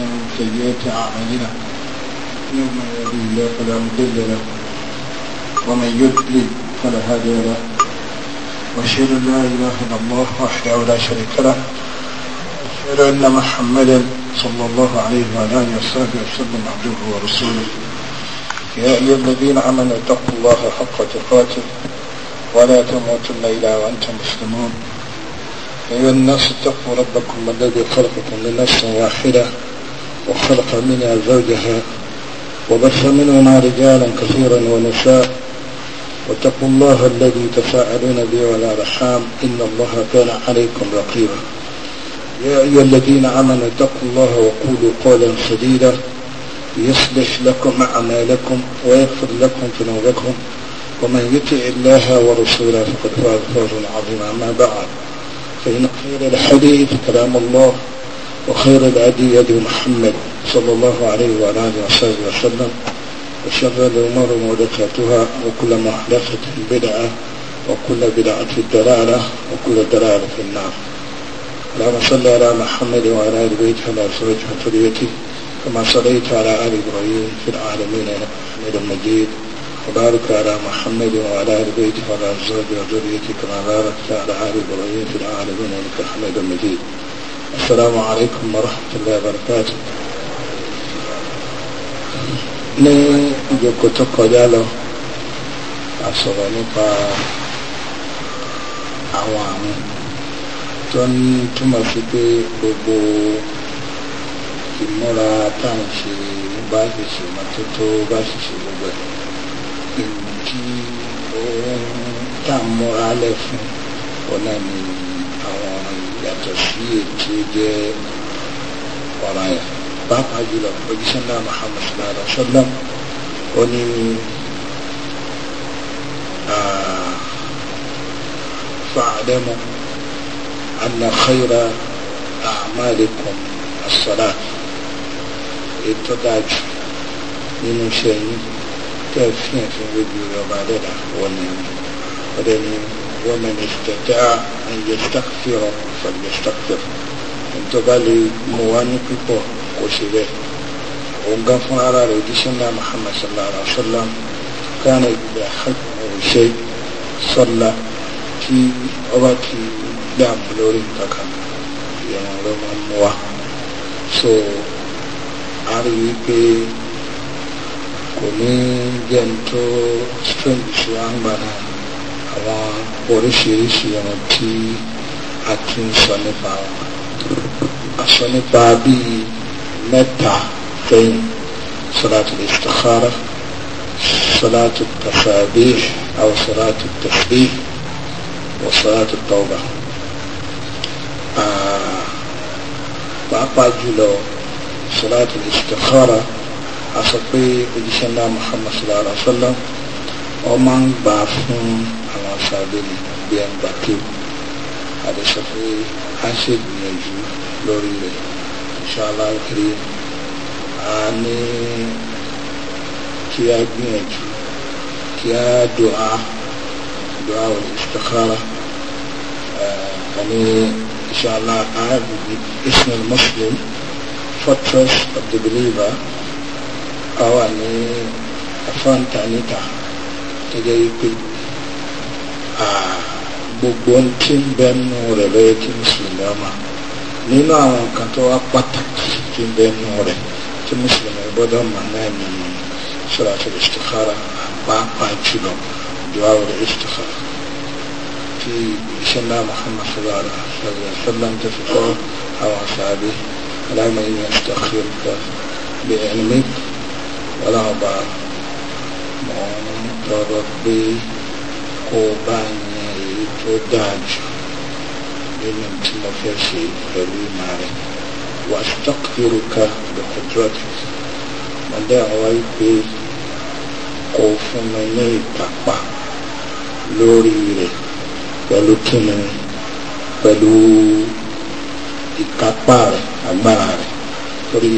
من سيئات أعمالنا يوم يهدي الله فلا مضل له ومن يضلل فلا هادي له وأشهد أن لا إله إلا الله وحده لا شريك له وأشهد أن محمدا صلى الله عليه وعلى آله وصحبه وسلم عبده ورسوله يا أيها الذين آمنوا اتقوا الله حق تقاته ولا تموتن إلا وأنتم مسلمون أيها الناس اتقوا ربكم الذي خلقكم من نفس واحدة وخلق منها زوجها وبث منهما رجالا كثيرا ونساء واتقوا الله الذي تساءلون به والأرحام إن الله كان عليكم رقيبا يا أيها الذين آمنوا اتقوا الله وقولوا قولا سديدا يصلح لكم أعمالكم ويغفر لكم ذنوبكم ومن يطع الله ورسوله فقد فاز فوزا عظيما أما بعد فإن خير الحديث كلام الله وخير الهدي هدي محمد صلى الله عليه وعلى آله وصحبه وسلم وشر الأمور محدثاتها وكل محدثة بدعة وكل بدعة ضلالة وكل ضلالة في النار اللهم صل على محمد وعلى آل بيته صليت على فريتي كما صليت على آل إبراهيم في العالمين إنك حميد مجيد وبارك على محمد وعلى آل بيته وعلى أزواجه وذريته كما باركت على آل إبراهيم في العالمين إنك حميد مجيد السلام عليكم ورحمة الله وبركاته ní ìjókòó tó kọjá lọ a sọ̀rọ̀ nípa àwọn àrùn tó ń túmọ̀ sí pé gbogbo ìmúra táwọn ṣe bá ṣe ṣe mọ́tótó bá ṣe ṣe gbogbo ẹ̀ èyí tí ó ń tà múra lẹ̀ ọ̀nà ni àwọn ọ̀ràn yìí yàtọ̀ sí ètò jẹ́ ọ̀rọ̀ àyà pàápàá jùlọ ojúṣẹ́ náà Muhammad sallallahu alaihi wa sallam ó ní fa'alamu anna khayra a'malikum as-salat ètò dájú nínú iṣẹ́ yín tẹ́ fi hàn fún gbogbo ọba adẹ́dà wọ́n ní ọdẹ ní. ومن استطاع أن يستغفر فليستغفر ntọ́ba lè mú wa ní pípọ̀ kò sí bẹ́ẹ̀ òun gan fún ara rẹ̀ ojúṣe náà Muhammad sallallahu alaihi wa sallam kánà ìgbà ṣe sọ́la tí ọba ti dààmú lórí nǹkan kan ìyẹn ló máa mú wa so a rí i pé kò ní jẹun tó strange sí wa ń gbà náà. àwọn oríṣiríṣi ọ̀rọ̀ tí a ti ń sọ nípa wọn a sọ nípa bíi mẹ́ta fẹ́yìn sọ́láàtù istikhara sọ́láàtù tasabih àwọn sọ́láàtù tasbih wọ́n sọ́láàtù tawba pàápàá jùlọ sọ́láàtù istikhara a sọ pé ojúṣe náà Muhammad sallallahu alaihi wa sallam ọ máa ń gbà fún àwọn sábẹ́lì bí ẹ ń gbà kéwù àdẹ́sọ pé a ṣe gbìyànjú lórí rẹ̀ ṣọlá kiri a ní kí a gbìyànjú kí a dùá dùá wal istikhara àní ṣọlá a ismail muslim fortress of the believer a wà ní afọ́ntánítà tọ́jọ́ yìí pé gbogbo ń tí ń bẹ nù rẹ̀ lọ́yẹ kí mùsùlùmí ọmọ nínú àwọn nǹkan tó wá pàtàkì tí ń bẹ nù rẹ̀ tí mùsùlùmí gbọ́dọ̀ mọ̀ náà ní salatul istikhara pàápàá jùlọ du'a ul istikhara tí iṣẹ́ náà Muhammad sallallahu alaihi wa sallam tó fi kọ́ àwọn sàbí aláìmọ̀ yìí ń tàkìrì kan bí ẹni mi wọ́n tọrọ pé kó o bá yan èyí tó dáa jù nínú tí mo fẹ́ ṣe pẹ̀lú ìmọ̀ rẹ̀ wàsítọ́kìrúkà lọ́kọ̀dúrọ̀tì mo dé àwa wípé kó o fún mi ní ìpapà lórí rẹ̀ pẹ̀lú kíni pẹ̀lú ìkápá rẹ̀ agbára rẹ̀ torí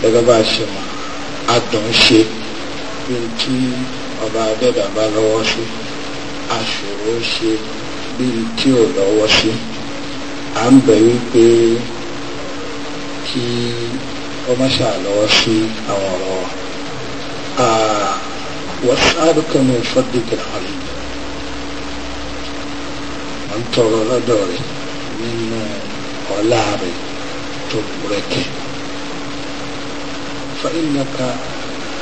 gẹ́gẹ́ bá a ṣe mọ̀ adùn ṣe bí n tí. ọba adẹ́dàbá lọ́wọ́ sí àṣòro ṣe bíi tí ò lọ́wọ́ sí à ń bẹ̀ wípé kí ọmọṣà lọ́wọ́ sí àwọn ọ̀rọ̀ wa wọ́n sáré kan ní fọ́díkì àlè wọ́n ń tọrọ lọ́dọ̀ rẹ̀ nínú ọ̀la rẹ̀ tó búrẹ́kẹ̀. fa ìnaka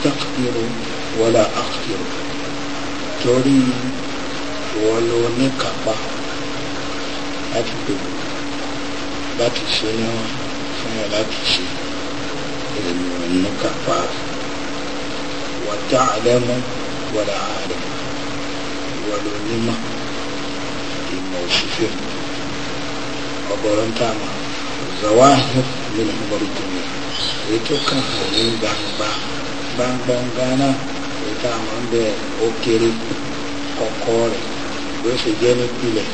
takbiru. wala akhiro torí ìwọ ló ní kápá láti gbèrò láti ṣe ní wọn fún ẹ láti ṣe èmi ò ní kápá wa ta'lamu wala a'lamu ìwọ ló ní mọ̀ ìmọ̀ òṣìṣẹ́ ọgọ́rọ̀ ń tà mọ́ zawahir min umar dunya ètò kan ní gbangba gbangba ń gánà tá a máa ń bẹ ó kéré kọ̀kọ́ rẹ̀ bí ó sì jẹ́ nípìnlẹ̀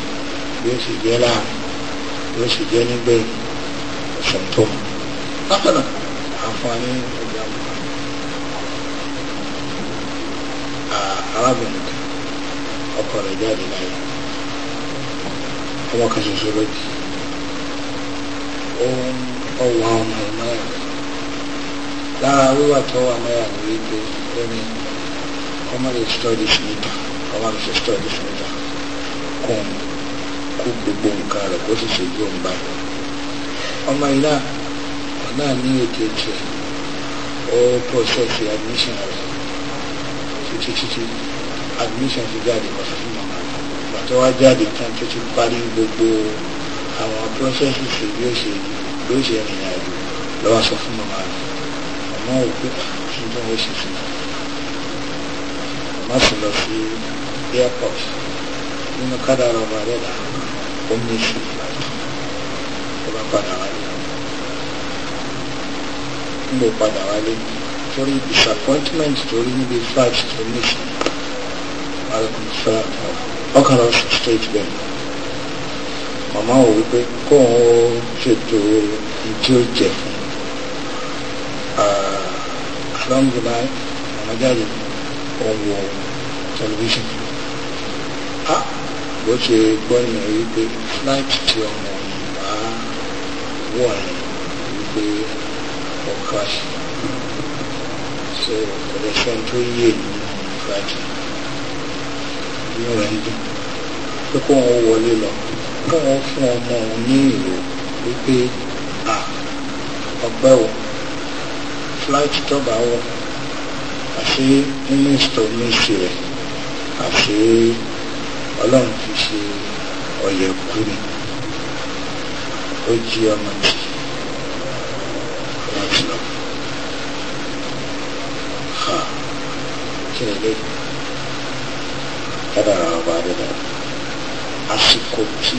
bí ó sì jẹ́ láàrin bí ó sì jẹ́ nígbẹ̀yìn ọ̀sán tó mọ̀. bákan náà àǹfààní ọjà arábìnrin kan ọkọ rẹ̀ jáde láyé ọmọ kan ṣoṣo ló bí ohun ọwọ́ ọmọ ẹ̀ náà lára wíwà tó wà náà ní wípé ó ní. Kommer historisk nytta av hans historisk nytta. Kún kú gbogbo nǹkan rẹ̀ kó sì ṣe bí òun báyìí. Ọmọ iná ọ̀nà ní èdè tiẹ̀ ó pọ̀sẹ̀sì admission rẹ̀ títí títí admission ti jáde kọ̀ sí mọ̀mọ́. Bàtọ́ wá jáde tán tó ti parí gbogbo àwọn pọ́sẹ̀sì ṣe bí ó ṣe bí ó ṣe rìnrìn àjò lọ́wọ́ sọ fún mọ̀mọ́ rẹ̀. Ọmọ òkú kí n tó wọ́n ṣe sí i má sì lọ sí airport nínú kádàrà ọba rẹ̀dà ó ní sí tó bá padà wálé ń bò padà wálé torí disappointment torí níbi flight tó ní sí alukun fúra ọkàn lọ sí state bank màmá wò wípé kóun ó ṣètò ìdí ó jẹ fún ah, alhamdulilayi màmá jáde ọ̀wọ̀ tẹlifíṣàn a bó ṣe gbọ́ ní wípé flight tí ọmọ yìí bá wọ̀ ẹ̀ wípé ọ̀ka ṣe ọ̀pọ̀lọpọ̀ tó yé nínú flight inú rẹ̀ ń dùn pé kó wọn wọlé lọ kó wọn fún ọmọ òun ní ìrò wípé a ọgbẹ́ wọ flight tó bá wọ̀ àti image tó ní ṣe rẹ̀ àti ọlọ́run fi ṣe ọ̀yẹ̀ kú ni ó jí ọmọ tí ọmọ lọ ha kí ni lè dára ọba dára àsìkò tí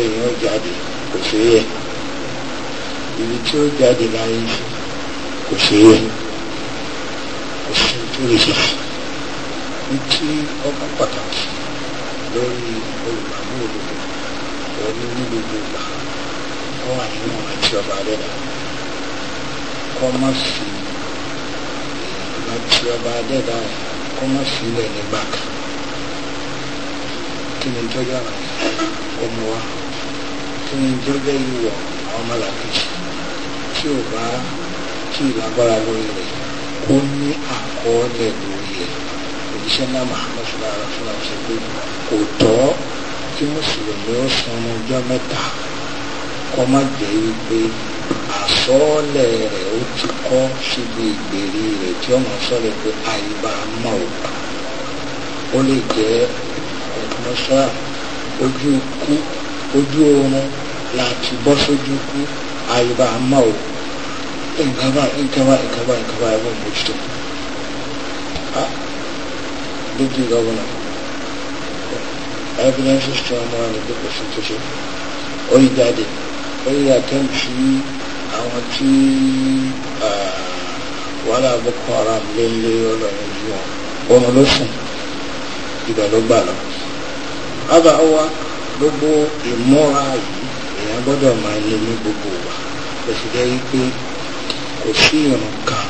èèyàn jáde kò ṣe é yẹ ibi tí ó jáde láyé kò ṣe é yẹ tí wọ́n ṣe sí ní tí ọba pàtàkì lórí olùgbàgbọ́ òdodo òní ní gbogbo ìgbà kọ́ àyínú àti ọba adẹ́dà kọ́ má fi àti ọba adẹ́dà kọ́ má fi ilẹ̀ ní bákà kí ni tọ́jú àwọn ọmọ wa kí ni tọ́jú ìwọ̀ àwọn ọmọlàkejì tí ò bá tí ìlágbára lórí rẹ̀ ó ní àkọọ́lẹ̀ lórí ẹ̀ òjíṣẹ́ náà Muhammad sallallahu alaihi wasallam sọ pé kò tọ́ kí mùsùlùmí ó san ọjọ́ mẹ́ta kọ́ má jẹ́ wípé àsọ́ọ̀lẹ̀ rẹ̀ ó ti kọ́ síbi ìgbèrí rẹ̀ tí ọmọ sọ̀rọ̀ pé àyíbá mọ̀ ò ó lè jẹ́ ọ̀dùnmọ́sá ojú ikú ojú oorun láti bọ́ sójú ikú àyíbá mọ̀ ò nǹkan báyìí nǹkan báyìí nǹkan báyìí nǹkan báyìí wọ́n mójútó dídí gọ́vùnà evidence tí wọ́n máa ní pípẹ́ sí tó ṣe orí jáde orí àtẹ́ǹtì sí àwọn tí wàhálà Boko Haram lé lé ọlọ́run yìí wọn ọmọ ló sùn ibà ló gbà lọ. bàbá gbogbo ìmúra yìí èèyàn gbọ́dọ̀ máa lé ní gbogbo wa lọ́sídẹ́ yìí pé kò sí ìrun kan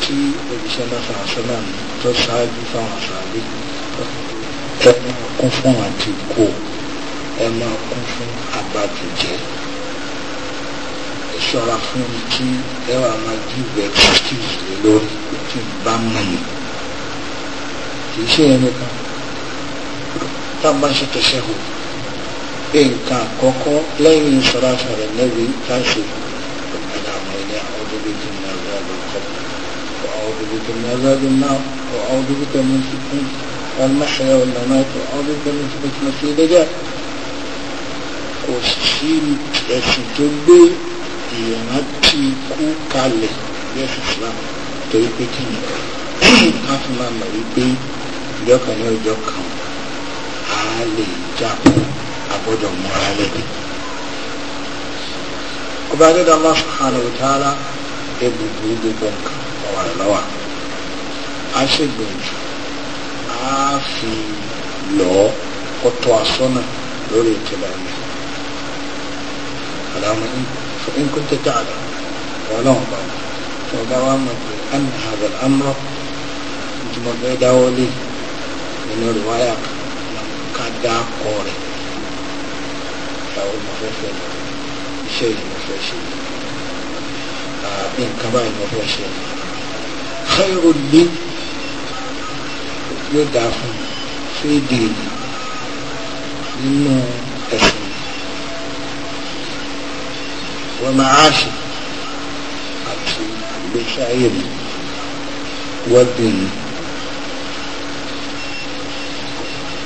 tí òjíṣẹ́ lọ́sàn àṣọ́nà tó ṣáájú fáwọn àṣàbí ẹ máa kún fún àti kó ẹ máa kún fún àbájújẹ ṣọ́ra fún tí ẹ wà máa jí ìgbẹ́ kí ìlú lórí tí ń bá mọ̀ ní kì í ṣe ẹni kan tá a bá ṣe tẹ̀sẹ̀ hù nǹkan àkọ́kọ́ lẹ́yìn ìṣọ́ra ṣàrẹ̀ lẹ́bi tá ṣe hù أعوذ بك من عذاب القبر وأعوذ بك من عذاب النار وأعوذ بك من فتنة المحيا والممات وأعوذ بك من فتنة المسيح دجال kò sí ẹ̀sìn tó gbé ìrántí kú kalẹ̀ lẹ́sì Islam torí pé kí ni ká fi máa mọ̀ wípé ìjọ kan ní ọjọ́ kan á lè jábọ̀ àgbọ́dọ̀ múra lẹ́bi. ọba adédọ́mọ́ subhanahu wa ta'ala egbogbo gbogbo nǹkan ọ̀wà lọ́wà á ṣègbìyànjú á fi lọ́ ọ̀tọ̀ àsọ́nà lórí ìtìlẹ̀ rẹ̀ àlámọ́ فإن كنت تعلم ولو بعد فدوام أن هذا الأمر جمع دولي من الرواية كدا قوري أو مفيفين شيء مفيفين من كمال وهو شيء خير لي يدعى في ديني منه أسمى ومعاشي أقسم بشعيري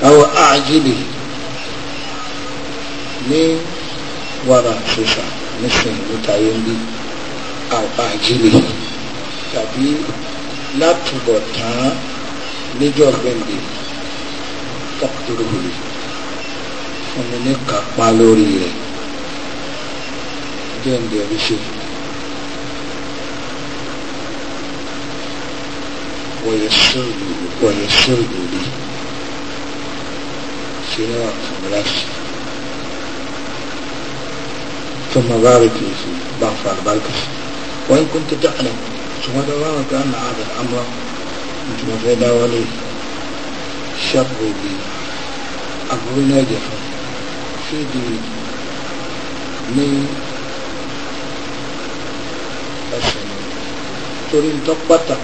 أو أعجبه من وراء شيشة مثل متعين بي àjílè tàbí látúbọ̀ tán níjọ́ gbẹ̀ǹdẹ̀ tọ́kùtùrùbùrù fún mi ní kápá lórí rẹ̀ gbẹ̀ǹdẹ̀ rí ṣe. wọ̀nyẹ sóòlù wọ̀nyẹ sóòlù rí ṣe ní wà fún mi láti. ثم بارك لي فيه بعض البركه وإن كنت تعلم سبحان الله كأن هذا الأمر وليس شر أقول ناجح في دين من أسلم تريد تقبطك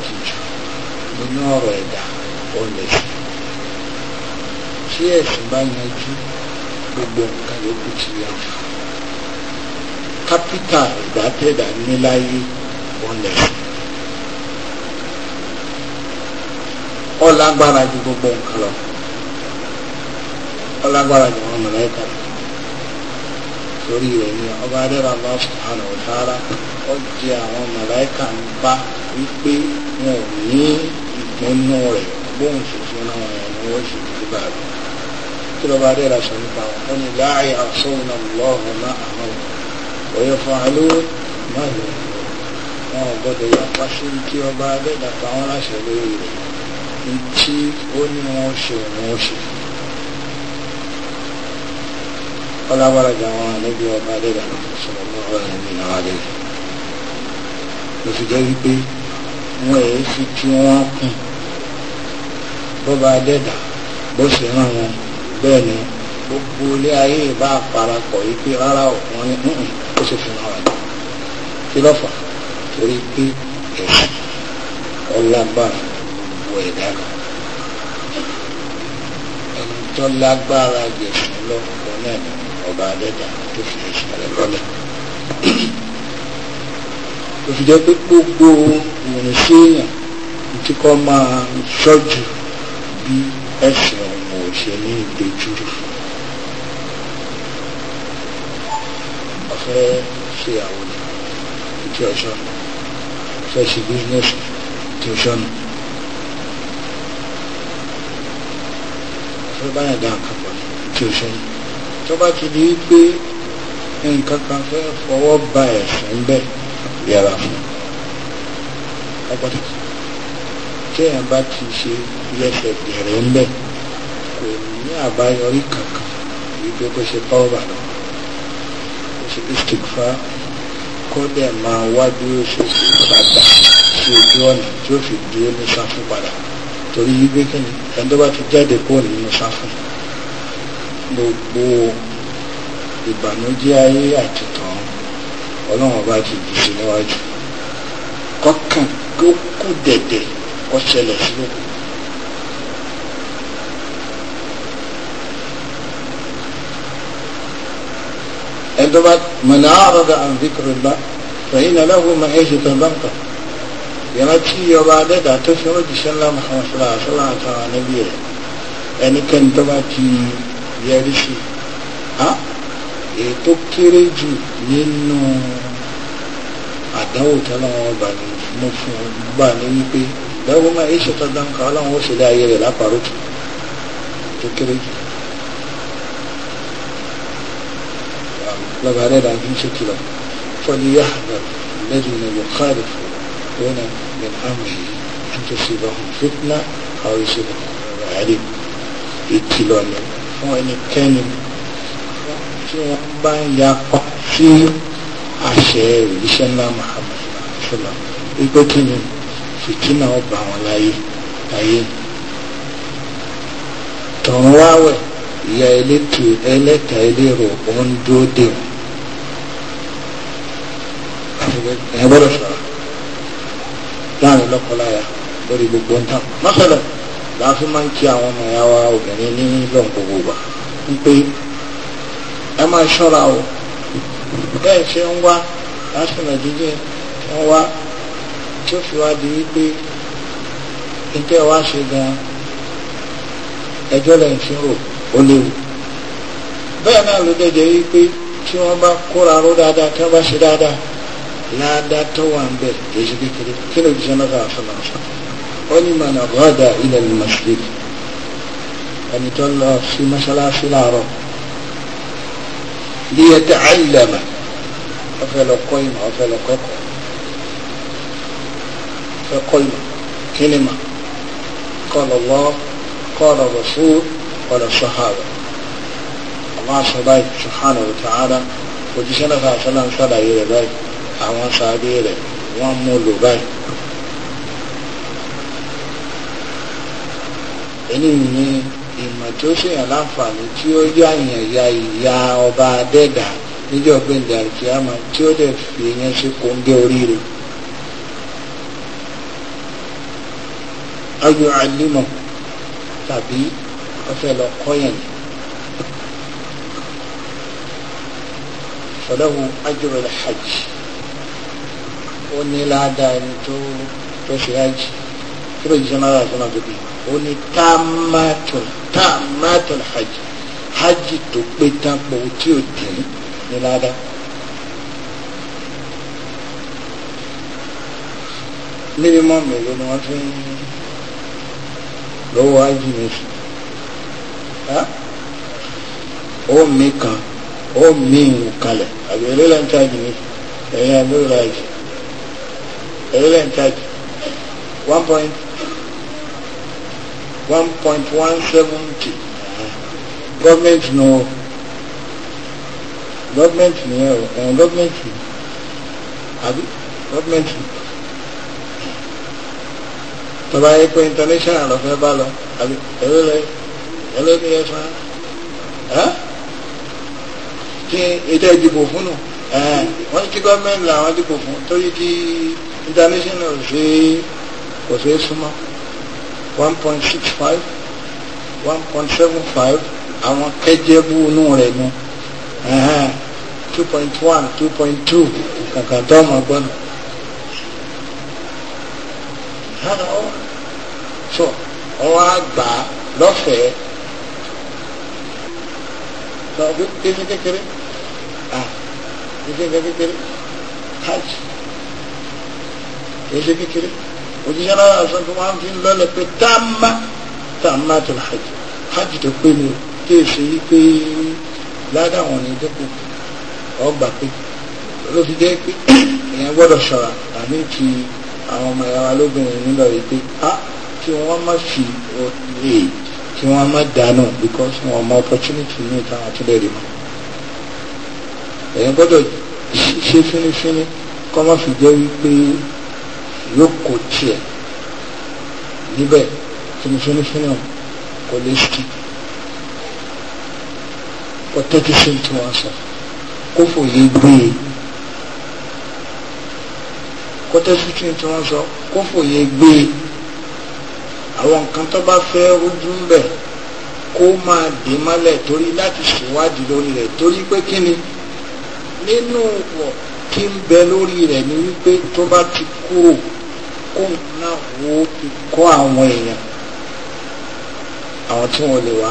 من نور إدعى وليس tí ẹ̀sìn bá yanjú gbogbo nǹkan yòókù ti esin ba yanju gbogbo nnkan kápítà ìgbàtẹ́dà níláyé ọ̀lẹ̀ ọ̀làgbára ju gbogbo nǹkan lọ ọ̀làgbára ju àwọn mọ̀lẹ́kà lọ torí rẹ̀ ni ọba adẹ́rà bá sùhánà ọ̀tara ó jẹ àwọn mọ̀lẹ́kà ń bá wípé wọn ò ní ìgbónú rẹ̀ bóun sì àwọn ẹ̀rọ wọ́n sì ti bá rẹ̀ kí lọ́ba adẹ́rà sọ nípa wọn ó ní láàyè àṣọ ìnáwó lọ́ọ̀rọ̀ náà àwọn ọ̀rọ̀. ويفعلون ما يريدون wọn ò gbọdọ̀ yapa sí kí ọba adẹ́dà táwọn láṣẹ lórí rẹ̀ ní tí ó ní wọn ṣe òun ó ṣe ọlábàrájà wọn níbi ọba adẹ́dà sọ̀rọ̀ mọ́ ọ̀rọ̀ ẹ̀mí náà rẹ̀ ló fi jẹ́ wípé wọn èé fi tí wọ́n kùn bọ́ba adẹ́dà bó ṣe rán wọn bẹ́ẹ̀ ni gbogbo ilé ayé ìbá àparapọ̀ yìí pé rárá wọn ni ó ṣe fún ara rẹ̀ kí ló fà torí pé ẹ̀sìn ọlágbára gbogbo ẹ̀dá lọ ẹni tó lágbára jẹ̀sìn lọ́kọ̀ọ́ náà ni ọba adẹ́dà tó fi ẹ̀sìn rẹ̀ lọ́lẹ̀ ó fi jẹ́ pé gbogbo ìrìnsí èèyàn tí kò máa ṣọ́jú bí ẹ̀sìn ọ̀hún ò ṣe ní ọ̀fẹ́ ṣe àwọn ìtì ọ̀ṣọ́ ọ̀fẹ́ ṣe bísínẹ́sì ìtì ọ̀ṣọ́ nù. ọ̀fẹ́ báyà dá nǹkan pọ̀ ní ìtì ọ̀ṣọ́ nù. tó bá ti di pé nǹkan kan fẹ́ fọwọ́ ba ẹ̀sìn bẹ́ẹ̀ yẹra fún ọpọlọpọ téèyàn bá ti ṣe yẹsẹ bẹ̀rẹ̀ ńbẹ kò ní àbáyọrí kankan wípé kó ṣe pọ́ọ́bà lọ ṣe istikfa kó dẹ̀ máa wá bí ó ṣe gbàgbà sí ojú ọ̀nà tí ó fi dúró ní sáfù padà torí wípé kí ni ẹni tó bá ti jáde kúrò nínú sáfù gbogbo ìbànújẹ́ ayé àti tàn ọlọ́run ọba ti jù sí níwájú kọ́kàn kó kú dẹ̀dẹ̀ kó ṣẹlẹ̀ sí lókun. عندما من أعرض عن ذكر الله فإن له معيشة ضنكا ìrántí ọba adẹ́dà tó fi rọ́jì sẹ́lá mọ̀sánmọ́sánmọ́ àṣọlá àtàwọn anábì rẹ̀ ẹnikẹ́ni tó bá ti yẹrí sí èyí tó kéré jù nínú àdánwò tọ́lọ́wọ́ ọba ni mo fún un gbà ní wípé ìdáwó máa ń ṣètọ́ dáńkà ọlọ́run ó sì dá ayé rẹ̀ lápárò tó kéré jù. لبارة عندهم شكلة فليحذر الذين يخالفون هنا من أمره أن تصيبهم فتنة أو يصيبهم عليم يتلون وإن كان يقبان يقفي عشير بشأن الله محمد شلا يقول فتنة وبعوة لا يهين تنواوي يا إلي تي إلي تي إلي رو أون دو ديو ẹ̀yìn gbọ́dọ̀ ṣọ́ra láàrin lọ́kọláya lórí gbogbo ń tàn mọ́sálọ̀ làá fi máa ń kí àwọn ọmọ ìyá wa obìnrin ní lọ́n gbogbo wa ń pé ẹ máa ṣọ́ra o bẹ́ẹ̀ ṣe ń wá lásìkò jíjẹ ń wá tí ó fi wá di wípé ìtẹ́ wa ṣe gan ẹjọ́ lẹ́yìn fi ń rò ó léwu bẹ́ẹ̀ náà ló dẹ́jẹ́ wípé tí wọ́n bá kóra ró dáadáa tí wọ́n bá ṣe dáadáa لا توامبر يجب كل جنغا خلاص ولما أنا غدا إلى المسجد أن يطلع في مثلا في العرب ليتعلم أفلا قيم أفلا قطع فقل كلمة قال الله قال الرسول قال الصحابة الله سبحانه وتعالى وجسنا صلى الله عليه وسلم صلى الله عليه وسلم àwọn sáré rẹ̀ wọ́n mú lò báyìí. eléyìí ni ìmọ̀ tó ṣèyàn láǹfààní tí ó yá èèyàn ya ìyá ọba adẹ́dà níjọ́ gbẹ̀ndẹ̀ àkíyàmá tí ó dẹ̀ fi yẹn sí kóńgé oríire. ayọ̀ àlímọ̀ tàbí ọfẹ́ lọ kọ́ فله أجر الحج ó ní ládàá ẹni tó tó ṣe ájì kí ló jíṣẹ́ náírà tó náà tóbi ó ní támátùn támátùn hajj hajj tó pé tán pọ̀ tí ò dín ní ládàá. mínímọ̀ mélòó ni wọ́n fi ń lọ́wọ́ ájì mi sùn ó mi kan ó mi ìwò kalẹ̀ àbẹ̀rẹ̀ lẹ́ńtà jù mí ẹ̀yìn abẹ́rẹ́ àjù èyí yẹn tẹ́jì one point one point one seventy gọ́ọ̀mẹ̀ntì nù gọ́ọ̀mẹ̀ntì nìyẹn o ẹ̀ eh, gọ́ọ̀mẹ̀ntì àbí gọ́ọ̀mẹ̀ntì tọ́ba yẹ pé international lọ́fẹ́ bá lọ àbí ẹ̀rọ lẹ ẹ̀rọ ní ẹ̀fọ́ ẹ̀ kí ètò ìdìbò fún nù ẹ̀ wọ́n ti gọ́ọ̀mẹ̀ntì làwọn dìbò fún torí ti international ṣe kò ṣe é súnmọ́ one point six five one point seven five àwọn kẹjẹbú inú rẹ̀ nu two point one two point two kàkà tó ọmọ gbọ́dọ̀. so ọwọ́ àgbà lọ́fẹ̀ẹ́ sọ kékeré kékeré ah kékeré kékeré hajj èdè kékeré òjíṣẹ́ náà sọ fún wa fi ń lọlẹ̀ pé táàmà táàmà tó la hajj hajj tó pé ni o tí èsì yìí pé ládàwọn ní dẹ́kun ọgbà pé ló fi jẹ́ pé èèyàn gbọ́dọ̀ ṣọ́ra tàbí ti àwọn ọmọ because wọn mọ opportunity ní ìta àtúndẹ̀ rẹ̀ mọ́ èèyàn gbọ́dọ̀ ṣe fínífíní kọ́ má fi yóò kó tiẹ̀ níbẹ̀ fínífínífíní kò lè ṣí kò tẹ́tí sí tí wọ́n sọ kó fòye gbé e kó tẹ́tí sí tí wọ́n sọ kó fòye gbé e àwọn nǹkan tó bá fẹ́ rújú ń bẹ̀ kó máa dè mọ́lẹ̀ torí láti ṣèwádìí lórí rẹ̀ torí pé kí ni nínú wọ̀ kí ń bẹ lórí rẹ̀ ni wípé tó bá ti kúrò kóun náà wo kó àwọn èèyàn àwọn tí wọ́n lè wá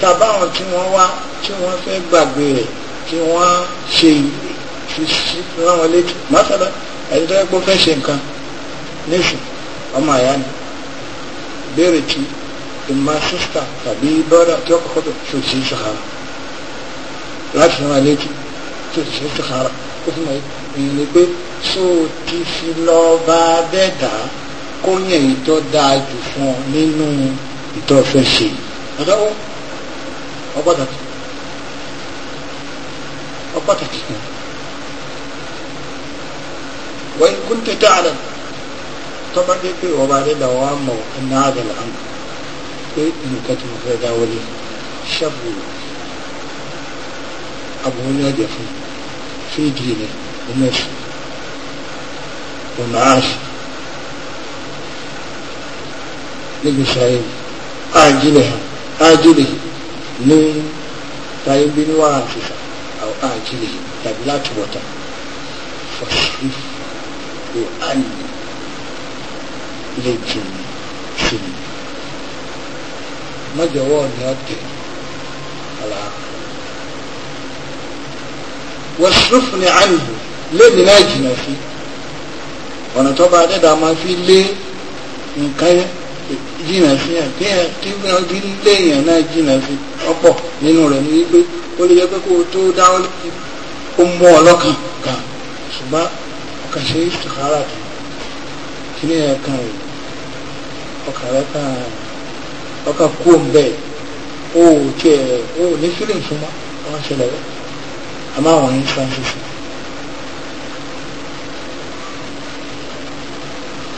tàbá àwọn tí wọ́n wá tí wọ́n fẹ́ gbàgbé rẹ̀ kí wọ́n ṣe ìfisí láwọn létí mọ́sálá ẹni tó yẹ kó fẹ́ ṣe nǹkan nísìn ọmọ àyá ni béèrè tí ìmọ̀ sísítà tàbí bọ́dà tí ó kọ́kọ́ tó tó ṣe sàkárà láti fún wa létí tó ṣe sàkárà ó fún wa ìyẹn ni pé tó o ti fi lọ bá dẹ́dà kó yẹn èyí tó dáa jù fún ọ nínú ìtọ́fẹ́ ṣe ọ̀dọ́wọ́ ọgbọ́dọ̀tì ọgbọ́dọ̀tì wọ́n kún tètè àlẹ́ tọ́ba dé pé ọba dẹ́dà wà mọ̀ ẹ̀ná àdàlà àmọ́ pé nǹkan tí fẹ́ dáwọ́ lé ṣẹ́bù àbúrò ní ọjà fún fídíì rẹ̀ ọmọ ẹ̀sìn. والمعاش níbi sọ̀rọ̀ àjílẹ̀ àjílẹ̀ ní táyé bí ní wàhálà fífa àwọn àjílẹ̀ tàbí láti wọ̀ta fọ̀sí ò àyè lè jìnnì sínú. mọ́jọ̀wọ́ ni ọ̀tẹ̀ ọ̀la. wọ́n sọ́fún ni àyè lé mi náà jìnnà sí ọ̀nà tó bá dẹ́dà máa fi lé nǹkan jìnà sí ẹ̀ tí ẹ̀ tí wọ́n fi ń lé èèyàn náà jìnà sí ọ̀pọ̀ nínú rẹ̀ ní wípé ó lè jẹ́ pé kó o tó dáwọ́ ó mú ọ lọ́kàn kan ṣùgbọ́n ọkàn ṣe é ṣàkárà tó kí ni ẹ̀ kan rẹ̀ ọkàn rẹ̀ kan ọkàn kú òun ó tiẹ̀ ó ní fílìn fún wọ́n ṣẹlẹ̀ rẹ̀ àmọ́ àwọn yìí sáà sí i.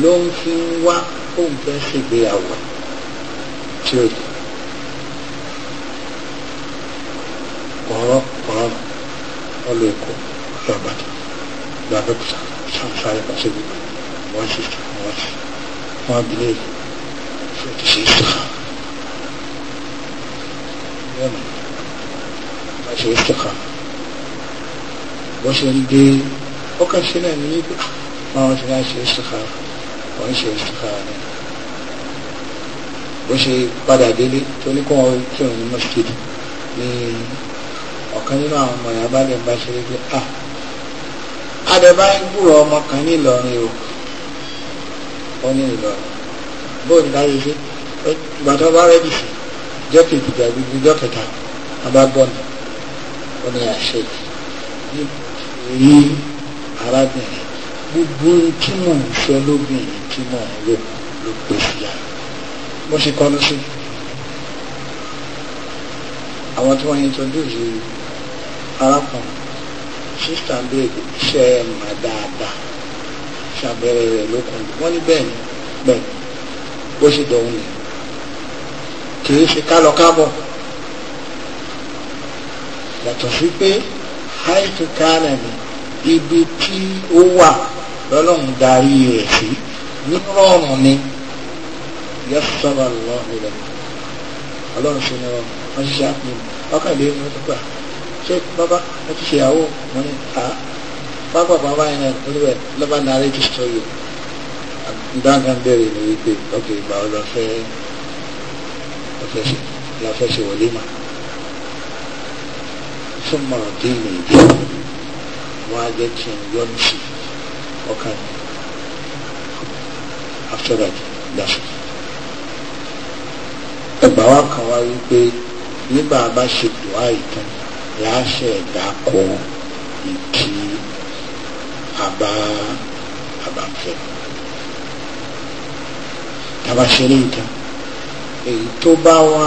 ló ń fi ń wá òun fẹ́ ṣègbéyàwó tí ó yẹ. ọ̀rọ̀ ọ̀rọ̀ ọlọ́ èkó yọ̀ọ̀bà làbẹ́kùsà sàǹsàrẹ̀ pàṣẹwì wọ́n sì wọ́n sì wọ́n abilé ṣe ti ṣe ìṣèkà yọ̀ọ̀nà wọ́n ṣe ìṣèkà ṣe ń dé ọkàn sílẹ̀ ní ibi àwọn ṣe ń ṣe ìṣèkà wọ́n ṣe oṣù kára ní bó ṣe padà délé tó ní kó wọn kí òun ní mọ́síkìtì ní ọ̀kan nínú àwọn ọmọ ìyá bá lè bá ṣe wípé à adẹ́bá ń gbúrò ọmọ kan ní Ìlọrin o ó ní Ìlọrin bó ń dáyé dé ìgbà tó bá rẹ́dì sí jẹ́ kejì tàbí ìjọ kẹta abágbọ́nà ó ní àṣẹ yìí rí arábìnrin gbogbo tí mò ń fẹ́ lóbìnrin tí mò ń rò ló pè sí ya bó ṣe kọ́ ló sí àwọn tí wọ́n introduce arákùnrin sísà béèrè iṣẹ́ ẹ̀ mà dáadáa ṣàbẹ̀rẹ̀ rẹ̀ lókun wọ́n ní bẹ́ẹ̀ ni bẹ́ẹ̀ bó ṣe dọ̀hún ni kì ṣe ká kábọ̀ yàtọ̀ sí pé háìtù kánà ni ibi tí ó wà lọ́lọ́run darí rẹ̀ sí nírọ̀rùn ni yẹ́sọ̀rọ̀ àlọ́run rẹ̀ ọlọ́run sí ni wọ́n ṣiṣẹ́ àpò ọkàlẹ́ ní ọdún gbà ṣé bàbá ẹ ti ṣe ìyàwó wọn ni à pápá bàbá yẹn náà oníwẹ̀ lọ́ba nàárẹ̀ ti sọ yìí dandan bẹ̀rẹ̀ ni wípé ok ìgbà ọ̀dọ̀ fẹ́ la fẹ́ ṣe wọlé mà fún mọ̀rọ̀ dín ní ìdí wọ́n á jẹ́ kí n yọnu sí ọkàn mi after that that's it. ẹgbà wa kan wá wípé nígbà bá ṣe dùá ìtàn láṣẹ ẹ̀dá kọ ìkí àbá àbáfẹ́ tàbá ṣe ní ìtàn èyí tó bá wá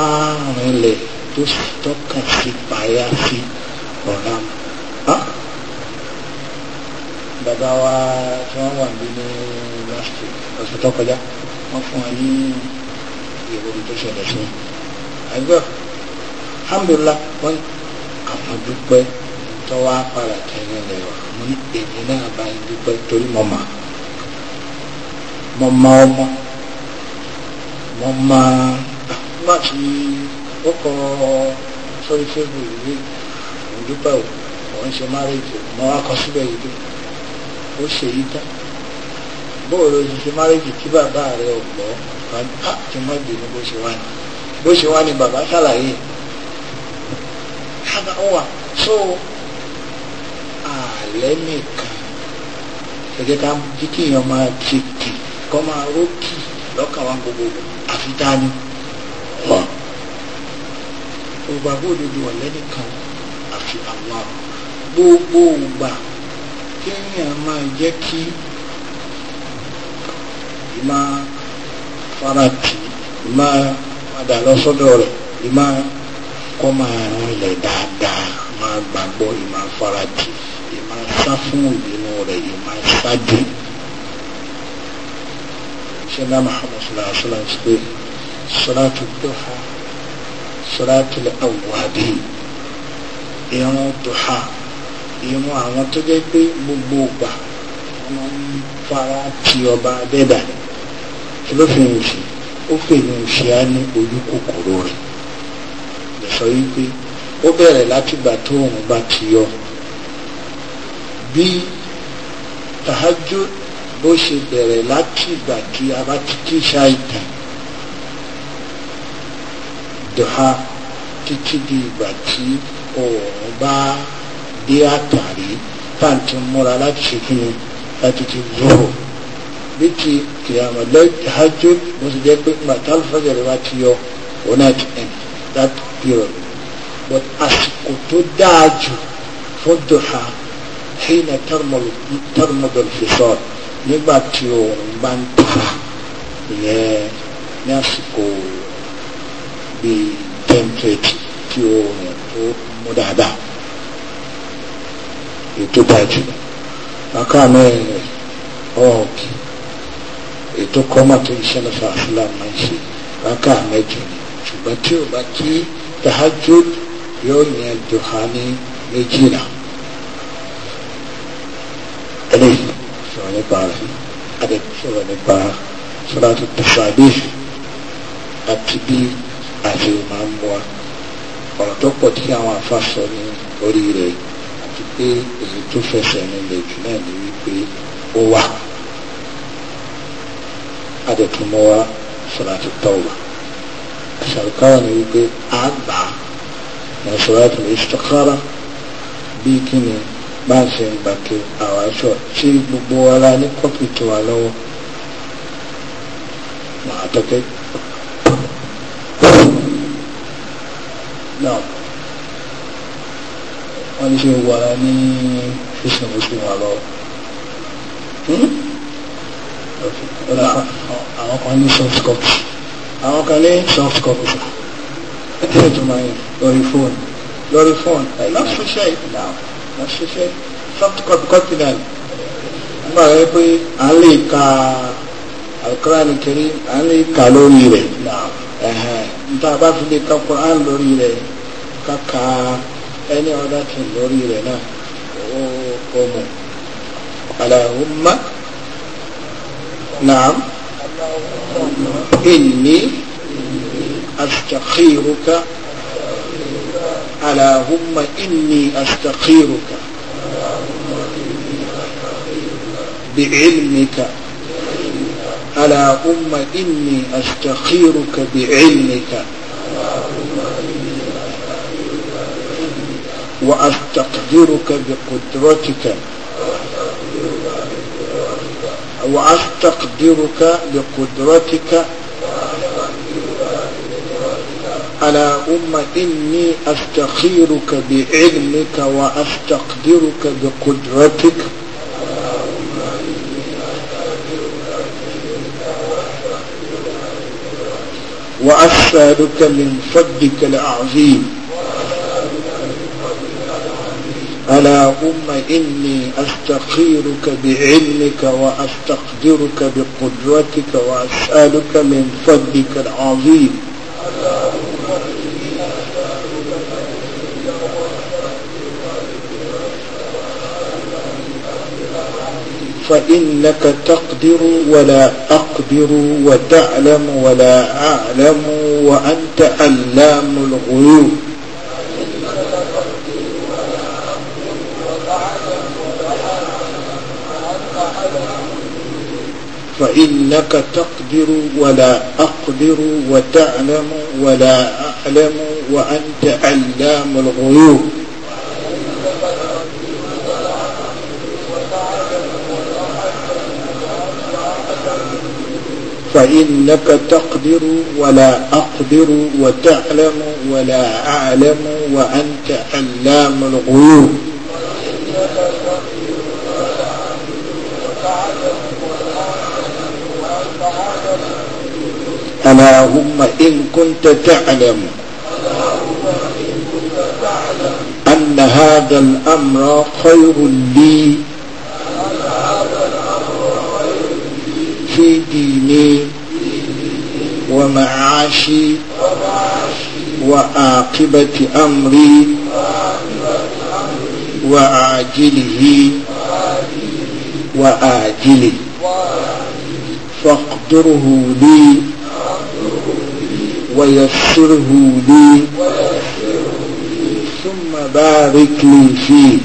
rìnlẹ̀ tó sì tọ́ka sí payá sí ọ̀ràn bàbá wa tí wọ́n wà ní ní last year ọ̀sẹ̀ tó kọjá wọ́n fún wa ní ìròyìn tó ṣẹlẹ̀ sí àìgbọ́ alhamdulillah wọ́n àfọ̀dúpẹ́ tó wá padà tẹ̀lé rẹ̀ wá mo ní èmi náà bá ń dúpẹ́ torí mo mà mo ma ọmọ mo ma ah, nígbà tí ó kọ sórí fébù yìí mo dúpẹ́ o mo ń ṣe márèjì mo wá kọ síbẹ̀ yìí dúpẹ́ ó ṣe yí tán bóòlù òṣìṣẹ́ márèjì tí bàbá rẹ̀ ò gbọ́ bàbá tí wọ́n dì ní bó ṣe wá ní bó ṣe wá ní bàbá ṣàlàyé ṣáná ó wà so àlẹ́ nìkan gẹ́gẹ́ ká jí kí èèyàn máa tètè kọ́ máa rókì lọ́kàn wa gbogbo àfi dání wọ́n ògbà bóòlù òdòdó ọ̀lẹ́ nìkan àfi àwọn gbogbo ògbà kéèyàn máa jẹ́ kí ìmọ̀ farati ìmọ̀ padà lọ sọ́dọ̀ rẹ̀ ìmọ̀ kọ́ máa rìn lẹ̀ dáadáa máa gbàgbọ́ ìmọ̀ farati ìmọ̀ sá fún ìbínú rẹ̀ ìmọ̀ sáájú. ṣẹlá Muhammad sallallahu alaihi wa sallam ṣe sọ́dọ̀tù duha sọ́dọ̀tù awwabin ìrún duha ìrun àwọn tó jẹ́ pé gbogbo ògbà wọn ń fara ti ọba adẹ́dà olófin òsì ó pè ní òsì á ní ojú kòkòrò rẹ̀ lè sọ wípé ó bẹ̀rẹ̀ látìgbà tó òun bá ti yọ bí tahajjud bó ṣe bẹ̀rẹ̀ látìgbà tí a bá ti kí ṣáìtàn dùhà títí di ìgbà tí òun bá dé àtàrí pàǹtí múra láti ṣe kí ni láti ti zòrò bí ti kìyàmọ̀ lẹ́jọ́ mo sì jẹ́ pé màtá alifájẹ̀rẹ̀ bá ti yọ òun náà ti end that period but àsìkò tó dáa jù fún dùhà hìnà fisor nígbà tí òun bá ń tara ìyẹn ní àsìkò bíi ten thirty tí ètò dájú rákà mẹ́rin rẹ̀ ọ̀ọ́kì ètò kọ́mà tó iṣẹ́ lọ́fà àfúlà máa ń ṣe rákà mẹ́jọ ni ṣùgbọ́n tí o bá kí tahajjud yóò yẹn dùhà ní méjìlá eléyìí sọ̀rọ̀ nípa rẹ̀ adé sọ̀rọ̀ nípa sọ́dọ̀tò tẹ̀síwájú àti bí àti ìmọ̀ àmúwa ọ̀rọ̀ tó pọ̀ tí àwọn afá sọ ní orí rẹ̀ pé èyí tó fẹsẹ̀ nílẹ̀ jù náà ni wípé ó wà adẹ̀túnmọ́wá sọ̀rọ̀tì tọ́wà àṣàlùkáwà ni wípé a gbà ní sọ̀rọ̀tì lè ṣọ̀kára bí kí ni bá ń ṣe ń gbà kí àwọn aṣọ tí gbogbo ara ní kọ́pì tó wà lọ́wọ́ màá tọ́kẹ́. Now, wọ́n ní ṣe wà ní fíṣìn muslim wà lọ. Hmm? àwọn kan ní soft copy àwọn kan ní soft copy sà ẹ̀ẹ́dẹ̀ tó máa ń lórí fóònù lórí fóònù ẹ̀ lọ́ ṣiṣẹ́ ìpìlẹ̀ àwọn lọ́ ṣiṣẹ́ soft copy copy náà nígbà rẹ pé à ń lè ka alukurani kiri à ń lè ka lórí rẹ̀ nígbà bá fi lè ka Quran lórí rẹ̀ kàkà. ẹni ọlọ́kìn lórí rẹ̀ náà ó mú aláhùnmá naam inni astakhiruka aláhùnmá inni astakhiruka بعلمك ألا أم إني أستخيرك بعلمك وأستقدرك بقدرتك وأستقدرك بقدرتك على أم إني أستخيرك بعلمك وأستقدرك بقدرتك وأسألك من فضلك العظيم ألا أم إني أستخيرك بعلمك وأستقدرك بقدرتك وأسألك من فضلك العظيم فإنك تقدر ولا أقدر وتعلم ولا أعلم وأنت ألام الغيوب فإنك تقدر ولا أقدر وتعلم ولا أعلم وأنت علام الغيوب فإنك تقدر ولا أقدر وتعلم ولا أعلم وأنت علام الغيوب اللهم إن كنت تعلم أن هذا الأمر خير لي في ديني ومعاشي وعاقبة أمري وعاجله وآجله فاقدره لي ويسره لي ثم بارك لي فيه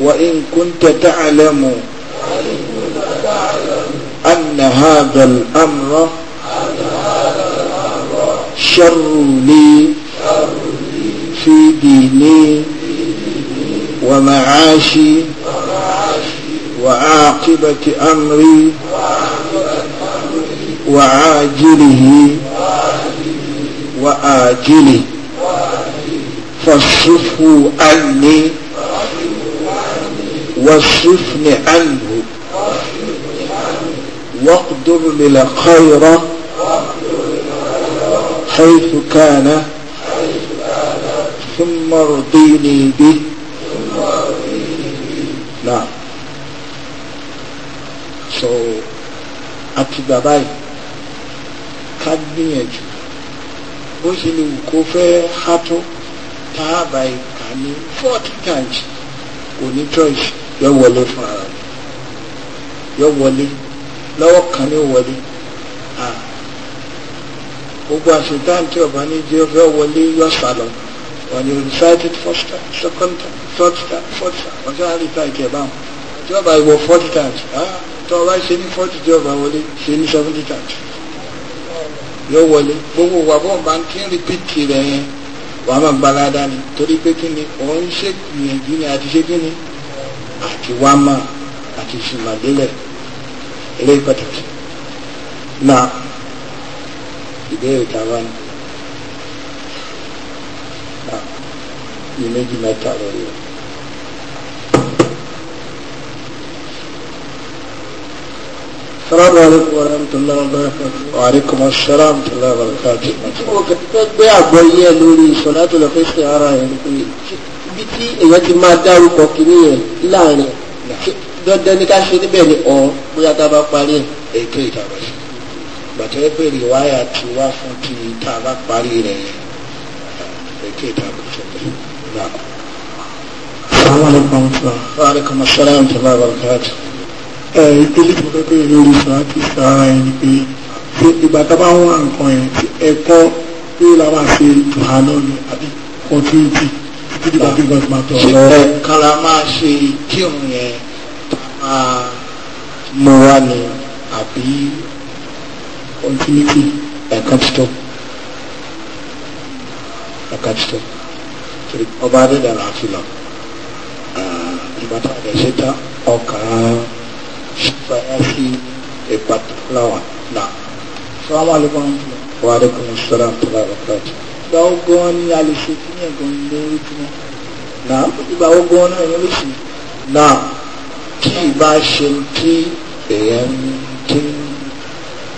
وإن كنت تعلم أن هذا الأمر شر لي في ديني ومعاشي وعاقبة أمري وعاجله وآجله فاصفه عني واصفني عنه واقدر للخير حيث كان ثم ارضيني به نعم so at the right gbìyànjú bó ṣe lè wù kó fẹ́ há tó tá a bá ìka ní forty times kò ní choice yọ wọlé fún ara rẹ̀ yọ wọlé lọ́wọ́ kan ní wọlé gbogbo àṣetán tí ọba ní jẹ́ fẹ́ wọlé yọ sálọ wọ́n ní recited first time second time third time fourth time ọjọ́ àríta ìkẹ̀báwọn tí ọba ìwọ forty times tí ọba ṣe ní forty tí ọba wọlé ṣe ní seventy times yóò wọlé gbogbo wa bó ba ń kí rìpíìtì rẹ̀ yẹn wà á máa gbalada ni torí pé kí ni òun ṣe gbìyànjú ni àti ṣe kí ni àti wá mà àti ìṣùmọ̀lélẹ̀ eré pàtàkì náà ìbéèrè tàwa ni ìmẹ́jì mẹ́ta lórí rẹ̀. السلام عليكم ورحمة الله وبركاته وعليكم السلام ورحمة الله وبركاته ọkàn tó gbé àgbọ́yé ẹ lórí ìṣọ̀lá tó lọ fẹ́ ṣe ara ẹ̀ pé ibi tí èèyàn ti máa dárúkọ kìíní yẹn láàrin dandan ní ká ṣe níbẹ̀ ni ọ̀ bóyá tá a bá parí ẹ̀. ètò ìtàbà sí gbàtẹ́ bèrè wáyà tí wá fún ti tá a bá parí rẹ̀ ètò ìtàbà sí náà. Assalamu alaikum. Wa alaikum assalam wa rahmatullahi wa barakatuh ẹ̀rí tó lè gbọ́dọ̀ bẹ̀rẹ̀ lórí ìtàn àti ìtàn ara ẹni pé ṣé ìgbà tá a bá ń wá nǹkan yẹn ẹ̀kọ́ pé la máa ṣe ìtàn lọ́nu àbí kọ́ńtínítì títí dìgbà tí gbọ́dọ̀ máa tọ̀ lọ. ṣé kan la máa ṣe kírun yẹn a máa mú wa ni àbí kọ́ńtínítì ẹ̀kan títọ́ ẹ̀kan títọ́ ọba adédàlà àfilà ìgbà tá a bẹ̀ ṣe ọkàn án a particular one. Now, salamu alaikum wa alaikum salam wa rahmatullahi. Ìgbà ogun ni a lè ṣe kí ní ẹ̀gbọ́n ní orí tí wọ́n. Náà ìgbà ogun náà yẹn lè ṣe. Náà tí ìbá ṣe tí èèyàn ti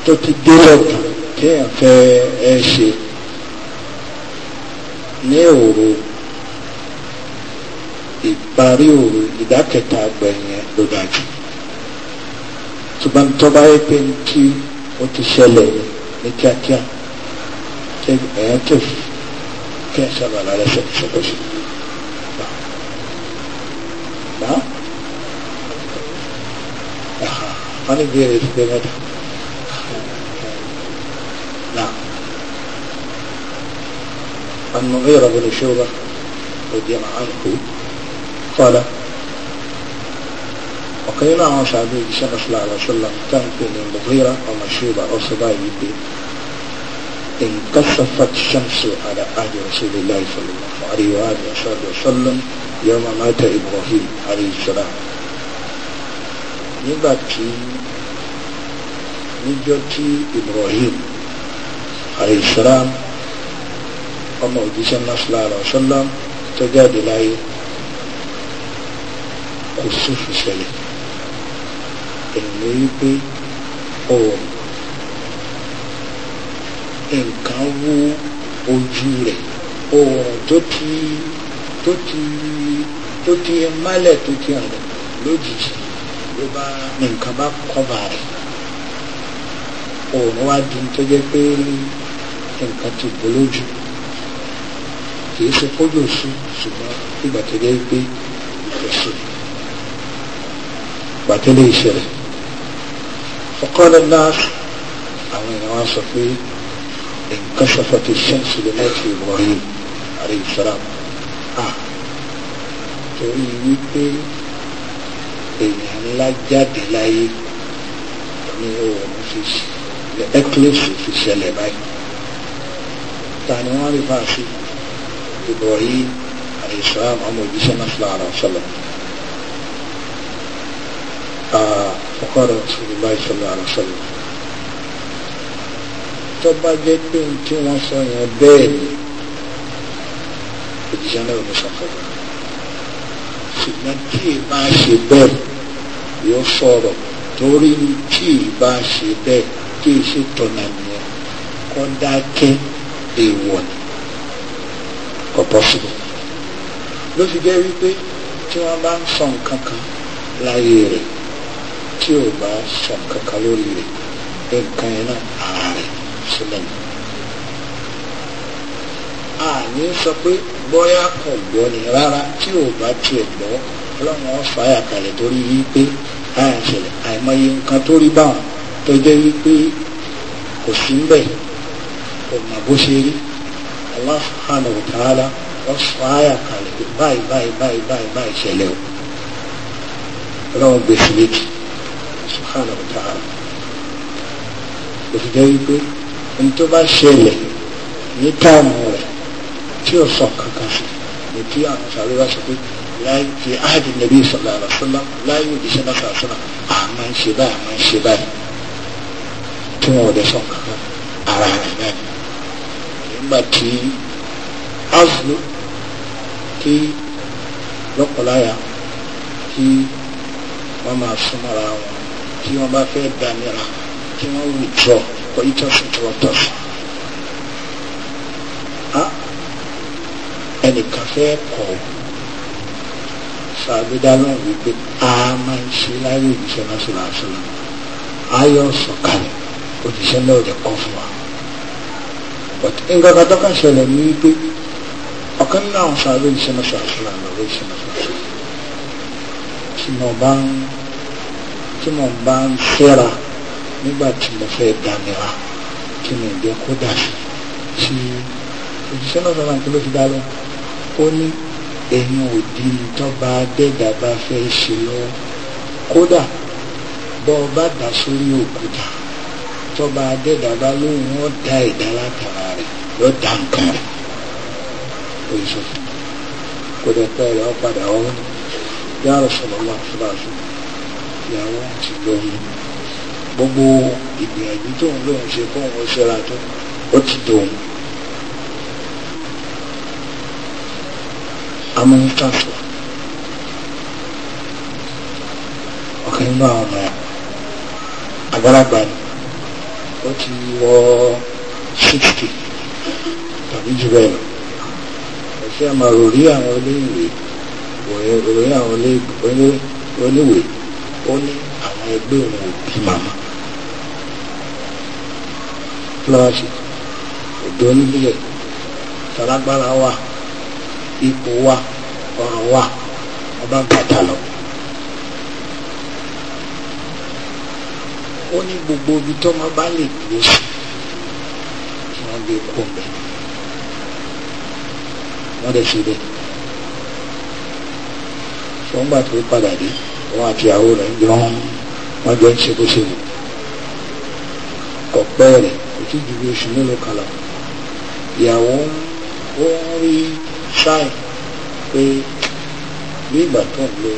tó ti délẹ̀ jù tí fẹ́ ẹ ṣe ní òru ìparí òru ìdákẹ́ta gbẹ̀yìn ló ṣùgbọ́n tó bá yẹ pé tí ó ti ṣẹlẹ̀ ní kíákíá ẹ̀yà tó kẹ́ sábà lára ṣàkóso. wọ́n ní ìbéèrè ti pé mẹ́ta. عن مغيرة بن شعبة رضي الله عنه قال ọ̀kan nínú àwọn ṣàbí iṣẹ́ ọ̀ṣọ́lá àlọ́ṣọ́lá táǹkì ní mọ̀gíra ọmọ ṣùgbà ọ̀ṣọ́bá yìí pé انكسفت الشمس على عهد رسول الله صلى الله عليه وآله وصحبه وسلم يوم مات إبراهيم عليه السلام nígbà tí níjọ́ tí Ibrahim alayhi salam ọmọ òjíṣẹ́ nasala alayhi salam tó jáde láyé kò sí èèyàn ní wípé ọ̀rọ̀ nǹkan wú ojú rẹ̀ ọ̀rọ̀ tó ti tó ti tó ti málẹ̀ tó ti hàn lójijì ló bá nǹkan bá kọ́ba rẹ̀ ọ̀rọ̀ wá di tó jẹ́ pé nǹkan ti bò lójú kì í ṣe kójú sí ṣùgbọ́n ìgbà tó jẹ́ pé ìfẹsẹ̀ gbàtẹ́lẹ̀ ìṣẹ̀lẹ̀. فقال الناس أمين واثقي انكشفت الشمس بموت إبراهيم عليه السلام آه torí wípé èèyàn ńlá jáde láyé ní oòrùn fi ṣe eclipse fi ṣẹlẹ̀ báyìí ta ni wọ́n rí bá a sí Ibrahim àìsàn àmọ́ òjíṣẹ́ náà fúlàrà ọ̀sọ́lọ́mù. فقال رسول الله صلى الله عليه وسلم tó bá jẹ́ pé ohun tí wọ́n sọ yẹn bẹ́ẹ̀ ni òjíṣẹ́ náà ló sọ fún mi ṣùgbọ́n tí ì bá ṣe bẹ́ẹ̀ yóò sọ̀rọ̀ torí tí ì bá ṣe bẹ́ẹ̀ tí ì ṣe tọ̀nà nìyẹn kọ́ dákẹ́ èèwọ̀ ni tí ò bá ṣàǹkankan lórí rẹ̀ nǹkan yẹn náà ààrẹ sílẹ̀ ni. àní sọ pé bóyá kò gbọ́ ni rárá tí ò bá tiẹ̀ gbọ́ ọlọ́run ọ̀fàyà kalẹ̀ torí wípé àyà ṣẹlẹ̀ àìmọye nǹkan tó rí báwọn tó jẹ́ wípé kò sí ń bẹ̀ kò mà bó ṣe rí Allah subhanahu wa ta'ala ọ̀fàyà kalẹ̀ báyìí báyìí báyìí báyìí báyìí ṣẹlẹ̀ o ọlọ́run gbèsè méjì subhanahu wa ta'ala òdìjẹ́ wípé ní tó bá ṣẹlẹ̀ ní táàmù rẹ̀ tí ó sọ kankan sí ní tí àwọn sàrẹ́ bá sọ pé láì fi áàdì nàbí sallallahu alaihi wasallam láì yóò jíṣẹ́ náà sọ̀rọ̀ sọ̀rọ̀ àmà ń ṣe báyìí àmà ń ṣe báyìí tí wọn ò dẹ̀ sọ kankan ara rẹ̀ náà nígbà tí azlu kí lọ́kọ̀láyà kí wọ́n máa súnmọ́ra wọn tí wọ́n bá fẹ́ dàmíra kí wọ́n wùtrọ̀ kọ́ ìtọ́sí tọ́tọ́sí. ẹnìkan fẹ́ kọ̀ sàbídá lọ́n wípé a máa ń ṣe láyé òjíṣẹ́ náà sọ̀rọ̀ àṣọ̀rọ̀ ayọ̀ sọ̀kalẹ̀ òjíṣẹ́ náà ò lè kọ́ fún wa. nǹkan kan tó kàn ṣẹlẹ̀ ní wípé ọ̀kan náà sàbídá òjíṣẹ́ náà sọ̀rọ̀ àṣọ̀rọ̀ àṣọ̀rọ̀ òjíṣẹ́ náà sọ̀rọ̀ àṣọ̀rọ̀ tí mo bá ń fẹ́ra nígbà tí mo fẹ́ dàmìra kí ni ìgbẹ́ kó dà sí tí òjíṣẹ́ náà sọ̀rọ̀ nǹkan ló fi dá lọ ó ní ẹ̀yin òdi tọ́ba dẹ́gà bá fẹ́ ṣe lọ́wọ́ kódà bọ́ ọ bá dà sórí òkúta tọ́ba dẹ́gà bá lóhùn ọ́ da ẹ̀dá látara rẹ̀ yọ da nǹkan rẹ̀ ó yẹ sọ fún mi kódà pẹ́ rẹ̀ ọ́ padà ọ́ yàrá sọ̀rọ̀ wà fúlàfúlà ìyàwó ti lọ mu gbogbo ìgbìyànjú tóun lòun ṣe kóun ṣọ́ra tó ó ti dòun. amúnítàfọ ọ̀kan nínú àwọn ọmọ àgbàlagbà ni ó ti wọ sixty tàbí jù bẹ́ẹ̀ lọ ẹ̀fẹ́ àmàrò rí àwọn olóyìnbó wọ̀nyẹn olóyìn àwọn olóyìnbó ó ní àwọn ẹgbẹ́ òun ò bí màmá lọ́ọ̀ṣì òdo níbílẹ̀ tọ́lágbára wà ipò wà ọ̀rọ̀ wà ọba gbàtà lọ. ó ní gbogbo ibi tọ́mọ bá lè gbé sí kí wọ́n gbé kó bẹ̀. wọ́n lè ṣe bẹ́ẹ̀. sọ́ngbà tó padà dé wọn àti ìyàwó rẹ̀ jọ ń wọ́n jọ ń ṣekúṣekù ọ̀pẹ́ rẹ̀ kò tí ju bí oṣù mélòó kan lọ ìyàwó ó ń rí ṣáì pé bí ìgbà tó ń lo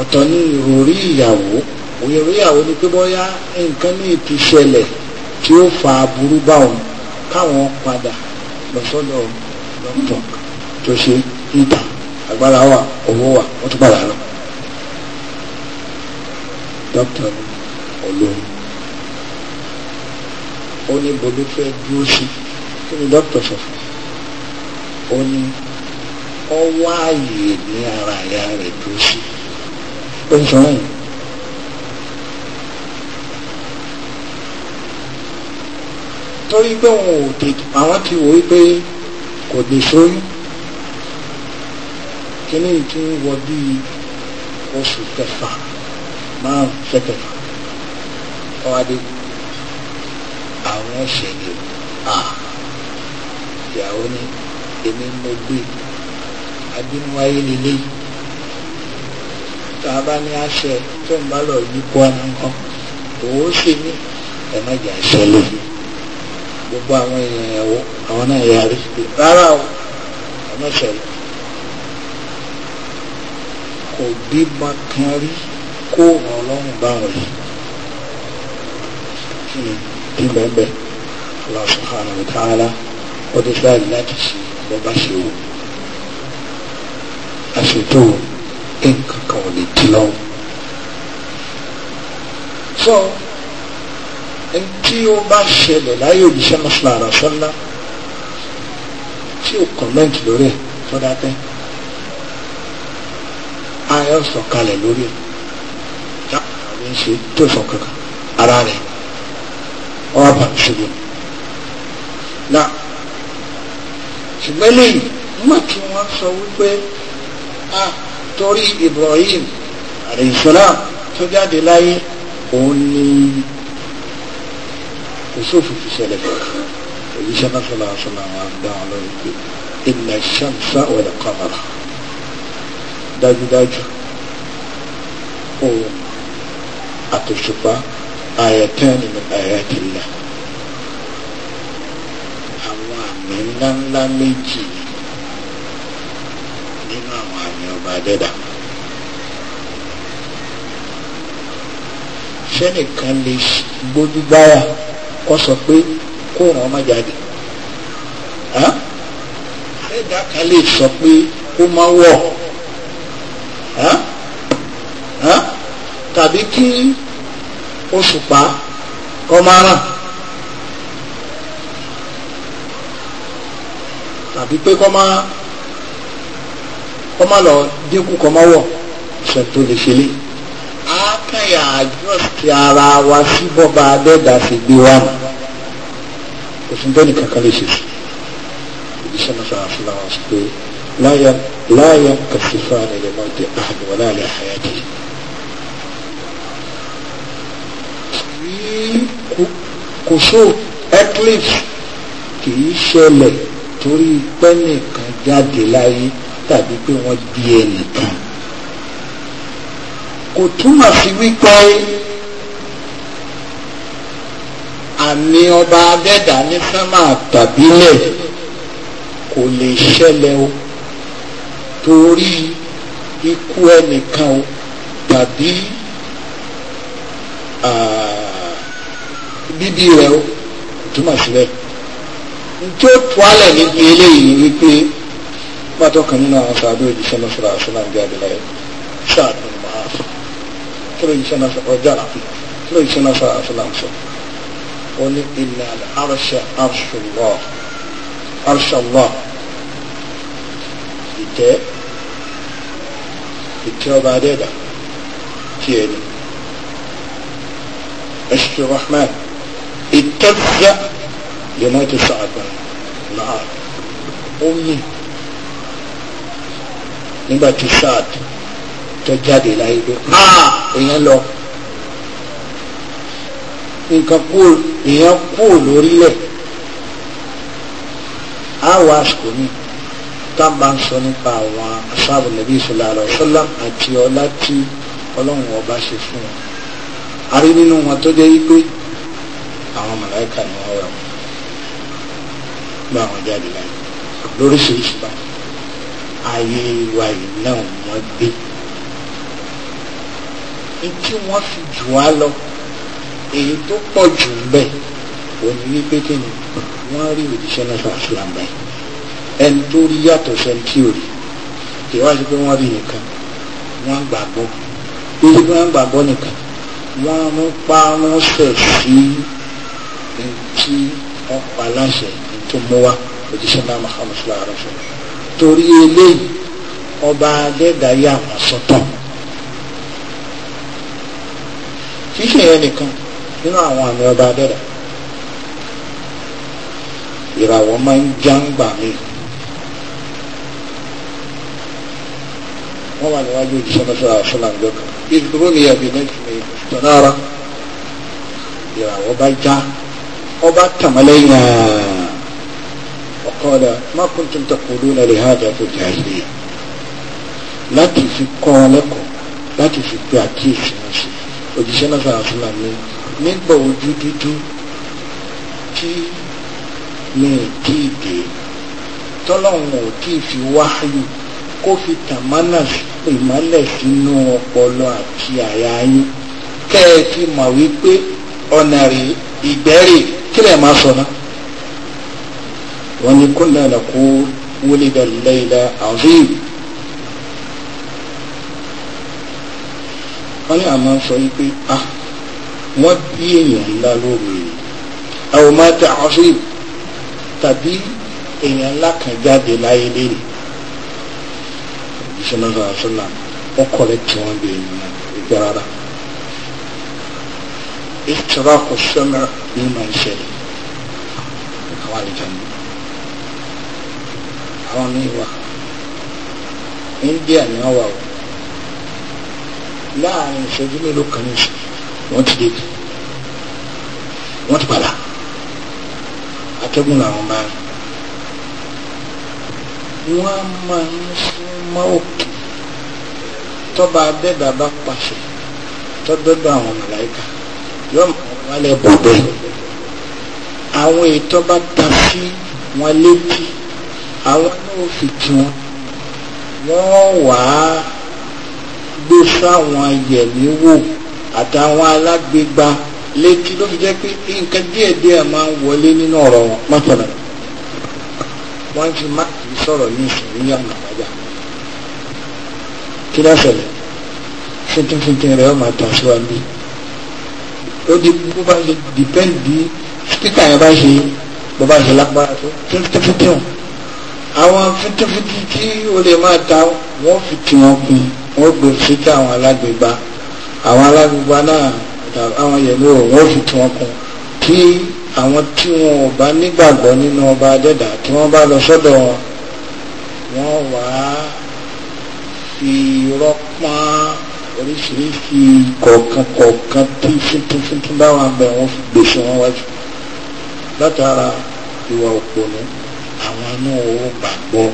ọ̀tọ̀ ní ìròrí ìyàwó òyìnbó ìyàwó ni pé bóyá nǹkan ní ti ṣẹlẹ̀ tí ó fa aburú bá òun káwọn padà lọ sọ́dọ̀ tó ṣe níta agbára wà owó wà wọ́n tún padà lọ. dókítà olóhùn ó ní bolo fẹ́ dúró sí kí ni dókítà sọ fún un ó ní ọwọ́ ààyè ní ara ìyá rẹ̀ dúró sí ó ń sọ torí pé wọn ò tètè àwọn ti wò ó pé kò lè sóyún kíní tó ń wọ bíi oṣù kẹfà márùn kẹkẹfà ọ̀hádé àwọn ṣẹlẹ̀ à ìyàwó ni èmi mo gbé abínúwáyé lélẹ́yìí tá a bá ní àṣẹ tó ń bá lọ yí kó ọ̀nà nǹkan òun sì ní ẹ má jẹ́ àṣẹ lójú gbogbo àwọn èèyàn ẹ̀wọ̀ àwọn náà yára rárá o ẹ má kò bímọ kan rí kó ràn ọlọ́run bá wọn yìí kí ló ń bẹ Allah subhanahu wa ta'ala ó ti fẹ́ láti ṣe bó bá ṣe wò àṣetò nǹkan kan ò lè di lọ́wọ́. sọ tí ó bá ṣẹlẹ̀ láyé òjíṣẹ́ náà sọ́nà tí ò kọ̀mẹ́ǹtì lórí ẹ̀ fọ́dá tẹ́ ayọ̀ sọ̀kalẹ̀ lórí ẹ̀ àwọn ń ṣe tó sọ kankan ara rẹ̀ ọwọ́ bá ṣubú na ṣùgbọ́n lẹ́yìn nígbà tí wọ́n sọ wípé a torí Ibrahim àrèsọ́lá tó jáde láyé òun ni kusufu fi ṣẹlẹ̀ èyí ṣe náà sọ̀rọ̀ àṣọ làwọn àgbà wọn lórí pé ìnà ṣàǹṣà wọlé kọ́mọ̀rà dájúdájú òun àtòṣùpá àyẹ̀tẹ́ni ní àyẹ̀tìlẹ̀ àwọn àmì ńláńlá méjì nínú àwọn àmì ọba adẹ́dà sẹ́nìkan lè gbójú gbáyà kó sọ pé kó wọn má jáde àrẹ́dàkà lè sọ pé kó má wọ̀ ọ́ tàbí kí òṣùpá kọ́ máa ràn tàbí pé kọ́ máa kọ́ máa lọ dínkù kọ́ máa wọ̀ ṣe tó lè ṣe lé akẹ́yà àjọṣe ara wa sí bọ́ba adẹ́dà sì gbé wa nù kò sí bẹ́ẹ̀ ni kankan lè ṣe sí ìdíṣẹ́ náà sọ̀rọ̀ fúnra wọn sí pé. لا لا ينكشفان لموت أحد ولا لحياته kò ṣó eclipse kì í ṣẹlẹ̀ torí pẹ́nìkan jáde láyé tàbí pé wọ́n bí ẹnìkan kò túmọ̀ sí wípé àmì ọba adẹ́dà ní sánmà tàbílẹ̀ kò lè ṣẹlẹ̀ o torí ikú ẹnìkan o tàbí bíbí rẹ o túmọ̀ síbẹ̀ njó tuwalẹ̀ níbi eléyìí wípé pátọ́ kan nínú àwọn sàbẹ̀ òjíṣẹ́ náà sọ̀rọ̀ àṣọ náà bí adìláyé sáàtún máa sọ kí ló yíṣẹ́ náà sọ ọjà àpè kí ló yíṣẹ́ náà sọ̀rọ̀ àṣọ náà sọ ó ní ilẹ̀ àrṣà àrṣùlọ́ àrṣàlọ́ ìtẹ́ ìtẹ́ ọba adẹ́dà tí ẹ ní ẹṣin rahman ìtọ́jà yẹmọ́ ti sọ àgbà náà ó yìn nígbà tí Saad tó jáde láyé pé èèyàn lọ nǹkan kúrò èèyàn kúrò lórílẹ̀ á wá àsìkò mi tá a máa ń sọ nípa àwọn asáàbù nàbí sallallahu alaihi wasallam àti ọlá tí ọlọ́run ọba ṣe fún wọn a rí nínú wọn tó jẹ́ wípé àwọn màláìka ni wọ́n wà wọ́n gba àwọn jáde láyé lóríṣiríṣi bá ayé wa yìí náà wọ́n gbé tí wọ́n fi jù wá lọ èyí tó pọ̀ jù ń bẹ̀ òní wípé kí ni wọ́n rí òjíṣẹ́ náà sọ̀rọ̀ sílámbáyé ẹni tó rí yàtọ̀ sẹ́ni tí o rí kì í wá sí pé wọ́n rí nìkan wọ́n gbàgbọ́ ibi tí wọ́n gbàgbọ́ nìkan wọ́n mú pa wọ́n sẹ̀ sí tí wọ́n pa láṣẹ tó mú wá òjíṣẹ́ náà Muhammad sallallahu alaihi wasallam torí eléyìí ọba adẹ́dàáyé àwọn sọ́tọ̀ kìí ṣe nìkan nínú àwọn àmì ọba adẹ́dà ìràwọ̀ máa ń jáǹgbà mìíràn. wọ́n wà níwájú òjíṣẹ́ lọ́sọ̀rọ̀ àṣọlá ń gbẹ́kọ̀ ìdúró ni ẹ̀bí lẹ́kìnrin ìtọ́nára ìràwọ̀ bá já ọba tàmálẹ́yìn ọ̀kọ́dà má kuntum taquluna li hadha fil jahiliyya láti fi kọ́ wọn lẹ́kọ̀ọ́ láti fi pe àkíyèsí wọn sí òjíṣẹ́ lọ́sọ̀rọ̀ àṣọlá mi nígbà ojú dúdú tí mi kí ìdè tọ́lọ́run ò kí ì fi kó fi tàmánà ìmọ́lẹ̀ sínú ọpọlọ àti àyà yín kẹ́ ẹ fi mọ̀ wípé ọ̀nà rè ìgbẹ́rè kí lè máa sọ ná. wọ́n ní kúnlẹ̀ lọ́kọ́ wọlé dàlẹ́ ilẹ̀ azim. wọ́n ní àmọ́ sọ wípé ah wọ́n bí èèyàn ńlá lóru àwọn máa ta azim tàbí èèyàn ńlá kan jáde láyé lélẹ̀ sallallahu alaihi wasallam wọn kọrẹ tí wọn bẹ yìí ìgbà rárá ìtura kò sọmọ ní màá ṣẹlẹ̀ àwọn àlejàmù àwọn míì wà india ni wọn wà o láàrin ìṣẹ́jú mélòó kan ní ìṣẹ́jú wọ́n ti débi wọ́n ti padà atẹ́gùn làwọn máa ń wọ́n máa ń súnmọ́ òkè tọ́ba abẹ́bà bá pàṣẹ tọ́bẹ́bà àwọn màláìka yóò máa wálẹ̀ bọ̀ bẹ́ẹ̀ àwọn ètò bá ta sí wọn létí àwọn náà fi tì wọn wọ́n wàá gbé sáwọn yẹ̀mí wò àtàwọn alágbègbà létí ló fi jẹ́ pé nǹkan díẹ̀díẹ̀ máa ń wọlé nínú ọ̀rọ̀ wọn pátánà wọ́n ti máa sọ̀rọ̀ ní ìsìn ní ọ̀nà àbájá kí lọ́sẹ̀lẹ̀ fínfínfínfín rẹ̀ ọmọ àtàn síwájú ó di bó bá ṣe dìpẹ́ǹdì bí spíkà yẹn bá ṣe bó bá ṣe lágbára tó fínfínfínfín o àwọn fínfínfínfín tí ó lè máa ta wọ́n fi tì wọ́n pin wọ́n gbé fíkà àwọn alágbègbà àwọn alágbègbà náà àwọn yẹ̀mí o wọ́n fi tì wọ́n kun tí àwọn tí wọn ò bá nígbàgbọ́ nínú ọba adẹ́dà tí wọ́n bá lọ sọ́dọ̀ wọn wọ́n wá fi rọ́pá oríṣiríṣi kọ̀ọ̀kan kọ̀ọ̀kan tí fúntúnfúntún bá wà bẹ̀ wọ́n fi gbèsè wọn wájú látara ìwà òpònú àwọn náà ó gbàgbọ́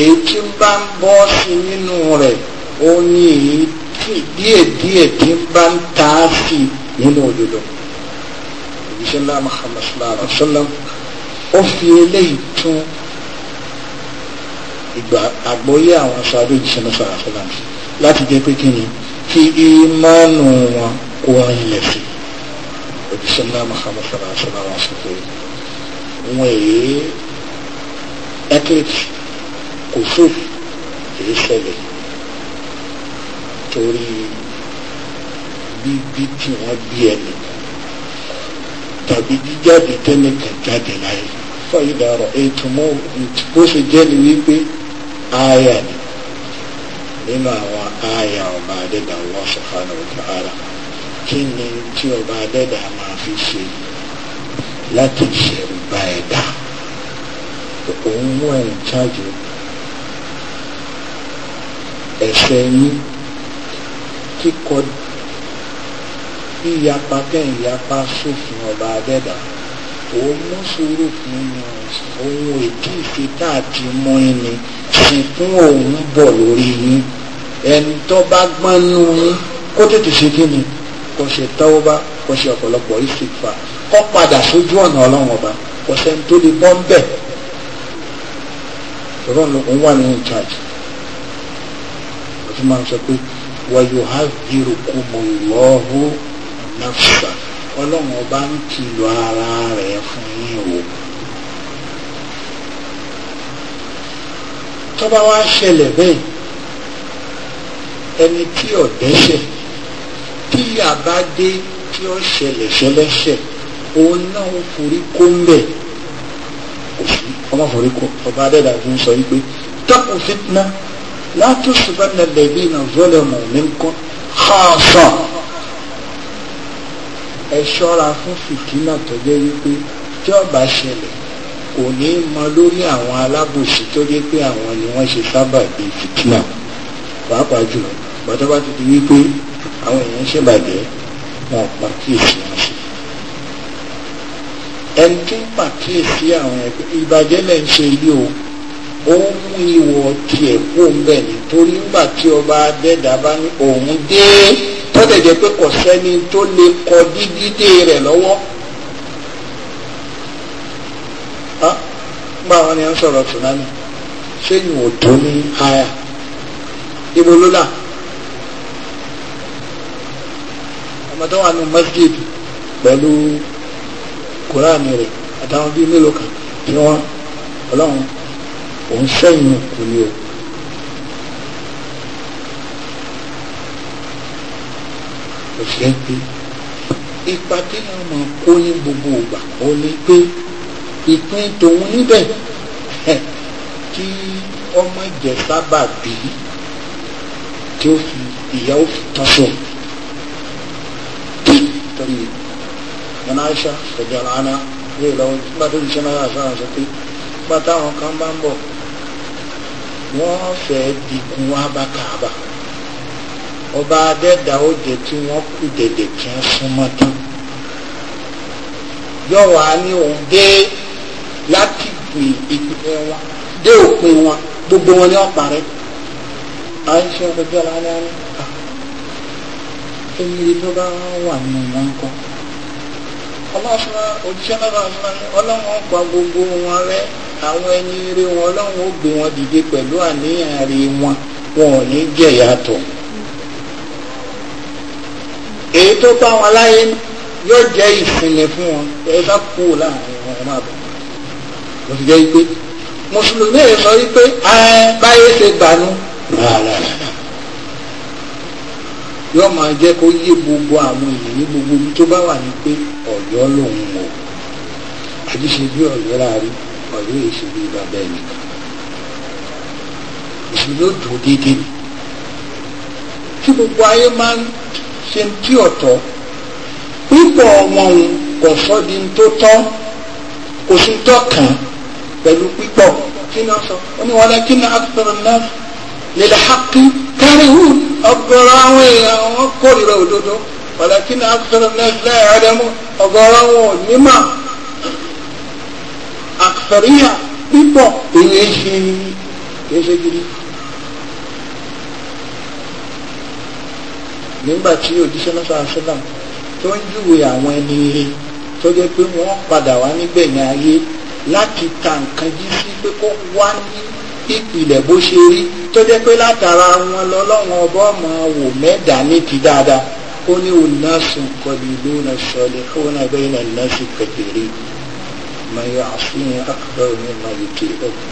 èyí tí bá ń bọ́ sí nínú rẹ̀ ó ní èyí tí díẹ̀díẹ̀ tí bá ń ta á sí nínú òdodo ìbísẹ́ ńlá Muhammad sallallahu alaihi wa sallam ó fi eléyìí tún ìgbà àgbọ́yé àwọn sáré ìṣẹ́lẹ̀ sàràfẹ́lá láti jẹ́ pé kí ni kí ìmánu wọn kó rinlẹ̀ sí òjíṣẹ́ ńlá mahamud sàràfẹ́lá wọn sọ pé wọn èyí eclipse kò fún èyí ṣẹlẹ̀ torí bíbí tí wọ́n bí ẹni tàbí jíjáde tẹ́nìkan jáde láyé fọ́ ìdàrọ̀ ètò mọ́ bó ṣe jẹ́ ni wípé ááyà ni nínú àwọn ááyà ọba adẹ́dà Allah subhanahu wa ta'ala kí ni tí ọba adẹ́dà máa fi ṣe láti ṣẹ̀rù ba ẹ̀dá òun mú ẹ̀ ń ṣáàjò ẹ̀ṣẹ̀ yín kíkọ yíyapa kẹ́yìn yapa sófin ọba adẹ́dà òun mú sùúrù fún yín òun ètí ìfipá àti mọ ẹni ṣìkún òun bọ̀ lórí yín ẹni tó bá gbọ́n nú yín kó tètè ṣe kí ni kò ṣe tọ́wọ́ bá kò ṣe ọ̀pọ̀lọpọ̀ ìsìnkfà kó padà sójú ọ̀nà ọlọ́run ọba kò sẹ́ni tó lè bọ́ ń bẹ̀ ìrọ̀n ló ń wà ní ìjáàjì ó tún máa ń sọ pé wọ́yọ̀ ha yìí kú mọ̀ lọ́hùn náà fúgbà ọlọ́run ọba ń kìlọ̀ ara rẹ̀ fún yín o. tó bá wá ṣẹlẹ̀ bẹ́ẹ̀ ẹni tí ò dẹ́ṣẹ̀ tí àbádé tí ó ṣẹlẹ̀ ṣẹlẹ́ṣẹ̀ òun náà ó forí kó ń bẹ̀ kò sí ọmọ forí kó ọba adẹ́dà fi ń sọ yí pé tọ́pù fitna látò ṣùgbọ́n lẹ́bí náà zọ́lẹ̀ mọ̀ mí kọ́ xaasọ̀ ẹ ṣọ́ra fún fìtínà tó jẹ́ wípé tí ó ṣẹlẹ̀ kò ní mọ lórí àwọn alábòsí tó jẹ́ pé àwọn ni wọ́n ṣe sábà bíi fìtínà pàápàá jùlọ bàtọ́ bá ti di wípé àwọn èèyàn ṣèbàjẹ́ wọn pa kíyèsí wọn sí ẹni tí ń pàkíyèsí àwọn ẹgbẹ́ ìbàjẹ́ lẹ́ ń ṣe ilé o ó ń mú ìwọ tiẹ̀ kó ń bẹ̀ nítorí nígbà tí ọba adẹ́dà bá ní òun dé tọ́tẹ̀jẹ́ pé kò sẹ́ni tó lè kọ dígídé rẹ̀ lọ́wọ́ gba àwọn ènìyàn sọ̀rọ̀ tsunami ṣé yìí ò tó ní aya ibo ló là ọmọdé wà ní masjid pẹ̀lú kuraani rẹ̀ àtàwọn bíi mélòó kan tí wọ́n ọlọ́run òun sẹ́yìn kò ní o. kò sí ipa tí wọ́n máa kó ní gbogbo ìgbà ó ní pé ìpín tòun níbẹ̀ kí ọmọ jẹ sábà bí tí ó fi ìyàwó fi tọ́sọ̀ torí nana aisha ọjà lana ní ìlọ nígbà tó ṣiṣẹ́ náírà sára sọ pé nígbà táwọn kan bá ń bọ̀ wọ́n fẹ́ digun abakaba ọba adẹ́dà ó jẹ́ tí wọ́n kú dẹ̀dẹ̀ kí wọ́n súnmọ́ tán yọ̀wá ní òun dé láti gbìn ìpìlẹ̀ wọn dé òpin wọn gbogbo wọn ní ọ̀parẹ́ àìṣe ọgbẹ́jọ́ lálẹ́ àná ẹni tó bá wà nínú wọn kọ́ ọlọ́fà òjíṣẹ́ náà fún mi ọlọ́run ọ̀pá gbogbo wọn rẹ àwọn ẹni rí wọn ọlọ́run ó gbé wọn dìde pẹ̀lú àníyàn rí wọn wọn ò ní jẹ́ yàtọ̀ èyí tó bá wọn láyé yóò jẹ́ ìsinmi fún wọn ẹ bá kú láàrin wọn máa bọ̀ ló fi jẹ́ pé mùsùlùmí yìí sọ wípé báyé ṣe gbanú yóò máa jẹ́ kó yé gbogbo àwọn èèyàn ní gbogbo ibi tó bá wà ní pé ọ̀yọ́ lòun o àti ṣe bí ọ̀yọ́ láàrin ọ̀yọ́ èṣù bí bàbá ẹni mùsùlùmí yóò dúró déédéé ni tí gbogbo ayé máa ń ṣe tí ọ̀tọ̀ pípọ̀ wọn kò sọ́ di tó tọ́ kò sí tọ́ kàn án. pẹ̀lú pípọ̀ kí ni kí ni akitọ̀rọ̀ náà lèlè hakí kárí náà lẹ́yìn pípọ̀ èyí ṣe kìí ṣe láti ta nǹkan jí sí pé kó wá ní ìpìlẹ̀ bó ṣe rí tó jẹ́ pé látara wọn lọ́lọ́wọ́n ọba ọmọ wò mẹ́dàá ní ti dáadáa ó ní onásun kọlu ìlú náà sọlẹ̀ kó wọn náà bẹ́ẹ̀ náà lọ́sùn kẹtẹ̀rẹ́ mayọ àfihàn akọ̀rọ̀ mi máa yìí kiri ọ̀gbìn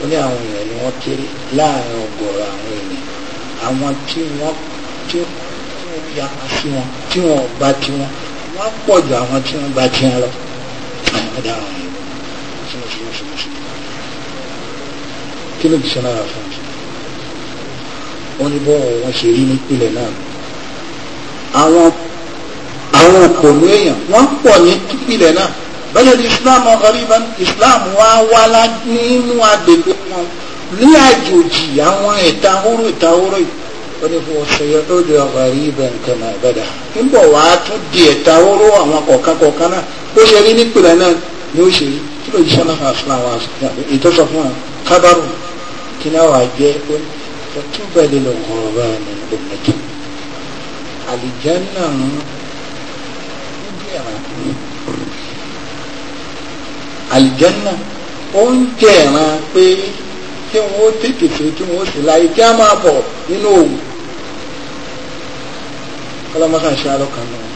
ó ní àwọn èèyàn ni wọ́n kéré láàrin ọgọ́rọ̀ àwọn èèyàn àwọn tí wọ́n tí wọ́n yára sí wọn tí wọ́n bá tiwọn wọ́n pọ̀ ju àwọn tí wọ́n bá tiwọn lọ ọ̀daràn yìí fún fún fún fún kí ló ti sọ lára fún wọn ní bọ́ọ̀ wọn ṣe rí nípìnlẹ̀ náà àwọn àwọn kò ní èèyàn wọ́n pọ̀ ní nípìnlẹ̀ náà bẹ́ẹ̀ ni islam ọ̀gáríban islam wá wá nínú agbègbè wọn ní àjòjì àwọn ìtahóró ìtahóró yìí wọ́n ní fún ọ̀sẹ̀ yẹn lóde ọ̀gáríban kan náà ìbàdàn ń bọ̀ wá tún di ìtahóró àwọn kọ̀ọ̀kan kọ̀ọ̀kan náà ó ṣe rí nípìnlẹ̀ náà ni ó ṣe rí kí ló jíṣẹ́ náà fún àwọn ìtọ́sọ fún àwọn kábàrò kí náà wà jẹ́ ó tún bẹ́ẹ̀ lè lọ ọ̀rọ̀ báyìí ní ọ̀gbẹ̀tì àlìjánà ń àlìjánà ó ń jẹ́ ẹ̀ràn pé kí wọ́n tètè tó kí wọ́n sì láyé kí á máa bọ̀ nínú òwò kọ́lọ́mọ́sá ṣe àlọ́kàn náà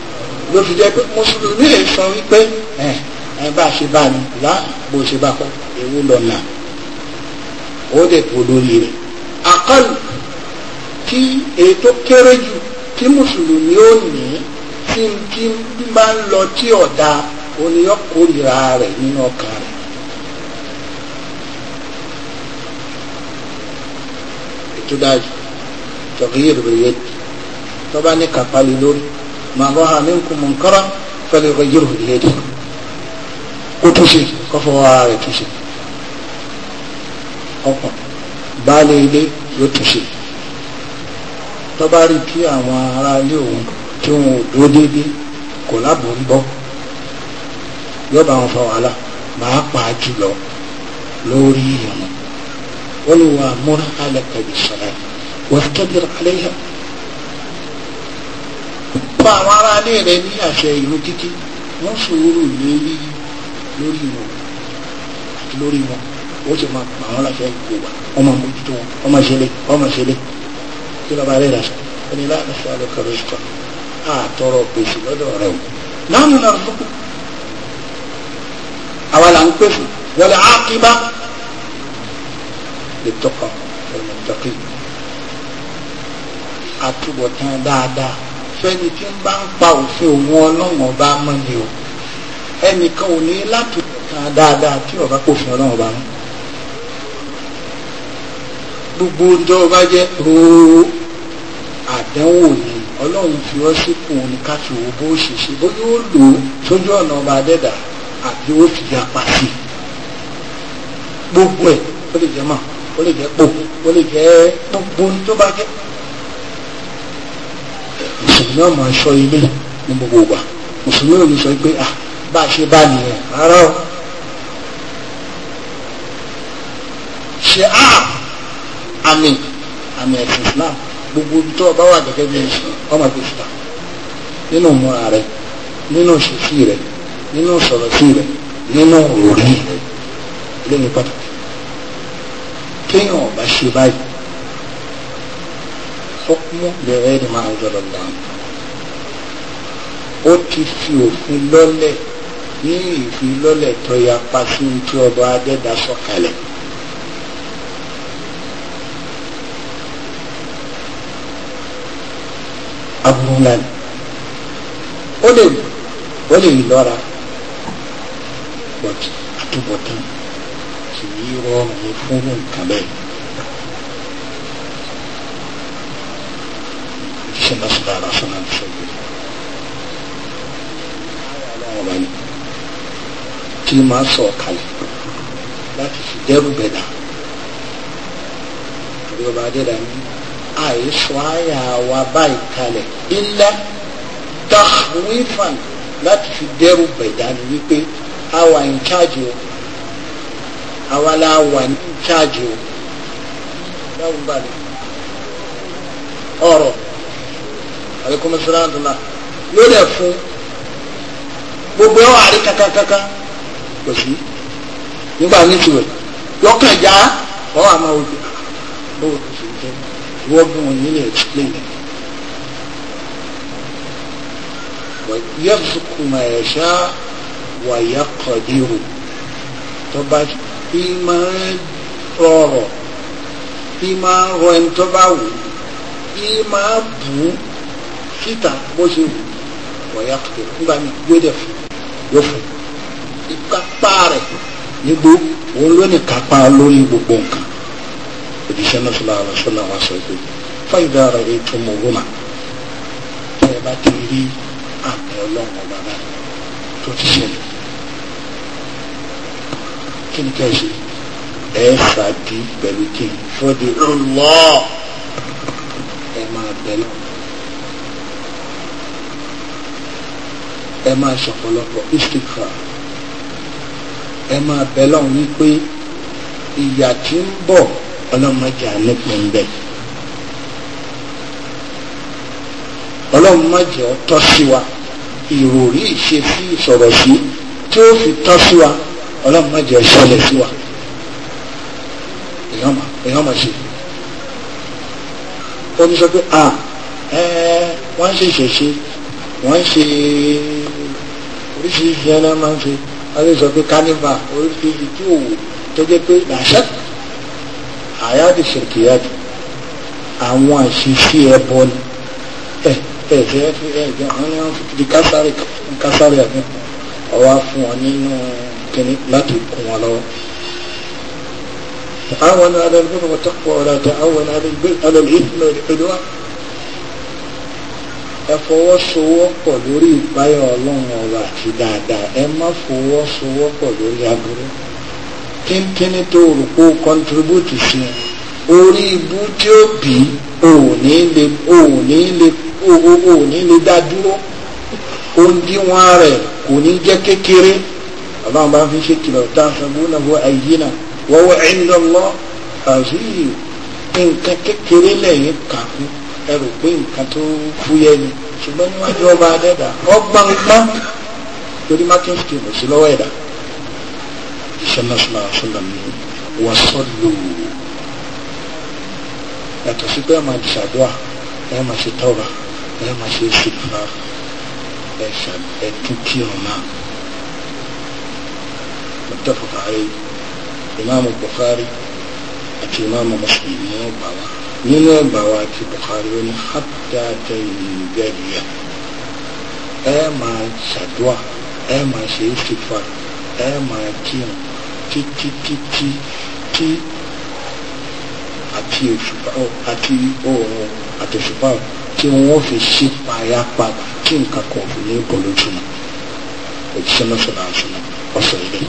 ló fi jẹ́ pé mùsùlùmí lè sọ wípé ẹ ẹ bá ṣe bá ní là bó ṣe bá kọ́ ewu lọ́la ó dẹ̀ kó lórí rẹ̀ àkọlù tí ètò kéré jù tí mùsùlùmí ó ní tí tí máa ń lọ tí ọ̀dà oníyọ́ rẹ̀ nínú ọkàn rẹ̀. ètò dájú tọ̀gíyèrè rẹ̀ tó bá ní kàpálí lórí. ما ظهر منكم منكرا فليغيره بيده kó túnṣe kó fọwọ́ rẹ̀ túnṣe ọkàn baálé ilé yóò túnṣe tó bá rí kí àwọn ará ilé òun tí wọn ò dúró déédéé kò láàbò ń bọ́ yóò bá wọn fa wàhálà máa pa á jùlọ lórí ìyàmú wọn ni wàá múra alẹ́ pẹ̀lú sọ̀rọ̀ wàá tẹ́lẹ̀ alẹ́ yàtọ̀ gba àwọn aráalé rẹ ní àṣẹ ìrun kíkí wọ́n sòwòrò lérí lórí wọn àti lórí wọn ó sì máa pa àwọn láṣẹ ìkó wa ọmọ mójútó wọn ọmọ ìṣẹ̀lẹ̀ ọmọ ìṣẹ̀lẹ̀ kí lọ́ba rẹ̀ ràṣà ẹni láàṣà lọ́kọ̀ọ́rọ̀ ìṣọ̀kan àtọrọ pèsè lọ́dọ̀ rẹ̀ o nánú náà lókù àwa là ń pèsè wọlé àkíbá lè tọkàn ọ̀rọ̀ tọkì àtúbọ̀tán dáadáa fẹ́ni tí ń bá ń pa òfin òun ọlọ́run ọba mọ́ ni o ẹnìkan ò ní láti kan dáadáa tí ọba kò fi ọlọ́run ọba mọ́ gbogbo ọjọ́ ọba jẹ́ roo àdánwò ni ọlọ́run fi ọ́ sípò ní ká fi wo bó ṣe ṣe bó yóò lò ó sójú ọ̀nà ọba adẹ́dà àbí ó fi yapa sí gbogbo ẹ̀ ó lè jẹ́ mà ó lè jẹ́ pò ó lè jẹ́ gbogbo tó bá jẹ́ mùsùlùmí ọmọ aṣọ ilé ní gbogbo ìgbà mùsùlùmí ò ní sọ pé à ah, bá a ṣe bá nìyẹn rárá o ṣe á ah, àmì àmì ẹ̀sìn Islam gbogbo ibi tó o bá wà gẹ́gẹ́ bí ọmọ ìgbésí ta nínú ìmúra rẹ nínú ìṣesí rẹ nínú sọ̀rọ̀ sí rẹ nínú òrí rẹ lẹ́yìn pàtàkì kéèyàn ọ̀bá ṣe báyìí hukmu lè rẹ́ni máa ń jọlọ lọ. ó ti fi òfin lọ́lẹ̀ ní ìfilọ́lẹ̀ tó yapa sí tí ọba adẹ́dá sọ̀kalẹ̀. abúlé ó lè ó lè lọ́ra àtúbọ̀tán kì í rọrùn fún nǹkan bẹ́ẹ̀. sallallahu alaihi wa sallam ọba ni tí máa sọ kalẹ̀ láti fi dẹ́rù bẹ̀dà àbí ọba adéda ní àìsọ àyà wa báyìí kalẹ̀ ilá tahwifan láti fi dẹ́rù bẹ̀dà ni wípé àwa in charge o àwa la wà in charge o dáhùn bá mi ọ̀rọ̀ àlékún sọ́dọ̀ tó náà ló dẹ̀ fún gbogbo ẹ̀ wà rí kákákáká kò sí nígbà nítorí lọ́kàn já wọ́n wà máa wọ́n bọ́wọ́ tó ṣe jẹ́ wọ́n bí wọn nílẹ̀ explain it. yẹ́fùkù máa yẹ ṣá wàyà kọ̀dírù tó bá fi máa rọrọ̀ fi máa rọ ẹni wù fi bù ú kíta bó ṣe wù ọ̀yà tó nígbà mi gbé dẹ̀ fún yóò fún ìkápá rẹ̀ nígbó òun ló ní kápá lórí gbogbo nǹkan òjíṣẹ́ náà sọlá àwọn sọlá wa sọ pé fáyidá ara rẹ̀ tó mọ owó mà tó o bá ti rí àmì ọlọ́run ọba náà tó ti ṣẹlẹ̀ kí ni ká ṣe ẹ ṣáàdì pẹ̀lú kí n fọ́dí ọlọ́ọ̀ ẹ máa bẹ̀ ẹ máa ṣọ̀pọ̀lọpọ̀ istikra ẹ máa bẹ lọ́hùn wípé ìyà tí ń bọ̀ ọlọ́mọdé àlẹ́pẹ̀ ń bẹ̀. ọlọ́mọdé ọtọ́ sí wa ìròrí ìṣesí ìsọ̀rọ̀ sí tí ó fi tọ́ sí wa ọlọ́mọdé ṣẹlẹ̀ sí wa èèyàn máa ṣe ó ní sọ pé à ẹ wọ́n ṣe ìṣẹ̀ṣe wọ́n ṣe é oríṣiríṣi ẹ̀rọ máa ń ṣe wọ́n lè sọ pé kánífà oríṣiríṣi tí òwò tó jẹ́ pé làṣẹ àyáàdì ṣèkìyàdì àwọn àṣìṣe ẹbọ ni ẹ ẹ ṣe é fi ẹ jẹ wọn ni wọn fi di kásárì kásárì àbí ọwọ́ fún wọn nínú kìnnì láti kún wọn lọ́wọ́. تعاون على البر والتقوى ولا تعاون على الإثم والعدوان ẹ fọwọ́sowọ́pọ̀ lórí ìpáyọ̀ ọlọ́run ọ̀rọ̀ àti dáadáa ẹ má fọwọ́sowọ́pọ̀ lórí aburú kínkínní tó rò pé ó kọ́ntribútì sí ẹ orí ibú tí ó bì í òní lè òní lè òní le dá dúró òǹdíwọ̀n rẹ̀ kò ní jẹ́ kékeré ọlọ́run bá fi ṣe kìlọ̀ tá a sọ fún náà wọ ẹ̀yìn náà wọ́wọ́ ẹ̀ ń lọ́lọ́ àzíyì nǹkan kékeré lẹ́yìn kàkún ẹ rò pé nǹkan tó búyẹ́ ni ṣùgbọ́n níwájú ọba adẹ́dà ọgbọ́n gbọ́n torí mákìntì kò sí lọ́wọ́ ẹ̀dá sallallahu alaihi wa sallu yàtọ̀ sí pé ẹ máa ṣàdúrà ẹ máa ṣe tọ́ra ẹ máa ṣe ṣùgbọ́n ẹ ṣàbẹ̀ dúkìá ọ̀nà muttafaq alayhi imaamu Bukhari àti imaamu Muslim ọgbà wa nínú ẹgbà wa ti Bukhari ó ní hatta tẹ̀yìn gẹ̀ẹ́dìyà ẹ máa ṣàdúà ẹ máa ṣe é ti fa ẹ máa kírun títí títí tí àti òṣùpá àti oòrùn àti òṣùpá tí wọ́n fi ṣí payápayá tí nǹkan kan fi ní bọ̀lójúmọ́ òjíṣẹ́ náà sọ̀rọ̀ àṣùnà ọ̀sẹ̀ ilé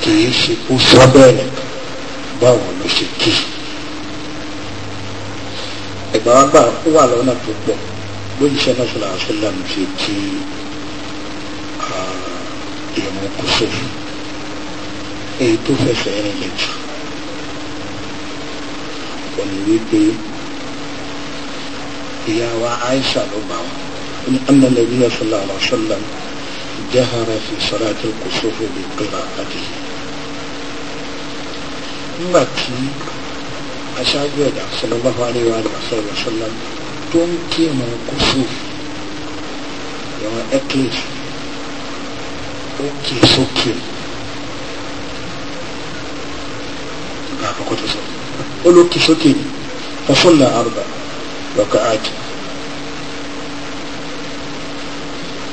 kì í ṣe kó sábẹ́ẹ̀rẹ̀ báwo ló ṣe kí i ẹ̀gbọ́n wa gbà ó wà lọ́nà tó pọ̀ lóyìnṣẹ́ náà sọ̀rọ̀ àṣọlá mi ṣe ti ìrùn kò sófin èyí tó fẹsẹ̀ rìn lè jù ó ní wípé ìyá wa Aisha ló bá wọn ní anna lè wíyà sọlá àwọn sọlá fi sọlá tó kò sófin lè kíra àti nígbà tí أساجد صلى الله عليه وآله وسلم تنكي من كسوف يوم أكلف أوكي سوكي gaba kwata sau oloki soke ne ta sulla arba raka'at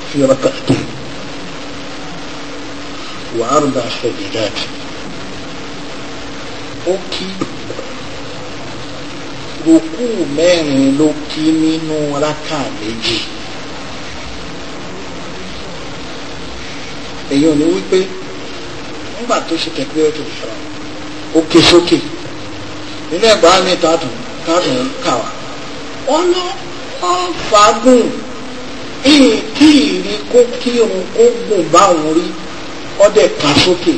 fi raka'atin wa arba sabidat oki ìrókù mẹ́rin ló kí nínú rákà méjì èyí ò ní wípé nígbà tó ṣe kẹ̀kẹ́ ọ̀tọ̀ ìfọ̀rọ̀ ó ké sókè nínú ẹ̀gbọ́n mi tààtùn tààtùn kà wá ọ̀nà ọ̀fàgùn kí ìrí kó kí òun kó gùn báwọn rí ọdẹ kà sókè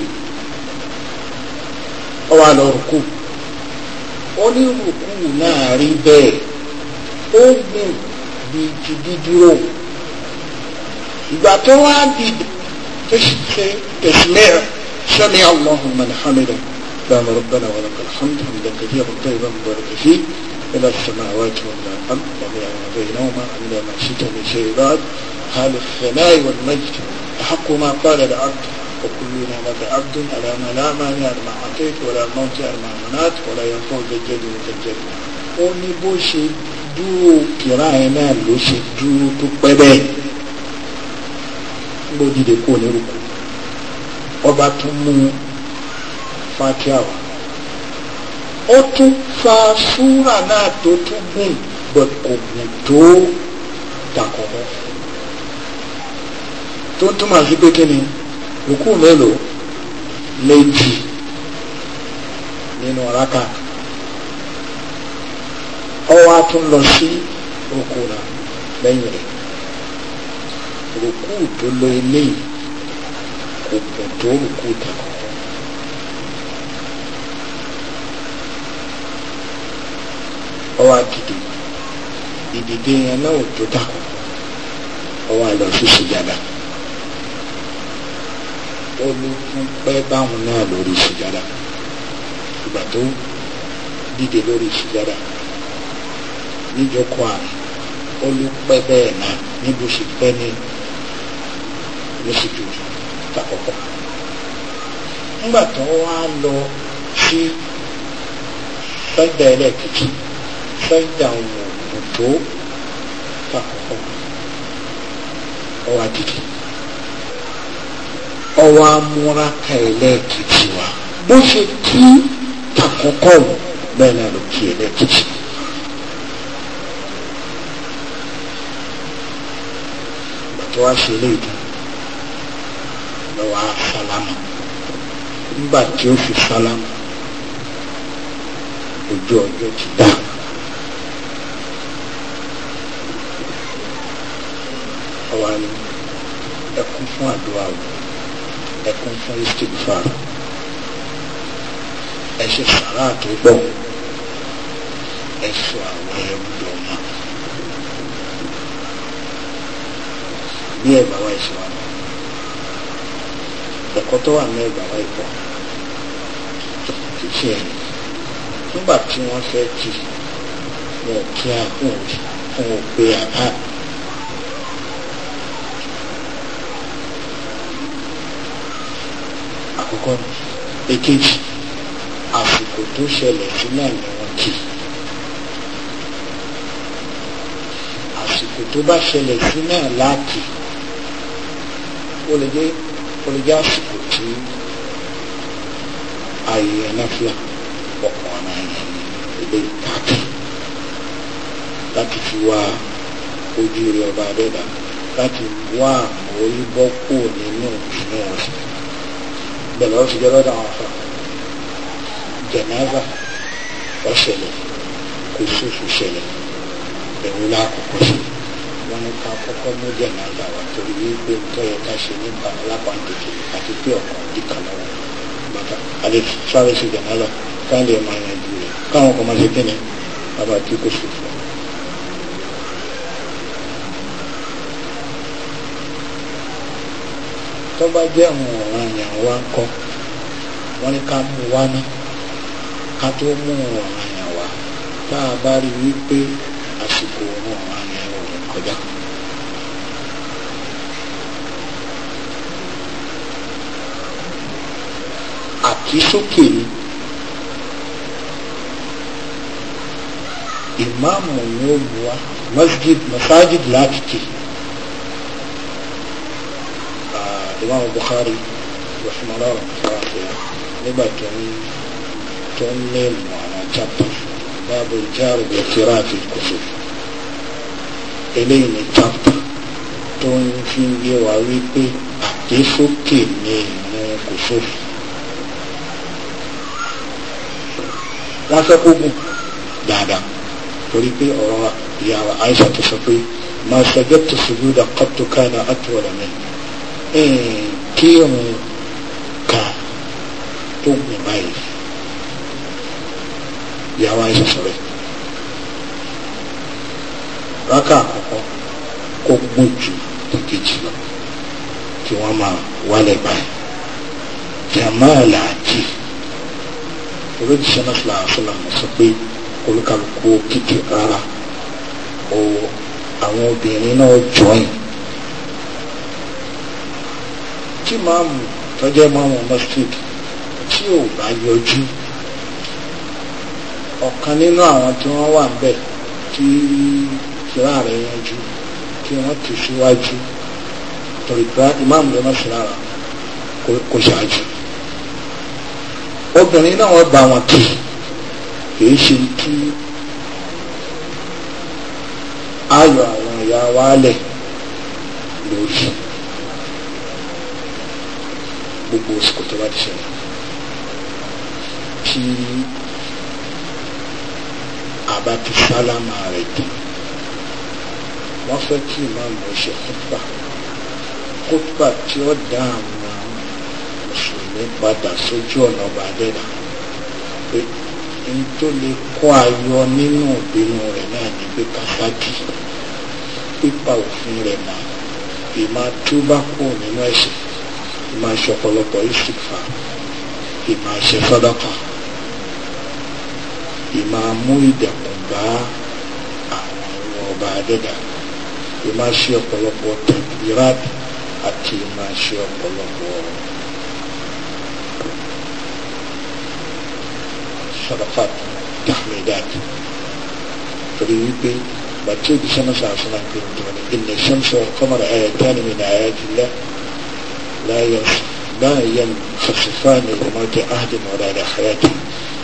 ọwọ́ àlọ́ rùkù. onírúurú náà náà rí bẹ́ẹ̀ ó gbin bíi ti dídúró ìgbà tó wá di tó ṣe tẹ̀sílẹ̀ sami Allahu alhamdu hamidah bàmà rabbana wa lakal hamdu hamdan kathiran tayyiban mubarakan fihi إلى السماوات والأرض وما بينهما إلا ما شئت من شيء بعد هذا الثناء والمجد أحق ما قال العبد وكلنا لك عبد على ما لا مانع لما أعطيت ولا موجع لما منعت ولا ينفع بالجد والجد ó ní bó ṣe dúró kìrá ẹ náà ló ṣe dúró tó pẹ́ bẹ́ẹ̀ ló dìde kó nírúkú ọba tún mú fatia wá ó tún fa súrà náà tó tún gùn but kò gùn tó dàkọ̀mọ́ tó túmọ̀ sí pé kí ni rùkú mélòó méjì nínú ọ̀ráka ọwọ́ a tún lọ sí rùkú náà lẹ́yìn rẹ̀ rùkú tó lọ eléyìí kò pọ̀ tó rùkú tàkọ́. ọwọ́ àdìdì ìdìdì yẹn náà ò tó dà ọwọ́ àlọ́ sí sùjádà ó ló tún pẹ́ báwọn náà lórí sùjádà ìgbà tó dìde lórí sùjádà níjókòó àrùn ó ló pẹ́ bẹ́ẹ̀ náà níbo sì pẹ́ ní lóṣìṣẹ́ takọ̀kọ̀ nígbà tó wá lọ sí fẹ́ẹ́ ẹlẹ́kìtì fẹ́ẹ́ dàwọn òdòdó takọ̀kọ̀ ọwọ́ àdìdì ọwọ́ amúra ka ẹlẹ́ẹ̀kejì wa bó ṣe kí àkọ́kọ́ wò bẹ́ẹ̀ náà ló kí ẹlẹ́ẹ̀kejì. bàtà wá ṣe ilé ìdá lọ́wọ́ sálámà nígbà tí ó fi sálámà ojú ọjọ́ ti dá. ọwọ́ ni ẹ fún àdúrà wò nǹkan kan fún istigfar ẹ ṣe sàrà tó gbọ̀ ẹ sọ àwọn ẹrú lọ́mọ bí ẹ bá wá ẹ ṣe wà tó wà ní ẹ bá wá kì í ṣe ẹ̀yìn nígbà tí wọ́n fẹ́ kí wọn kí wọn ò pé àbá. àkọ́kọ́ ni èkejì àsìkò tó ṣẹlẹ̀ sí náà ni wọ́n kì í àsìkò tó bá ṣẹlẹ̀ sí náà láàkì ó lè jẹ́ ó lè jẹ́ àsìkò tí ayé ẹlẹ́fíà ọkàn ọ̀nà ẹ̀yìn ilé ìtàkì láti fi wá ojú rẹ̀ ọba adẹ́dà láti wá àwọn orí bọ́ kúrò nínú ìṣúná ọ̀sán bẹ̀rẹ̀ ọ̀sẹ̀ jẹ́ lọ́dọ̀ àwọn afọ jẹ̀nẹ́fà ọ̀ṣẹ̀lẹ̀ kò sùsù ṣẹlẹ̀ ẹ̀wù lákòókò sí wọn ní ká kọ́kọ́ mú jẹ̀nẹ́fà wà torí wípé tọ́yẹ ká ṣe nígbà alápàǹdìkì àti pé ọ̀kan dìkà lọ́wọ́ bàtà àti sáwẹ́sì jẹ̀nẹ́fà káàdì ẹ̀ máa yanjú rẹ̀ káwọn kọ́ máa ṣe kéde bàbá tí kò sùn tó bá jẹ́ àwọn ọ̀ràn yẹn wá ń kọ́ wọ́n ní ká mú wá ná ká tó mú ọ̀ràn yẹn wá tá a bá rí wípé àsìkò ọ̀ràn yẹn ò rẹ̀ kọjá. àkísókè ni ìmáàmù ni bu wa masjid masajid láti kì í. Imam Bukhari rahimahullah rahimahullah nígbà tó ń tó ń ní ìmọ̀ àwọn chapter báàbò ìjáàrò bẹ̀ kíra àti kòtò eléyìí ní chapter tó ń fi ń yé wa wípé àdésókè ní ìmọ̀ kòtò. wọ́n fẹ́ kó gùn dáadáa torí pé ọ̀rọ̀ ìyàwó Aisha tó sọ pé ma sajadtu sujuda qattu kana atwala minni kírun kan tó gùn báyìí ìyàwó àìsàn sọ̀rọ̀ rákà àkọ́kọ́ kó gùn ju ìkejì lọ kí wọ́n máa wálẹ̀ báyìí jamaa làájì olójúṣe náà fìlà àfọlà mọ̀ sọ pé olúkàlùkù kìkì rárá o àwọn obìnrin náà jọyìn tí máàmù tọ́jọ́ máàmù masjid tí ò bá yọjú ọ̀kan nínú àwọn tí wọ́n wà níbẹ̀ tí ìṣúra rẹ̀ yanjú tí wọ́n ti síwájú torí pé ìmáàmù lọ́nà sílára kò ṣáájú obìnrin náà wọ́n bá wọn kì kìí ṣe kí ayọ̀ àwọn ìyá wa lẹ̀ gbogbo òsìkò tó bá ti ṣẹlẹ̀ tí àbá ti sálámà rẹ̀ tán wọ́n fẹ́ kí ìmáàmù ṣe kútbà kútbà tí ó dá àwọn mùsùlùmí padà sójú ọ̀nà ọba adẹ́dà pé n tó lè kó ayọ̀ nínú ìbínú rẹ̀ náà ní pé kàfáàkì pípa òfin rẹ̀ mọ́ ìmọ̀ tó kú nínú ẹ̀sìn ìmọ̀ àṣẹ ọ̀pọ̀lọpọ̀ ìsìkfà ìmọ̀ àṣẹ sàdákà ìmọ̀ amú ìdẹ̀kùn bá àwọn ọba adẹ́dà ìmọ̀ àṣẹ ọ̀pọ̀lọpọ̀ tẹ̀gbìrát àti ìmọ̀ àṣẹ ọ̀pọ̀lọpọ̀ sadafat tahmidat torí wípé bàtí òbí sọ́nà sàásùn àgbẹ̀rún tó ní ilẹ̀ sọ́nà sọ̀rọ̀ kọ́mọ̀rọ̀ ayẹ̀tẹ́ ni mi ní ayẹ̀tẹ́ lẹ́yìn. لا ما ينخففان لموت عهد مولانا حياتي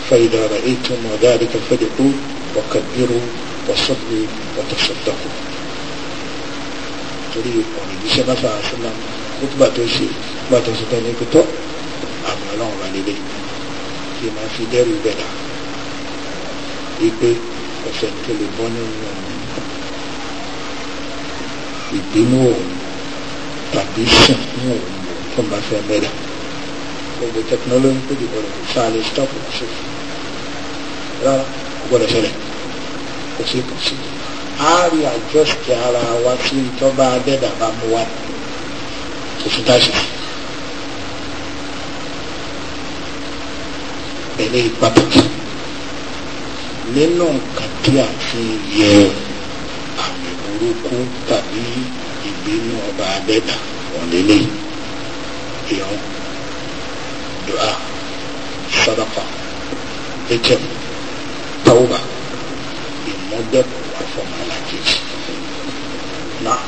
فإذا رأيتم ذلك فرحوا وكبروا وصلوا وتصدقوا تريد قولي بيش نفع سلام خطبة توشي ما تصدقني كتو أمالان والدي فيما في دير البدع إيبي وفين كل بونن يدينو تابيشن نورن tó ń bá fẹ́ bẹ̀rẹ̀ gbogbo technology tó dìbò rẹ̀ sáà lè stop it ṣe rárá gbọ́dọ̀ ṣẹlẹ̀ kò sí kò sí a rí àjọṣe ara wa sí ìjọba abẹ́dà bá mú wa kò sí tá a ṣe. يستطيع دعاء صدقة ذكر توبة يمدد وعفو ما لا العجيز نعم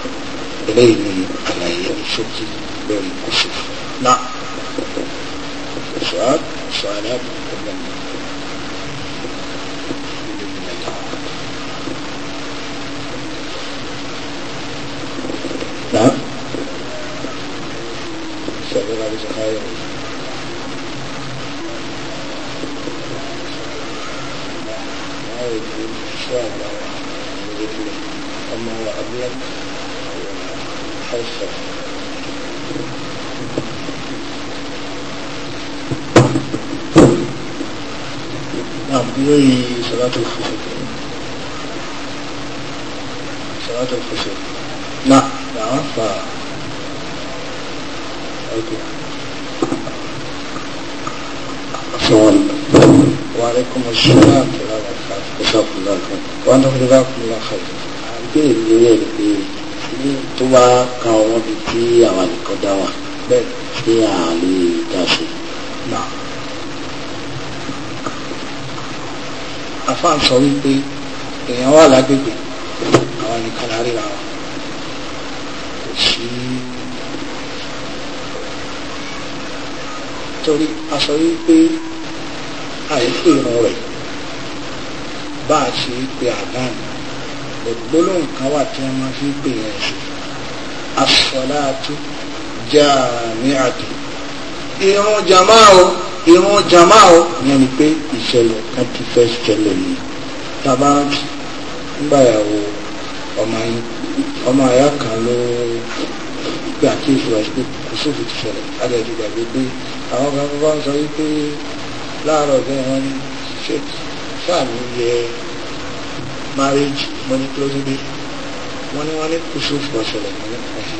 إليه على يوم الشرك بالكسوف نعم سؤال سؤالات كلها الرضا بسخائه أما أبلغ حرصا نعم بغي صلاة الخسر صلاة الخسر نعم نعم aiki السلام وعليكم السلام ورحمة الله وبركاته جزاكم الله خير وأنتم جزاكم الله خير àbẹ́rẹ́ mi rẹ̀ ni pé ní tó bá ka ọwọ́ bíi tí àwọn nìkan dá torí a sọ wípé àìsí irun rẹ̀ bá a ṣe pé àdánù gbólóhùn kan wà tí wọ́n máa fi pè yẹn sí asọ́láàtú jáàmíàtú irun jamaa o irun jamaa o yẹn ni pé ìṣẹ̀lẹ̀ kan ti fẹ́ ṣẹlẹ̀ yìí tàbá ńgbàyàwó ọmọ àyà kan ló gbé àkíyèsí wa kò sófin ti ṣẹlẹ̀ adẹ́jú gbàgbé àwọn kan tó bá ń sọ wípé láàárọ̀ bí wọ́n ní ṣe sáàmì yẹ márẹ́jì wọ́n ní closing day wọ́n ní wọ́n ní kùsù fọ̀ṣẹ̀lẹ̀ wọ́n ní kùsù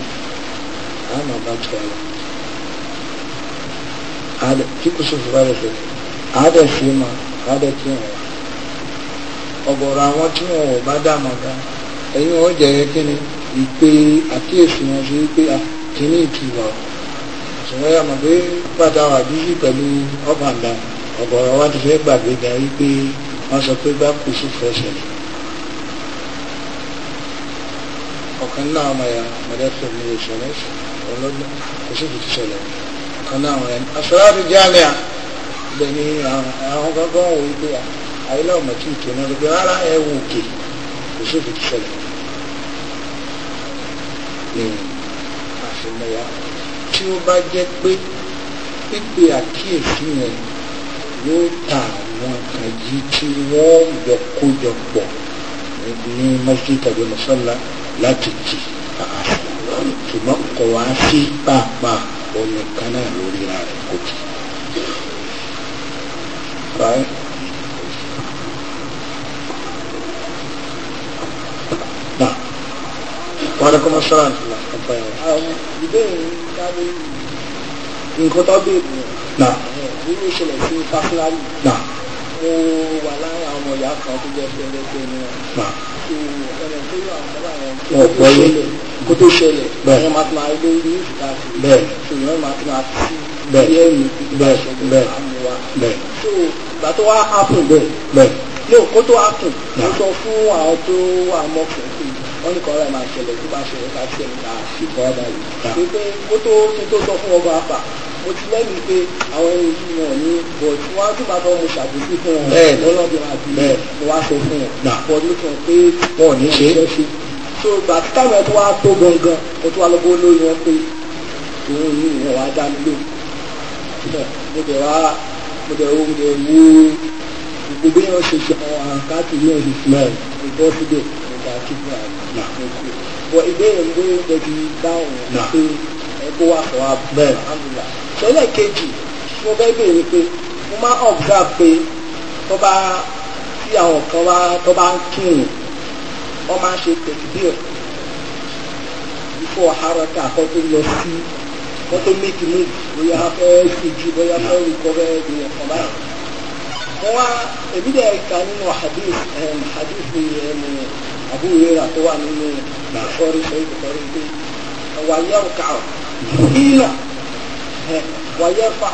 àwọn máa bá tó ara kí kùsù fọ̀ṣẹ̀lẹ̀ ṣẹlẹ̀ àádẹ́ sí ma àádẹ́ kí wọ́n wá ọ̀gọ̀rọ̀ àwọn tí wọn ò bá dààmú ga ẹ̀yin wọn jẹ́ kí ni ìpè àkíyèsí wọn ṣe wípé ah, kíní ìtura ọ̀hún ṣùgbọ́n yà mọ̀ pé pàtà wà bíyì pẹ̀lú ọ̀pàǹdà ọ̀gọ̀rọ̀ wa ti fẹ́ gbàgbé ga wípé wọ́n sọ pé bá kù sí fẹsẹ̀ ọ̀kan náà ọmọ ya mọ̀lẹ́fẹ̀ mi ò ṣẹlẹ̀ ọlọ́dún kò sí kìí ṣẹlẹ̀ ọ̀kan náà ọmọ ya ní asọ́lá ti jẹ́ àlẹ́ à bẹ́ẹ̀ ni àwọn gbọ́ngàn wò wípé àyílá ọmọ tí ì tó náà lọ pé rárá ẹ wò òkè kò sí kìí ṣẹlẹ̀ ni àfihàn ya tí ó bá jẹ́ pé pípe àkíyèsí yẹn yóò ta àwọn kan yìí tí wọ́n yọ kójọ pọ̀ ní masjid tàbí masala láti jì ṣùgbọ́n kò wá sí pàápàá omi kan náà lórí ra rẹ̀ kò jì. Wa alaikum assalam. Ìbéèrè nǹkan tó bèèrè nà nínú ìṣẹ̀lẹ̀ sí bákíláàlì nà mo wà lára àwọn ọ̀yà kan tó jẹ́ pẹ́ẹ́rẹ́pẹ́ ni wọn nà tó ọ̀nà tó yọ àwọn ọ̀la yẹn tó tó ṣẹlẹ̀ kó tó ṣẹlẹ̀ bẹ́ẹ̀ máa tún máa lé ní ìfúta sí bẹ́ẹ̀ ṣùgbọ́n máa tún máa sí bẹ́ẹ̀ bẹ́ẹ̀ bẹ́ẹ̀ bẹ́ẹ̀ tó ìgbà tó wá ápùn bẹ́ẹ̀ bẹ́ẹ̀ yóò kó tó ápùn mo sọ fún àwọn tó wà mọ́kùnrin wọ́n ní kọ́ra máa ṣẹlẹ̀ tó bá ṣẹlẹ̀ ká tiẹ̀ ní ká ṣètò ọba yìí. pé kó tó kí n tó sọ fún ọba àpà mo ti lẹ́yìn pé àwọn ẹni yìí wọn ní but wọn á tún bá tọ́ mo ṣàbùkù fún wọn lọ́lọ́dún àti mo wá sọ fún wọn but mo sọ pé wọn ò ní ṣe é so gbà tí táwọn ẹ̀kọ́ wa tó gangan mo tún wá lọ́gbọ́ lórí wọn pé òun yìí ìwọ̀n wá dá mi lóhùn mo bẹ̀ wá mo bẹ̀ wo mo bẹ̀ wo gbogbo yẹn ṣe ṣe àwọn àkáàtì yẹn ṣe ṣe ìbọ̀ síbẹ̀ gba kíkún àgbẹ̀ bọ̀ ìbéèrè ló ń gbẹ̀bí báwọn pé ẹ̀kọ́ wà fún abẹ́rẹ́ àmúlà sọ́lẹ̀ kejì mo fẹ́ béèrè pé mo máa ọ̀gá pé tó bá tí àwọn kan wá tó bá ń kírun wọ́n máa ṣe tẹ̀síbíọ̀ bífọ̀ àárọ̀tà kan tó lọ sí wọ́n tó méjì méjì bóyá fẹ́ ṣojú bóyá fẹ́ rúkọ fẹ́ di ẹ̀kọ́ báyìí wọ́n wá èmi dẹ̀ ka nínú hadith hadith ni ẹ̀ هذه هي تو من باخور سيد قرين دي وياو كعو هنا ويرفع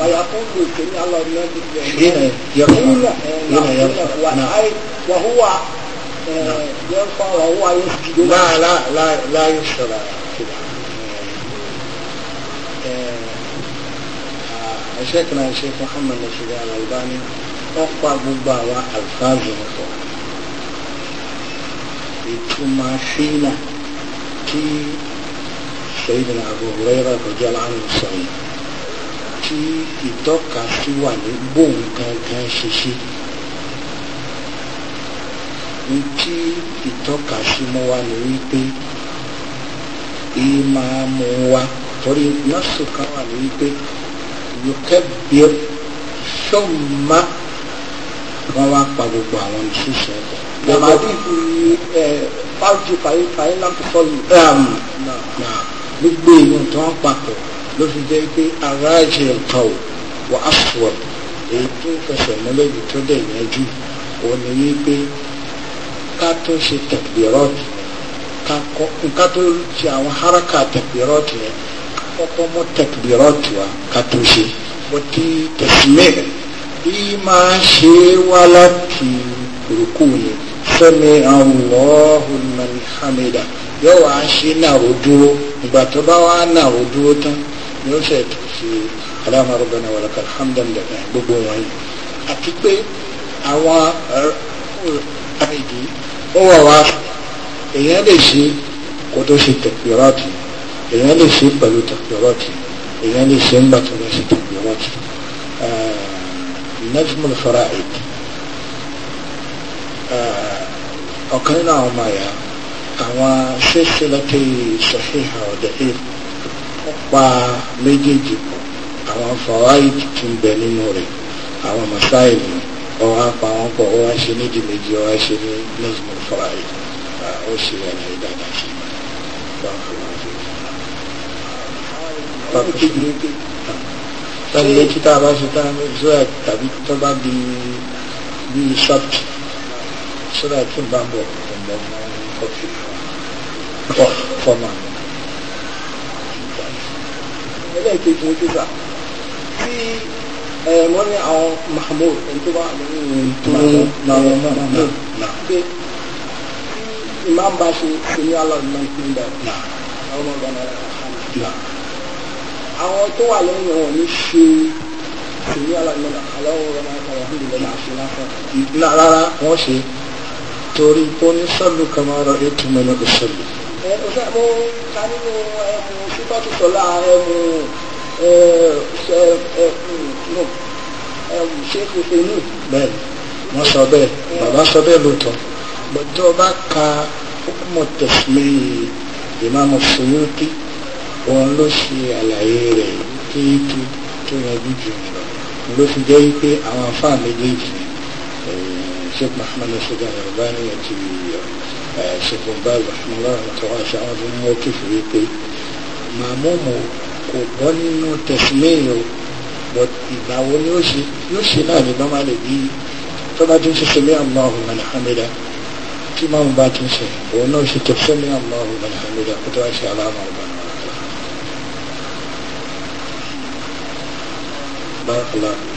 ويقول ان الله الذي هنا يقول هنا يرفع وهي وهو يرفع وهو يسجد لا لا لا لا يسجد شيخنا الشيخ محمد الشيخ الألباني أخبر ببعض ألفاظ المصور ìtumọ̀ fínà tí Sayyidina Abu Hurairah radiyallahu anhu sọ yìí tí ìtọ́ka sí wà ní bóun gangan ṣe ṣe ní tí ìtọ́ka sí wa ní wípé ìmáàmù wa torí nọ́ọ̀sì wọ́n wá pa gbogbo àwọn ìṣúṣe ẹ̀kọ́. yàrá bí ẹ fáwọjì fàyín láti sọ́ọ̀lù. gbogbo èèyàn tó ń papọ̀ ló fi jẹ́ pé aráàjì ẹ̀ka ò wà á sùwọ̀ èyí tó fẹsẹ̀ mọ́lẹ̀ jù tó dẹ̀ yẹn jù òun ni wípé ká tó ṣe tẹ̀gbẹ̀rọ̀tì ká tó ṣe àwọn haraka tẹ̀gbẹ̀rọ̀tì yẹn kọ́kọ́ mọ́ tẹ̀gbẹ̀rọ̀tì wa ká tó ṣe bó ti tẹ̀sí mẹ́rin bí máa ṣe wá láti òkú ni sẹ́mi Allahu man hamida yóò wá ṣe nàró dúró ìgbà tó bá wá nàró dúró tán yóò ṣe tó ṣe Allahumma rabbana wa lakal gbogbo wọn yìí àti pé àwọn àìdí ó wà wá èèyàn lè ṣe kó tó ṣe tẹ̀pẹ̀rọ̀tì èèyàn lè ṣe pẹ̀lú tẹ̀pẹ̀rọ̀tì èèyàn lè ṣe ń bàtọ̀ lọ sí tẹ̀pẹ̀rọ̀tì najm al-fara'id ọ̀kan nínú àwọn ọmọ ẹ̀yà àwọn ṣẹ́ṣẹ́ lọ́tẹ́ sahiha da'if pa méjèèjì pọ̀ àwọn fara'id ti ń bẹ nínú rẹ̀ àwọn masáìlì ọwọ́ apá wọn pọ̀ ọwọ́ ṣe nídìí méjì ọwọ́ ṣe ní najm al-fara'id ó ṣe àlàyé dáadáa sí i láti létí tá a bá ṣe tán sódà tàbí tó bá di bí ṣọ́ọ̀tì sódà tí n bá ń bọ̀ ọ̀gbọ̀n kọfí fọ́ọ̀mà. ẹlẹ́ẹ̀kejì ní pípa tí wọ́n ní àwọn mahmoud ẹni tó bá tó náà náà pé ìmáàmù bá ṣe ṣe ní aláàbò náà ń pín bẹ́ẹ̀ àwọn ọmọ ọgbà náà àwọn tó wà lẹ́yìn wọn ní ṣe ìlú alágbọ́nà aláwọ̀ rẹ̀ máa kàwé fún ìlú máa ṣe lásán. rárá wọ́n ṣe torí tó ní sọ́lù kan máa rọ ètò mẹ́lẹ́ kò sọ́lù. ẹ o ṣe mo ta nínú ẹmu sípàtì sọlá ẹmu ẹ ẹ ẹmu ṣé kò ṣe inú. bẹ́ẹ̀ wọ́n sọ bẹ́ẹ̀ bàbá sọ bẹ́ẹ̀ lóòótọ́ gbọ́dọ̀ bá ka ó mọ tẹsí ìmáàmù Suyuti òun ló ṣe àlàyé rẹ̀ kéèké tó yanjú jù ló fi jẹ́ pé àwọn afáà méjèèjì sheikh mahmed ṣẹ̀dá Albani àti sheikh baz ahmed tọ́wọ́ àṣà àwọn tó ń wọ́n kìfì wípé màmúmù kò bọ́ nínú tẹ̀sílẹ̀ o but ni ó ṣe yóò ṣe náà ní bá má lè bí tó bá ti ń ṣe sẹ́lẹ̀ Allahu liman hamidah tí máa bá ti ṣe òun náà ṣe tẹ̀sílẹ̀ Allahu liman hamidah kó tó wá ṣe aláàmọ̀ ọba. barakallahu.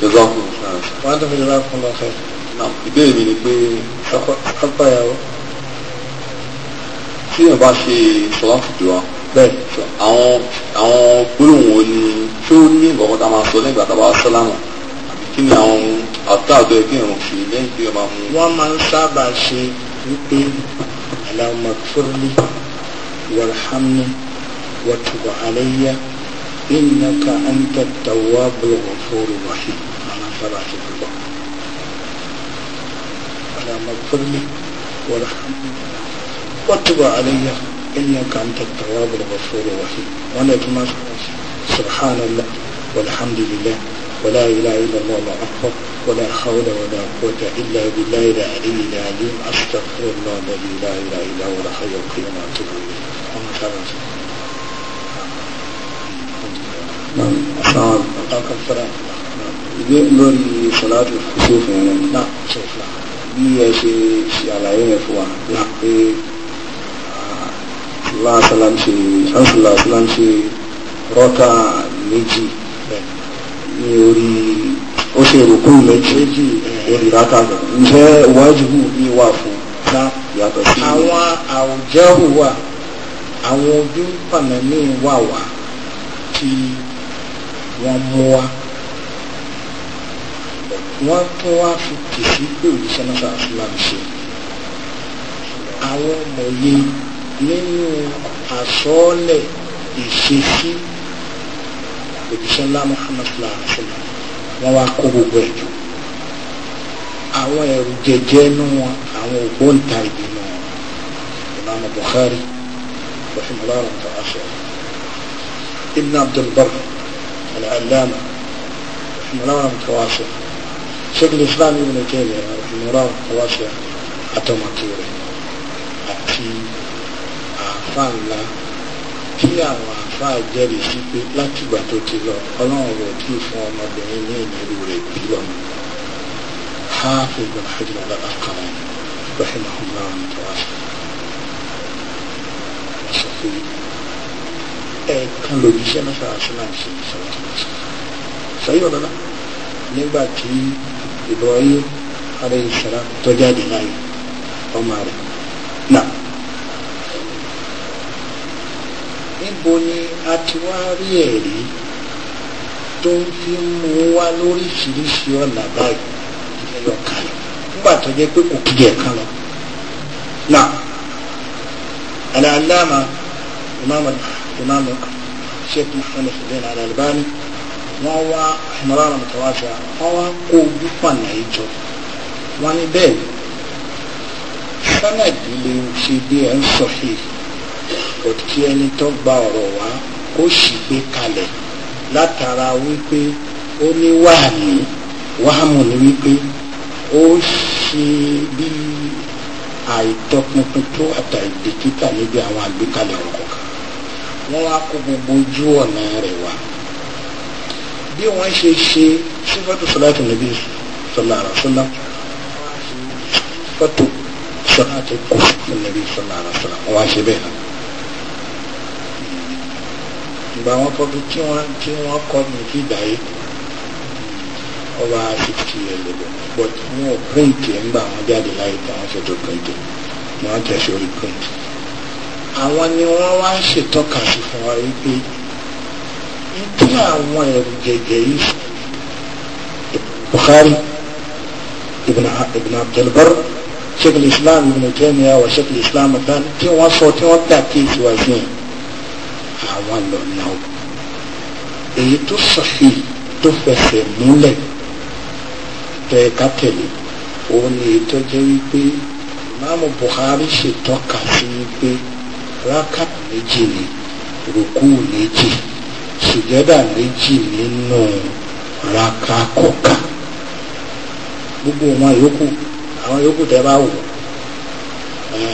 jazakum wọn tó fi jọba fún lọ fẹ́. ìbéèrè mi ni pé sápá ìyàwó. tí èèyàn bá ṣe sọláǹtì dùn án. bẹ́ẹ̀ àwọn àwọn gbólóhùn wo ni tí ó ní ìbọ̀wọ́ tá a máa sọ nígbà kí ni àwọn àtàdọ̀ ẹ̀kí ẹ̀rùn ṣe lẹ́yìn tí ẹ máa mú. wọ́n máa ń sábà ṣe wípé aláwọ̀mọ̀ fúrúlì wàlhámù wàtúbọ̀ àlẹ́yà ìnáka àǹtà tàwa bọ̀lọ̀ fúru wáhí máa sábà ṣe púpọ̀. aláwọ̀mọ̀ fúrúlì wàlhámù wàtúbọ̀ àlẹ́yà إنك أنت التواب الغفور الرحيم وأنا كما سبحان الله والحمد لله ولا إله إلا الله أكبر ولا حول ولا قوة إلا بالله العلي العليم أستغفر الله الذي لا إله إلا هو الحي القيوم وأتوب إليه اللهم صل وسلم نعم السلام عليكم السلام lórí sọláàtì ṣòfin ẹ̀rọ náà bí ẹ ṣe ṣe àlàyé rẹ̀ fún wa náà pé ṣùgbọ́n àṣàlám ṣe ṣàǹṣùlá àṣàlám ṣe rọ́kà méjì ní orí ó ṣe ìrókò méjèèjì orí rákàtà ǹjẹ́ wájúbù ní wà fún ná yàtọ̀ sí. àwọn àwùjọ wà àwọn ojú pàmẹ́mí wà wá tí wọ́n mú wá wọ́n tún wá fi kìsí pé òjíṣẹ́ náà sàfihàn ṣe àwọn mọ̀ye nínú àsọ́ọ́lẹ̀ ìṣesí محمد صلى الله عليه وسلم وواكبو بيتو أو يرجينو أو بنتال بنو الإمام البخاري رحمه الله رب العالمين ابن عبد البر العلامة رحمه الله رب العالمين شيخ الإسلام ابن تيمية رحمه الله رب العالمين أتوماتوري أتي أفان لا كي أواني àfáà jẹ́rìí sí pé látìgbà tó ti lọ ọlọ́run rẹ̀ tí fún ọmọbìnrin ní ìnírí rẹ̀ bí lọ́mọ hafi bin hajj ala akara rahimahullah wa ta'ala wọ́n sọ pé ẹ̀ẹ̀kan lòdì iṣẹ́ náà sọ̀rọ̀ sí náà ṣe ìṣẹ̀lẹ̀ tó ń sọ́yìn ọ̀dọ́dá nígbà tí Ibrahim alayhi salam tó jáde láyé ọmọ rẹ̀ náà níbo ni a ti wá rí ẹ̀rí tó ń fi mú wá lóríṣiríṣi ọ̀nà báyìí ìfẹ́yọ̀ kalẹ̀ nígbà tó jẹ́ pé kò kíjì ẹ̀ kan lọ. nà aláàlámà ìmáàmù ìmáàmù sheikh muhammed bin alalbani wọ́n wá ìmọ̀lára mọ̀tàwáṣà wọ́n wá kó ojú pàǹdà yìí wọ́n ní bẹ́ẹ̀ sọ́nà ìdílé ṣe bí ẹ̀ ń sọ yìí but kí ẹni tó gba ọ̀rọ̀ wá kó sì gbé kalẹ̀ látara wípé ó ní wàhámù wàhámù ni wípé ó ṣe bí àìtọpinpin tó àtàìdìkítà níbi àwọn àgbékalẹ̀ ọ̀rọ̀ kan wọ́n wá kó gbogbo ojú ọ̀nà rẹ̀ wá bí wọ́n ṣe ṣe sífọ́tò sọ́láàtì níbi sọ́láàrà sọ́lá sífọ́tò sọ́láàtì kò níbi sọ́láàrà sọ́lá wọ́n wá ṣe bẹ́ẹ̀ náà ìgbà wọn kọ́ bí tí wọ́n tí wọ́n kọ́ ní kí ìgbà yìí ọba fifty years ago but wọn ò print ẹ̀ ńgbà wọn jáde láyé tí wọ́n ṣètò print ẹ̀ ni wọ́n tẹ̀ sórí print. àwọn ni wọ́n wá ń ṣètọ́ka sí fún wa wípé tí àwọn ẹ̀rù jẹjẹ yìí Bukhari ibn ibn Abdulbar sheikh islam ibn Taymiyyah wa sheikh islam adan tí wọ́n sọ tí wọ́n tà kí ìsìwájú yìí wọn lọ ná o èyí tó sọ̀fì tó fẹsẹ̀ múlẹ̀ tẹ ká òun ni èyí tó jẹ́ wípé máàmù Buhari ṣètọ́ka sí wípé rákà méjì ni ruku méjì sùjẹ́dà méjì nínú rákà kọ̀ọ̀kan gbogbo wọn yòókù àwọn yòókù tẹ bá wò ẹ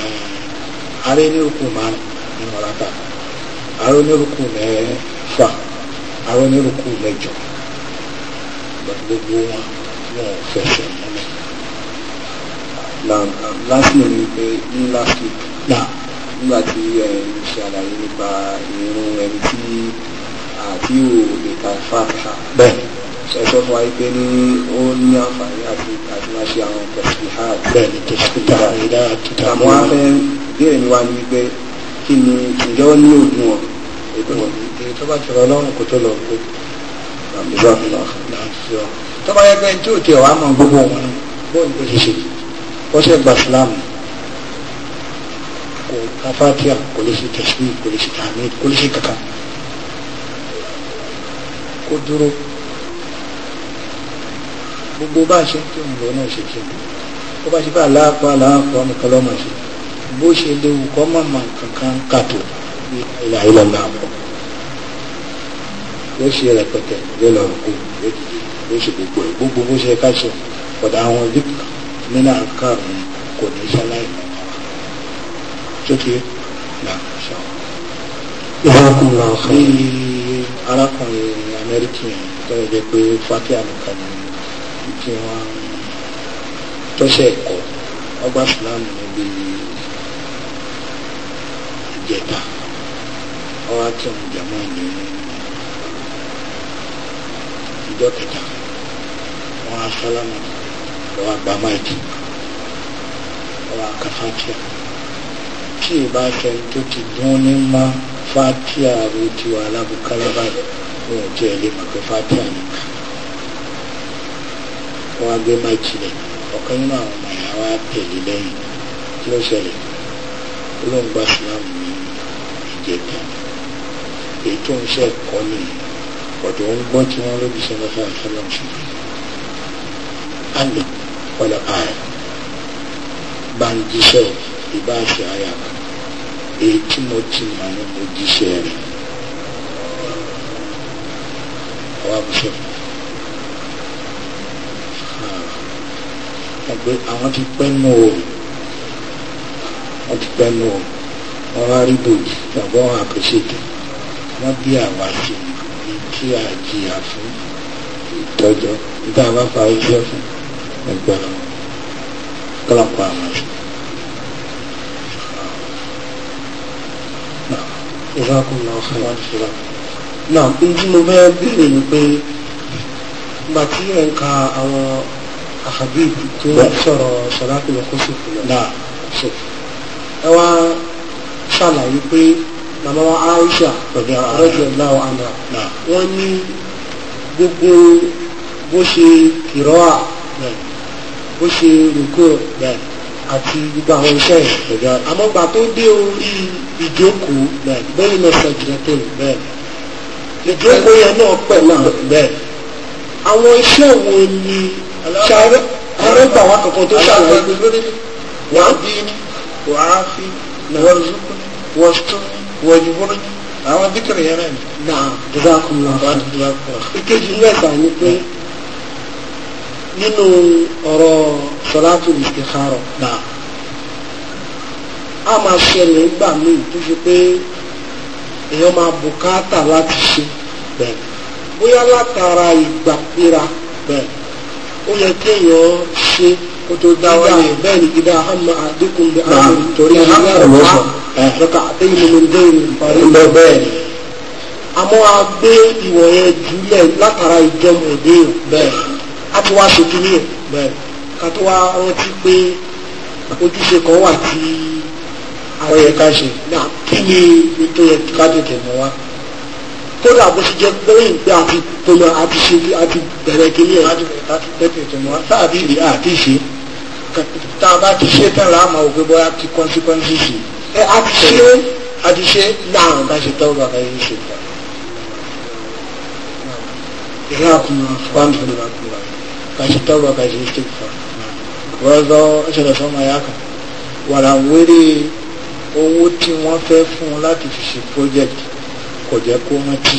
arẹ ní rùkú márùn àwọn onírúkú mẹ́fà àwọn onírúkú mẹ́jọ gbogbo wọn wọn ò fẹsẹ̀ mọ́lẹ̀ lásìkò ní pé ńlá sí gbà nígbà tí ẹ eh, ń ṣe àlàyé nípa irun ẹni tí àti òòlù ta fàtà bẹ́ẹ̀ ẹ̀sọ́ fún wa pé ní ó ní àǹfààní àti àti máa ṣe àwọn tẹ̀síhà bẹ́ẹ̀ ni tẹ̀síhà ìdá àti tààmù. àmọ́ afẹ́ díẹ̀ ni wá ní wípé kí ni ǹjẹ́ ó ní oògùn ọ̀. èyí tó bá tẹ̀rọ ọlọ́run kò tó lọ pé àbúrò àbúrò àfúnà tó bá yẹ pé tí ò tiẹ̀ wàá mọ gbogbo wọn ni bóun ló ṣe ṣe ó ṣe gba Islam kò káfáàtìyà kò lè ṣe tẹ̀síwì kò lè ṣe tààmì kò lè ṣe kankan kó dúró gbogbo bá ṣe ń tó ń náà ṣe ṣe bó bá ṣe bá a láàpá láàpá ṣe bó ṣe léwu kọ́ mọ̀mọ́ kankan kàtó ní ilà ilà làbọ̀ yóò ṣe rẹpẹtẹ yóò lọ rògbò yóò dìde yóò ṣe gbogbo ẹ gbogbo bó ṣe ká ṣe ọ̀dà àwọn ibi nínú àǹkà òun kò ní ṣáláì sókè là ṣọ. ìbárakùn là ọ̀sán. bí arákùnrin amẹ́ríkì tó ń jẹ pé fati alukani tí wọ́n tọ́sẹ̀ ẹ̀kọ́ ọgbà sùlámù níbi níjẹta ọwọ́ akẹ́hùn jàmọ́ ní ìjọ kẹta wọn asálámà lọ́wọ́ àgbà máìkì lọ́wọ́ àkàfàtíà tí ìbá ṣe tó ti dún ní má fàtíà ro tiwa alábùkálá báyìí wọn ò tiẹ̀ lè mọ̀ pé fàtíà nìkan que á gbé máìkì rẹ̀ ọ̀kan nínú àwọn ọmọ ìyá wa tẹ̀lé lẹ́yìn kí se ṣẹlẹ̀ olóńgbà sílámù ní jẹ́ kí èyí tó ń ṣe ẹ̀kọ́ lè ọ̀dọ̀ ń gbọ́ tí wọ́n lóbi ṣe lọ́pọ̀ nǹkan lọ́n ṣe alẹ́ ọ̀là ààrẹ bá ń jíṣẹ́ ìbáṣe àyà èyí tí mo ti mọ̀ ní mo jíṣẹ́ rẹ̀ ọwọ́ ah, àbúṣe àwọn ti pẹ́ nù o wọ́n ti pẹ́ nù o wọ́n wá rí bòyí bàbá wọn àpèsètò wọ́n bí àwa ṣe ní tí a jìyà fún ìtọ́jọ́ nígbà bá fa iṣẹ́ fún ẹgbẹ̀rún kọ́lọ́pọ̀ àwọn ṣe. ìfọkùnrin ọ̀sán láti ṣe náà bí tí mo fẹ́ bèèrè ni pé ìgbà tí ẹ̀ ń ka àwọn àhàbíìbì tó sọ̀rọ̀ sọ̀rọ̀ àpilẹ̀kọ́sọ̀kù náà ẹ wá ṣàlàyé pé màmá wa Aisha radiyallahu anha wọ́n ní gbogbo bó ṣe kìrọ́à bó ṣe rúkọ́ àti gbogbo àwọn iṣẹ́ yẹn àmọ́ gbà tó dé orí ìjókòó bẹ́ẹ̀ ni sọ̀jìnà tó lù bẹ́ẹ̀ ìjókòó yẹn náà pẹ̀ náà bẹ́ẹ̀ àwọn iṣẹ́ wo ni ṣàrẹ́ wa kankan tó ṣàlàyé wàá bí wàá fi wọ́n rúkọ́ wọ́ṣọ́ wọ́júbọ́rọ́ àwọn díkìrì yẹn rẹ̀ náà jùdákùnlá ìkejì mẹ́ta ni pé nínú ọ̀rọ̀ sọ́látù ìsìkárọ̀ náà a máa ṣẹlẹ̀ nígbà míì tó fi pé èèyàn máa bùkátà láti ṣe bẹ́ẹ̀ bóyá látara ìgbàpera bẹ́ẹ̀ ó yẹ kéèyàn ṣe kótó dáwọ́ ni bẹ́ẹ̀ ni ìdá hàmà àdínkùn bí àwọn torí hàmà wà lọ́kà àtẹ́yìn mímú déyìn parí. bẹ́ẹ̀ ni. àmọ́ a gbé ìwọ̀n yẹn jùlẹ̀ látara ìjọmọ èdè yẹn. bẹ́ẹ̀ a ti wá ṣètò yẹn. bẹ́ẹ̀ ká tó wá rántí pé ojúṣe kan wà tí àwọn yẹn ká ṣe. na kí ètò yẹn ká tètè mọ́ wa. kódà bó ṣe jẹ́ pẹ́yìn pé àti tọ́lọ àti ṣe àti bẹ̀rẹ̀ kiri yẹn àti bẹ̀rẹ̀ tètè mọ́ wa. sáà bí àti ṣe kan tá a bá ti ṣe tán là á mọ̀ òpin bóyá kí consequences yìí ẹ a ti ṣe a ti ṣe láàrín bá ṣe tọ́wọ́ bàbá yìí ṣe gbà. ìlà kùnà fáńdù ló bá kúrò bá ṣe tọ́wọ́ bàbá yìí ṣe gbà. wọ́n lọ ṣẹlẹ̀ sọ́mọ ya kan wàràwérè owó tí wọ́n fẹ́ fún un láti fi ṣe project kò jẹ́ kó rántí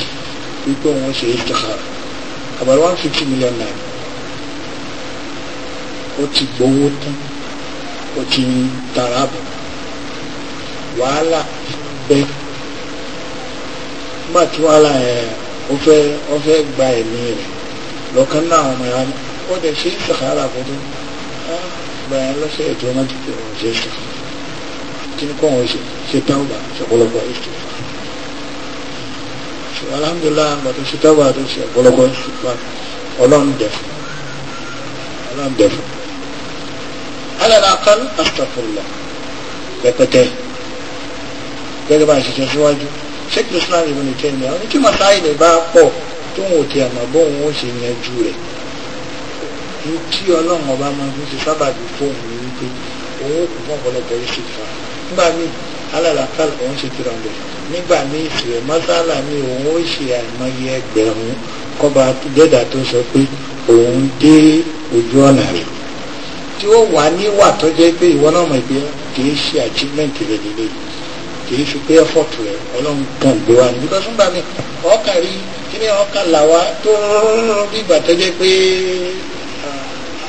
wípé òun ṣe é tẹ̀ka àbàlí one fifty million naira ó ti gbowó tán ó ti tara bọ̀ wàhálà bẹ́ẹ̀ má tí wàhálà ẹ̀ ó fẹ́ ó fẹ́ gba ẹ̀mí rẹ̀ lọ́kàn náà ọmọ ẹ̀ ó dẹ̀ ṣe sàkárà fún un gba ẹ̀ lọ́sẹ̀ ètò ọmọ tó ti ọ̀hún ṣe sọ kí ni kò wọ́n ṣe ṣe táwùbà ṣọ̀pọ̀lọpọ̀ ìṣe alhamdulilayi àgbà tó ṣe táwùbà tó ṣe ọ̀pọ̀lọpọ̀ ìṣe ọlọ́run dẹ̀ fún ọlọ́run dẹ̀ fún alẹ́nà kan astagfirullah pẹpẹtẹ gẹ́gẹ́ bá a ṣe sọ síwájú sheikh islam ibn tẹ́lẹ̀ àwọn tí masáyì lè bá pọ̀ tó wọn ò ti àmọ́ bóun ó ṣe yanjú rẹ̀ ní tí ọlọ́run ọba máa fi ṣe sábàbí fóònù ní wípé òun kò fún ọ̀pọ̀lọpọ̀ yìí ṣe fà nígbà míì alálàkàlà òun ṣe tìrọ̀ ọ̀dọ̀ nígbà míì ìṣẹ̀lẹ̀ mọ́sálà ni òun ó ṣe àìmọye ẹgbẹ̀rún kọba dẹ́dà tó sọ pé òun dé ojú ọ̀nà rẹ̀ tí ó wà níwà tó jẹ́ pé ìwọ náà mọ̀ pé kì í ṣe achievement rẹ̀ lélẹ̀ kì í fi pé effort rẹ̀ ọlọ́run kan gbé wa ní. because nígbà mi ọkàn rí kí ni ọkàn là wá tó rọrùn bí ìgbà tó jẹ́ pé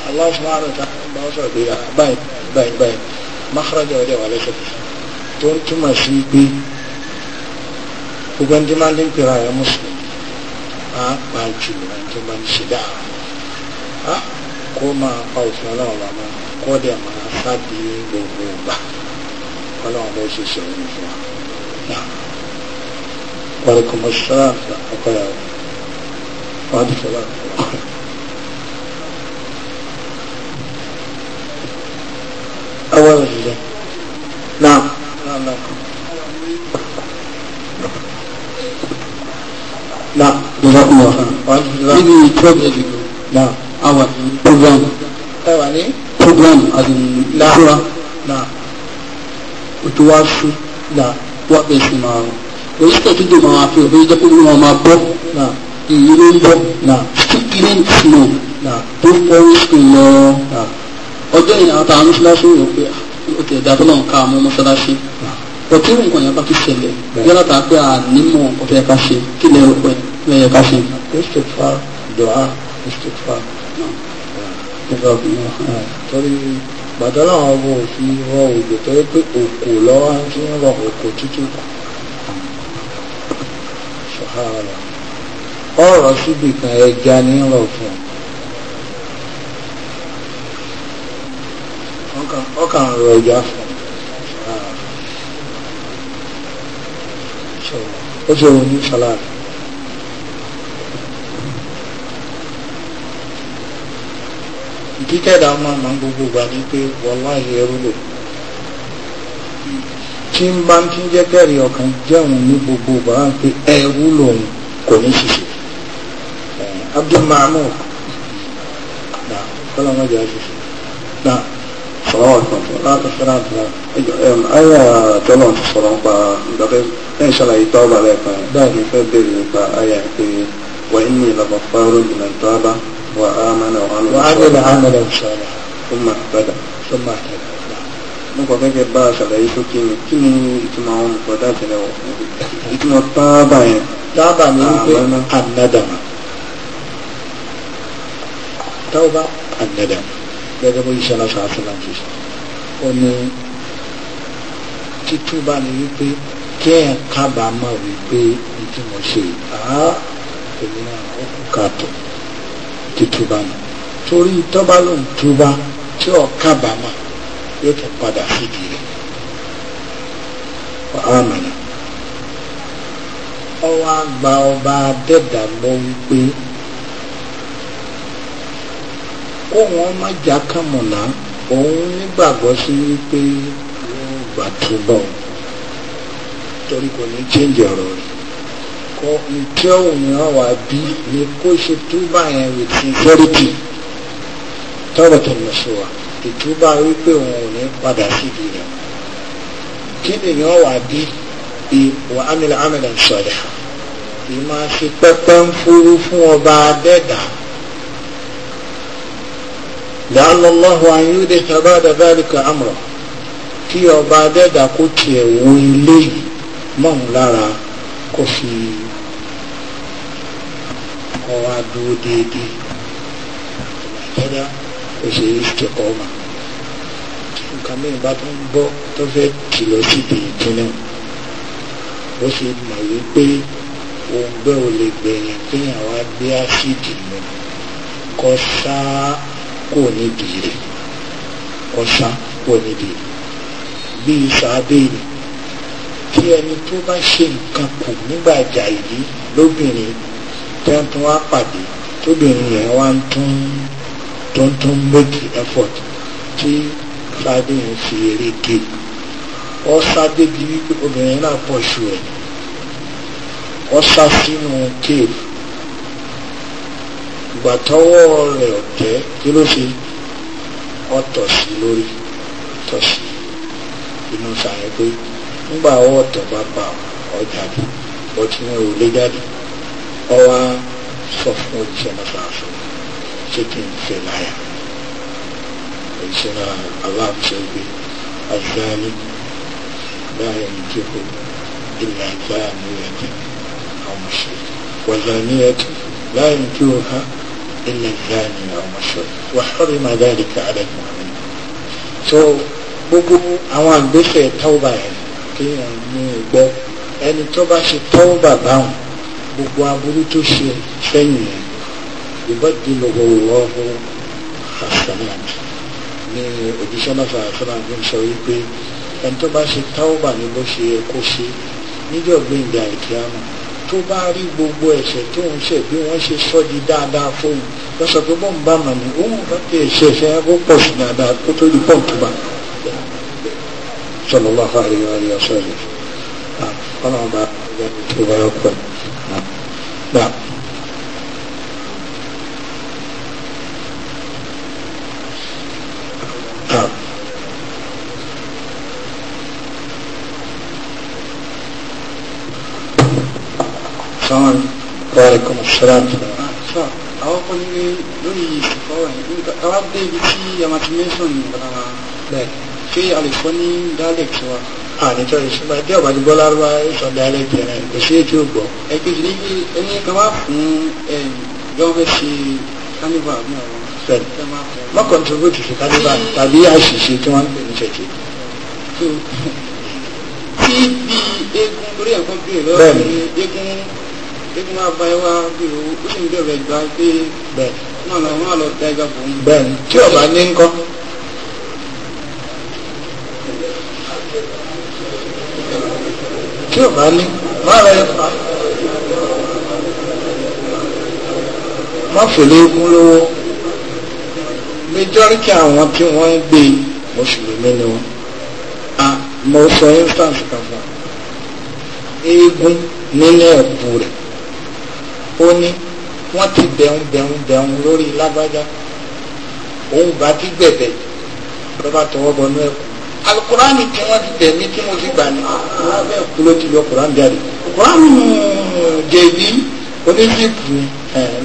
aláwọ̀ máa rẹ̀ ta bá wọ́n sọ̀rọ̀ pé báyìí báyìí báyìí mákàrájà ọ̀dẹ̀ wà lẹ́sẹ̀ tó ń túmọ̀ sí pé gbogbo ẹni máa ń dín pèrè àyà mùsùlùmí máa pa jùlọ ẹni tó máa ń ṣe dáa kó máa pa òfin ọlọ́run dẹ̀ máa sábì gbogbo ìgbà ọlọ́run bó ṣe ṣe òun fún wa. wàlúkọ̀mọ̀ ṣáàfì àkọ́yà wọn ti fẹ́ láti fọ́. awa òṣìṣẹ́ náà náà náà kọ́. Now, the love of God. Really, probably. Now àwa ní program àwa ní program àdìmúra náà òtò wá sú náà wá bẹ̀ O máa rùn òyìn tẹ̀sí tó máa fi òfin jẹ́ pé wọ́n máa bọ́ náà èyí ló ń bọ̀ náà students náà náà tó fọ́rí school lọ náà ọjọ́ yìí àwọn táwọn mọ́ṣáláṣí rò pé ah, ó ti ẹ̀dá o lọ́n ká àwọn mọ́ṣáláṣí ọtí rìn kan yẹn bá ti ṣẹlẹ̀ yálà tá a pé ànímọ̀ ọ̀fẹ́ ẹ̀ka ṣe kí lè rò pé ẹ̀ka ṣe. istighfar du'a istighfar torí gbàtọ́ làwọn ọmọ òfin rọ òjò torí pé òkò lọ́wọ́ tí ń rọ òkò tútù ṣọ̀hárà ọ̀rọ̀ síbì kan ẹja ní rọ̀ fún ọkàn rọ ẹja fún ó ṣe òun ní sàlárì ìdíkẹ́dà ọmọ màá gbogbo ìgbà ní pé wọláhì ẹrú lò tí ń bá ń fi jẹ́ kẹ́rì ọkàn jẹ́hùn ní gbogbo ìgbà wọn pé ẹrú lòun kò ní ṣiṣẹ́ Abdul Mahmoud náà kọ́lọ́mọdé àṣìṣe náà sọ̀rọ̀ ọ̀gbọ̀n láti fẹ́ràn àdúrà ayà tọ́lọ̀ ti sọ̀rọ̀ nípa ìdọ́fẹ́ lẹ́yìn ṣàlàyé tọ́ọ̀bà lẹ́ẹ̀kan báyìí fẹ́ bèèrè nípa ayà pé wà ní ìlànà fáwọn olùmọ̀tọ́ bá وآمن وعمل عملا صالحا ثم اهتدى ثم اهتدى nípa gẹ́gẹ́ bá ṣàlàyé tó kí ni kí ni ìtumọ̀ àwọn olùkọ́dá tẹ̀lé wọ̀ ìtumọ̀ tábà yẹn tábà ní wípé ànádàmà tábà ànádàmà gẹ́gẹ́ bó iṣẹ́ lọ́sọ̀ àfúnàjì ó ní títúbà ní wípé kí ẹ̀ kábàámọ̀ wípé ìtumọ̀ ṣe àá èmi náà ó kú káàtó títúbà nù torí tọ́ba ló ń túbà tí ọ̀ka bàmà yóò tún padà síbi rẹ̀ ọ̀hámẹ́nà ọwọ́ àgbà ọba adẹ́dà lọ wípé kó wọn má jà kàmùnà òun nígbàgbọ́ sí wípé yóò gbà túbọ̀ torí kò ní chíǹjì ọ̀rọ̀ rẹ̀ ẹ̀kọ́ ìjẹ́ òmíràn wà bí ni kó ṣe túbà yẹn with sincerity tọ́rọ̀ tó lọ sí wa ìtúbà wípé òun ò ní padà síbi rẹ̀ kí nìyẹn wà bí bí wà ámìlà ámìlà sọ̀rọ̀ ìmọ̀ àti pẹ́pẹ́ ń fúru fún ọba adẹ́dà làálọ́láhu ayúdè tàbádà báríkà àmọ̀ kí ọba adẹ́dà kó tiẹ̀ wo ilé yìí mọ̀ lára kó fi wá dúró déédéé nàìjíríà ó ṣe ìṣèkọ́ ọmọ nǹkan mìíràn bá tún bọ́ tó fẹ́ tì lọ síbi ìdúná ó ṣe mọ̀ wípé òun gbẹ́ ò lè gbẹ̀yìn kéèyàn wá gbé ásíìdì mu kọ́ sáá kò nídìí rẹ̀ kọ́ kò nídìí rẹ̀ bíi sàábéèrè tí ẹni tó bá ṣe nǹkan kù nígbà jà yìí lóbìnrin wọ́n tún wá pàdé tóbìnrin yẹn wá ń tún tó ń effort tí fàdé yẹn fi eré ké ọ sá débi wípé obìnrin náà pọ̀ ṣù ẹ̀ ọ sá sínú cave ìgbà tọwọ́ rẹ̀ ọ̀tẹ́ kí ló fi ọ̀tọ̀ sí lórí ọ̀tọ̀ sí inú sàyẹn pé nígbà ọwọ́ ọ̀tọ̀ bá pa ọjà bí ọtí wọn ò jáde ọwọ́ sọ fún òjíṣẹ́ náà sàásù ṣé kí n fẹ́ láyà òjíṣẹ́ náà aláàbùsọ ìgbé azáálí láyà nìkéko ilẹ̀ àgbà àmúyẹ̀dẹ àmúṣe wàzàníyàtì láyà nìkéko ha ilẹ̀ ìyáàni àmúṣe wàhálì màdáàlì káàdà ìmọ̀ràn so gbogbo àwọn àgbẹ̀fẹ̀ tọ́wọ́ báyìí kéèyàn ní gbọ́ ẹni tó bá ṣe tọ́wọ́ bàbá wọn gbogbo aburú tó ṣe sẹ́yìn ẹ̀ ìbọ̀dì lọ́wọ́ ọ̀hún hasanat ní òjíṣẹ́ náà ní sọ wípé ẹni tó bá ṣe táwọ́bà ni bó ṣe kó sí níjọ́ gbẹ̀ǹdà ìkíámù tó bá rí gbogbo ẹ̀ṣẹ̀ tó ń ṣe bí wọ́n ṣe sọ di dáadáa fóun lọ sọ pé bọ́n bá mọ̀ ní òun bá ti ẹ̀ṣẹ̀ ẹ̀ṣẹ̀ ó pọ̀ sí dáadáa kó tó di pọ́ǹpù bá sallallahu alaihi wa sallam ah, ọlọ́run bá yẹ kó wáyọ̀ pẹ̀lú. نعم نعم السلام وعليكم السلام Ako po ni Lumi Sikoy, karab de biti yamat meson bana. Lek. Fi alikoni dalek suwa. àníjọ ni bí ọba ti bọ́lá wá ìṣọ̀dá ẹlẹ́gbẹ̀ẹ́ rẹ̀ kò sí ètò ògbọ́. ẹgbẹ́jì ní bí ẹni kan wá fún yọ́fẹ́ sí kánífà ní àwọn fẹ́ẹ̀ má kọ́ntribútì sí kánífà tàbí àṣìṣe tí wọ́n ń pè ní ṣẹ̀kì. tí bí egun orí ẹ̀kọ́ bí ìlọ egun egun máa bá ẹ wá bí o ó sì ń bẹ̀rẹ̀ gbá pé wọ́n lọ da ẹgbẹ́ fún un. bẹ́ẹ̀ni tí ọba ní ń kọ́. tí ò bá ní má rẹ pa má fèlè eégún lówó méjọ́rìtì àwọn tí wọ́n ń gbé mùsùlùmí ni wọ́n mo sọ instance kan fún eégún nínú ẹ̀kú rẹ̀ ó ní wọ́n ti bẹ̀rùn bẹ̀rùn bẹ̀rùn lórí lágbájá òun bá ti gbẹ̀bẹ̀ lọ́ba tọwọ́ bọnú ẹ̀kú alukurani tí wọ́n ti tẹ̀mí tí mo ti gbà ní wọ́n bẹ́ẹ̀ kú ló ti lọ kurani jáde kurani jẹ̀bi oníjìpù ni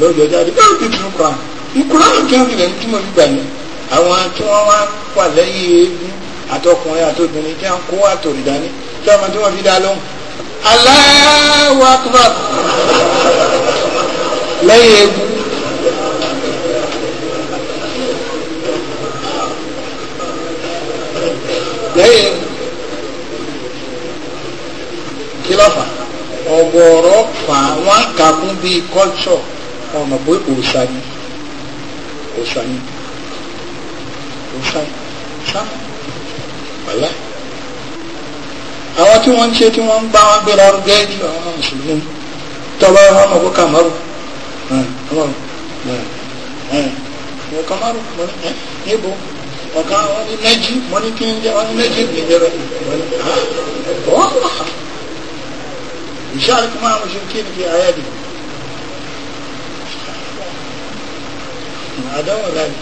lọ́jọ́ jáde bẹ́ẹ̀ ti tún kurani kurani tí wọ́n ti tẹ̀mí tí mo ti gbà ní àwọn tí wọ́n wá wà lẹ́yìn eégún àtọkùnrin àtobìnrin tí wọ́n kó àtòrí dání tí wọ́n ti wọ́n fi dá lóhùn Allahu Akbar lẹ́yìn eégún lẹ́yìn kí ló fà ọ̀gọ̀ọ̀rọ̀ fà wọ́n kà fún bíi culture ọ̀nà pé òòṣà ni òòṣà ni òòṣà ni ṣá wàlá àwọn tí wọ́n ń ṣe tí wọ́n ń bá wọn gbéra rúgẹ́ ní ọ̀nà mùsùlùmí tọ́ba ọmọ kó kàmọ́rù ọmọ kàmọ́rù níbo ọ̀gá wọn ní méjì wọn ní kí n jẹ wọn ní méjì ìgbẹ́rẹ́ wọn ní ah, wọ́n wà. يشارك مع المشركين في أعيادهم عدم ذلك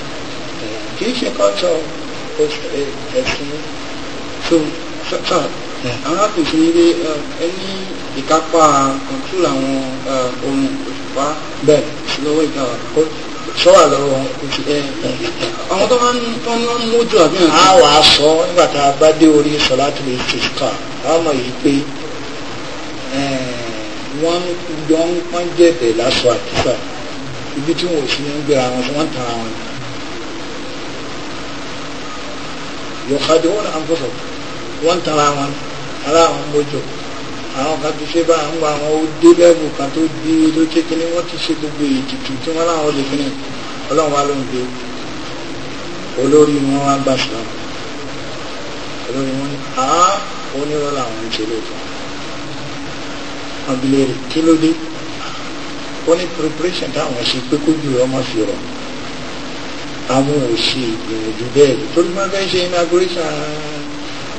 كيف يقاتل sọ́ọ̀ àwọn àpèsè ilé um, ẹni ìkápá kọ̀ǹtúrà àwọn um, ohun òṣùpá bẹ́ẹ̀ lọ́wọ́ ìgbà wà sọ́wà lọ́wọ́ àwọn tó máa ń tó máa ń mójú àbí hàn á wàá sọ nígbà tá a bá dé orí sọ̀látù ìsìsíkà àwọn ọmọ yìí pé wọ́n jọ ń pọ́n jẹ̀bẹ̀ lásọ àtìsà ibi tí wọ́n sì ń gbéra wọn tí wọ́n tan àwọn ni. yọ̀ọ́kadì wọn náà ń bọ̀sọ̀ wọ́n tan àwọn ni ara àwọn mójú àwọn kan ti ṣe bá ń gba àwọn òde lẹ́bù kan tó di lókè kíní wọ́n ti ṣe gbogbo ètùtù tí wọ́n láwọn lè kíní ọlọ́run wá ló ń gbé olórí wọn wá gbà sí wọn olórí wọn á onírọ́ làwọn ń ṣe lóòótọ́ wọn bi léèrè kí ló dé ó ní preparation táwọn ṣe pé kó jù ọmọ fi rọ àwọn ò ṣe ìgbìyànjú bẹ́ẹ̀ torí máa fẹ́ ṣe inauguration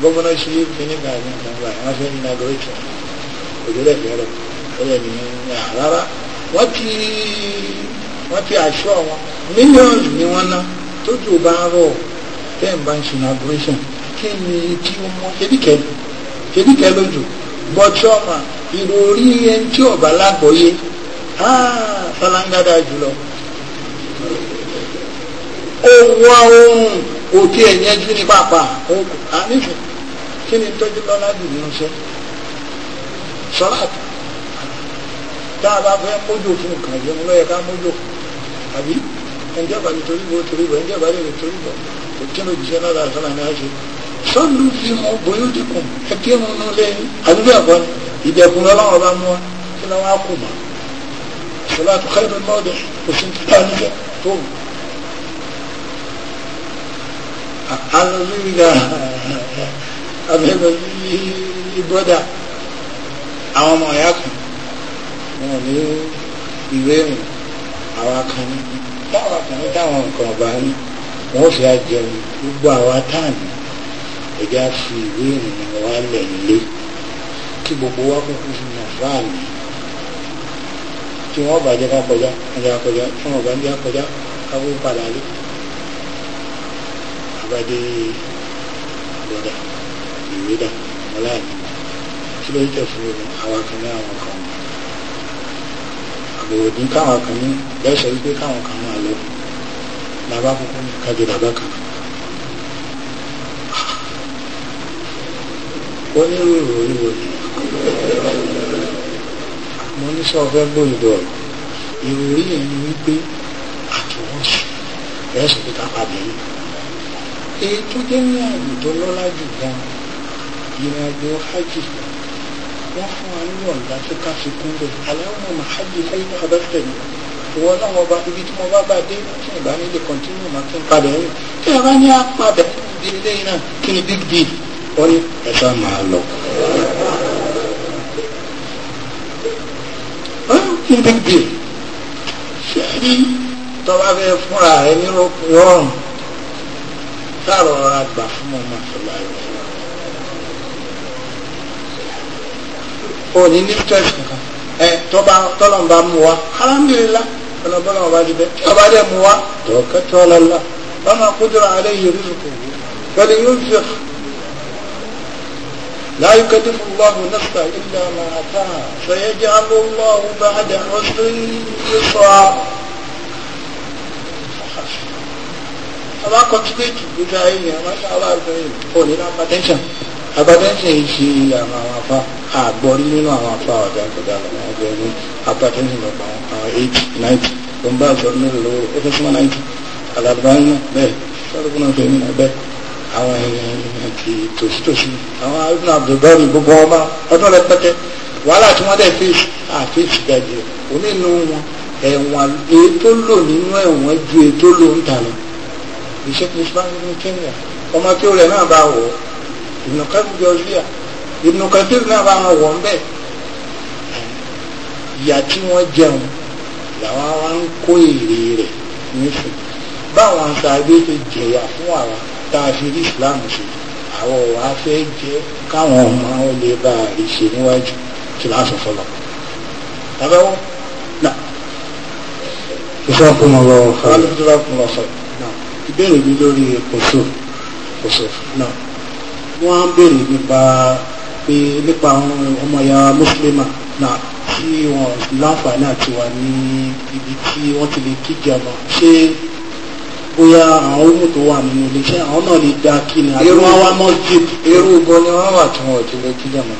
gọ́vọ́nà ṣe é fi nígbà yẹn kan gbà wọ́n fẹ́ inauguration òjòlẹ̀ bẹ̀rẹ̀ ọ̀rẹ́ mi ní àrárá wọ́n ti wọ́n ti aṣọ wọn millions ni wọ́n ná tójú bá ń rọ̀ ten bá ń ṣe inauguration kí ni tí ó mọ ṣedíkẹ́ ṣedíkẹ́ lójú bọ́tíọ́mà ìròrí ẹni tí ọ̀bá lágbọ́yé fọláńgádà jùlọ owó oorun òkè ẹ̀yẹ́jú ní pàápàá àníṣe kí ni tọ́jú lọ́lá jù nínú iṣẹ́ sọ́láàtì tá a bá fẹ́ mójú fún nǹkan ìyẹn mo lọ́yẹ ká mójú fún àbí ẹnjẹ́ bá lè torí bọ̀ torí bọ̀ ẹnjẹ́ bá lè torí bọ̀ kò tí ló jíṣẹ́ náà láti sọ́nà ní àṣẹ. sọ́ọ̀lù fi mọ bóyá ti kùn ẹ kí ẹnu nù lẹ́yìn àdúgbò ẹ̀kọ́ ni ìdẹ̀kùn ọlọ́wọ́ bá mú wa kí lọ́wọ́ á kù mọ́. sọ́láàtì kẹ́rù mọ́ọ̀dẹ̀ òsì alùpùpù yìí ibodà àwọn ọmọ ẹ̀yà kan wọn ò ní ìwé ìrìn àwa kan ní táwa kan ní táwọn nǹkan ọ̀bá ní wọn ò fi àjẹun gbogbo àwa táàmì ẹ̀jẹ̀ á fi ìwé ìrìn wa lẹ̀ nílé kí gbogbo wa kúkú fi mọ̀ fáàmì tí wọ́n bàjẹ́ ká kọjá ẹ̀jẹ̀ àkọjá tí wọ́n bá ń jẹ́ àkọjá káwó padà lé abadé lọ́dà ìwé dà ọláàmì kí ló ń tẹ̀ fún ìrìn àwọn kan ní àwọn kan àbẹ̀wò ní káwọn kan ní lẹ́sẹ̀ wípé káwọn kan máa lọ bàbá kúkú kájọ bàbá kan. wọ́n ní ìrò ìwò ni mo ní sọ fẹ́ gbòǹdò ọ̀rọ̀ ìròrí yẹn ni wípé àtúwọ̀sì ẹ̀sùn tó kápá bẹ̀rẹ̀ èyí tó jẹ́ ní àwùjọ lọ́lá jù gan ìrìn hajj wọ́n fún wa ní ọ̀gá tó ká fi kún bẹ̀ aláwọ̀ màhájì fẹ́yìn àbẹ́fẹ́ mi ìwọ náà wọ́n bá ibi tí mo bá bá dé tí ìbá mi lè kọ́ntínú máa kí n padà yẹn tí ìyá bá ní apá bẹ̀ bí eléyìí náà kí ni big deal wọ́n ní ẹ bá máa lọ. kí ni big deal ṣé ẹ ní tọ́ba bẹ́ẹ̀ fúnra ẹ ní rọrùn sáà rọra gbà fún ọmọ àfọláyọ. o ní ní choice kankan ẹ tọ́ba tọ́lọ́n bá mú wa alhamdulilah ọ̀nà bọ́lá ọba ti bẹ́ ọba dẹ̀ mú wa tọ́kẹ́ tọ́lá la lọ́nà kúndùrà yìí rúfùkù pẹ̀lú yóò fi لا يكلف الله نفسا إلا ما أتاها سيجعل الله بعد عسر يسرا Allah contribute to the Ayah, Allah Al-Qayyim. Oh, you know, attention apatẹ́ńsì ń ṣe àwọn àwọn afá àgbọ̀rí nínú àwọn afá ọ̀dà kọjá lọ wọn jẹ ní apatẹ́ńsì lọ àwọn eight ninety tó ń bá aṣọ mélòó lọ́wọ́ ó fẹ́ súnmọ́ ninety alàlùbáyé náà bẹ́ẹ̀ sọ́dọ̀kú náà fẹ́ mi náà bẹ́ẹ̀ àwọn èèyàn ti tòṣítòṣí àwọn ibùdó abdulbari gbogbo ọba ọdún rẹpẹtẹ wàhálà tí wọ́n dẹ̀ fèsì àfèsì gàdì onínú wọn ẹ̀wọ̀n ètò lò nínú ẹ̀wọ̀n ju ètò lò ń tà lọ ìṣèkùnfà ní kenya ọmọ tí ó rẹ̀ náà bá wọ̀ Ibn Kathir jọlíà Ibn Kathir náà bá wọn wọ̀ ń bẹ́ẹ̀ ìyá tí wọ́n jẹun làwọn wa ń kó èrè rẹ̀ nífẹ̀ẹ́ báwọn aṣáájú ti jẹ̀yà fún àwa tá a fi rí Islam ṣe àwọn wa fẹ́ jẹ́ káwọn ọmọ wọn lè bá a rí ṣe níwájú tí wọ́n á sọ fọlọ́ abẹ́wọ́ náà ìfọ́kùnmọ̀ lọ́wọ́ fún wa. ìbéèrè mi lórí kòsó kòsó náà wọ́n á béèrè nípa pé nípa àwọn ọmọ ya mùsùlùmá náà tí wọ́n láǹfààní àti wà ní ibi tí wọ́n ti lè kíjọba ṣé bóyá àwọn ohun tó wà nínú ilé iṣẹ́ àwọn náà lè dá kí ni àbí wọ́n wá mọ́ jíìp. irú ibo ni wọ́n wà tí wọ́n ò ti lè kíjọba.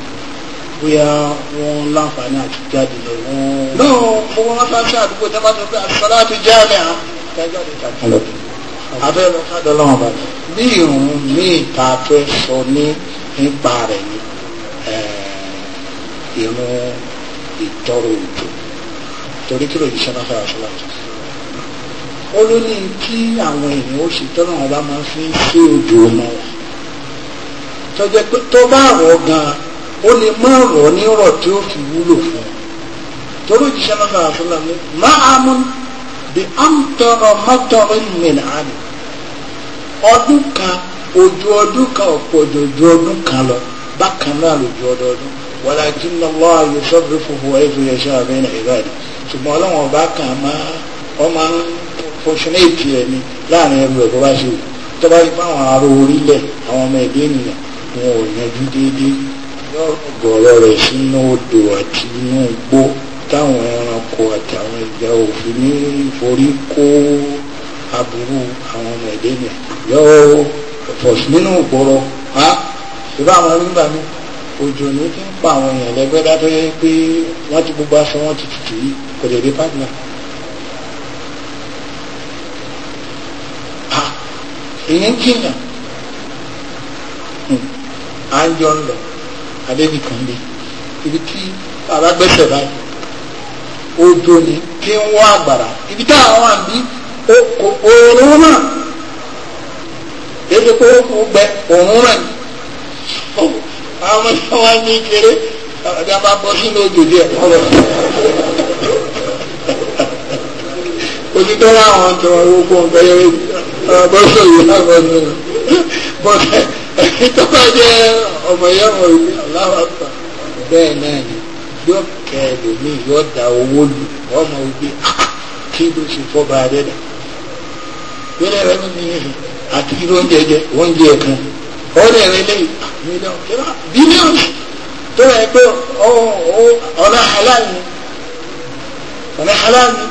bóyá wọ́n láǹfààní àti jáde lọ wọ́n. náà mo wọ́n wá sáńsẹ́ àdúgbò tẹ́ bá sọ pé àtìsọ́lá ti jẹ́ àbẹ́ lọ ká dọ́lọ́wọ́n bàbá bí ìrùn míì ta fẹ́ sọ ní nípa rẹ̀ ni ìrùn ìtọrọ òjò torí kí lòdì sọ́nà fẹ́ aṣọ láti ó ló ní kí àwọn èèyàn ó ṣe tọ́nà ọba máa fi ń ṣe òjò ọmọ wa tọ́jẹ́ pé tó bá rọ̀ gan-an ó lè má rọ̀ nírọ̀ tí ó fi wúlò fún un torí òjì sọ́nà fẹ́ aṣọ láti máa mú bí àǹtọ̀rọ̀ mọ́tọ̀rọ̀ mìíràn àdìgbò ọdún kan ojú ọdún kan ọ̀pọ̀ ojú ọdún kan lọ bákan náà lójú ọdọọdún walakin Allah yusarrifuhu haythu yasha'u bayna ibadihi ṣùgbọ́n ọlọ́run ọba kan máa ọmọ fọṣúnéètì ẹ̀ ni láàrin ẹrù ẹ̀ tó bá ṣe tó bá rí fáwọn ará orílẹ̀ àwọn ọmọ ẹ̀dẹ́ ènìyàn wọn ò yanjú déédéé lọ́gọ̀ọ̀rọ̀ rẹ̀ sínú odò àti inú igbó táwọn ẹranko àtàwọn ẹja òfin ní ìforí aburú àwọn ọmọ ẹ̀dẹ́ yẹn yóò pọ̀sù nínú ìgboro ha ìbá àwọn onígbà mi òjò ní ti ń pa àwọn èèyàn lẹ́gbẹ́ dájọ́ yẹ pé wọ́n ti gbogbo aṣọ wọn ti tutù yìí kò lè rí pàtnà. èyí ń jìyàn hmm, à ń jọ ń lọ adébì kan lé ibi tí bàbá gbẹ́sẹ̀ báyìí òjò ní kí ń wọ́ àgbàrá ibi táwọn àbí òòrùn náà èdè pé ó kú gbẹ òòrùn náà àwọn ọmọ wa ní kéré ọjà bá bọ́ sínú òjòjì ẹ̀ pọ̀ lọ. òtítọ́ láwọn tó ọwọ́ kó ń bẹ́yẹ bọ́sọ̀ yìí láwọn ní ọ̀rọ̀ bọ́sẹ̀ ẹni tó bá jẹ́ ọmọ yẹn wọ̀ ìlú aláwọ̀ bẹ́ẹ̀ náà ni yóò kẹ́ ẹ̀dùn mí yóò da owó lù ọmọ òbí ah, ah, kí ló ṣe fọ́ bá a dẹ́dà yọlẹ rẹ ní ní àti irú oúnjẹ jẹ oúnjẹ kan ọ̀rẹ́ rẹ lẹ́yìn mílíọ̀nù kíra bílíọ̀nù tó rẹ pé ọ̀nà aláìní ọ̀nà aláìní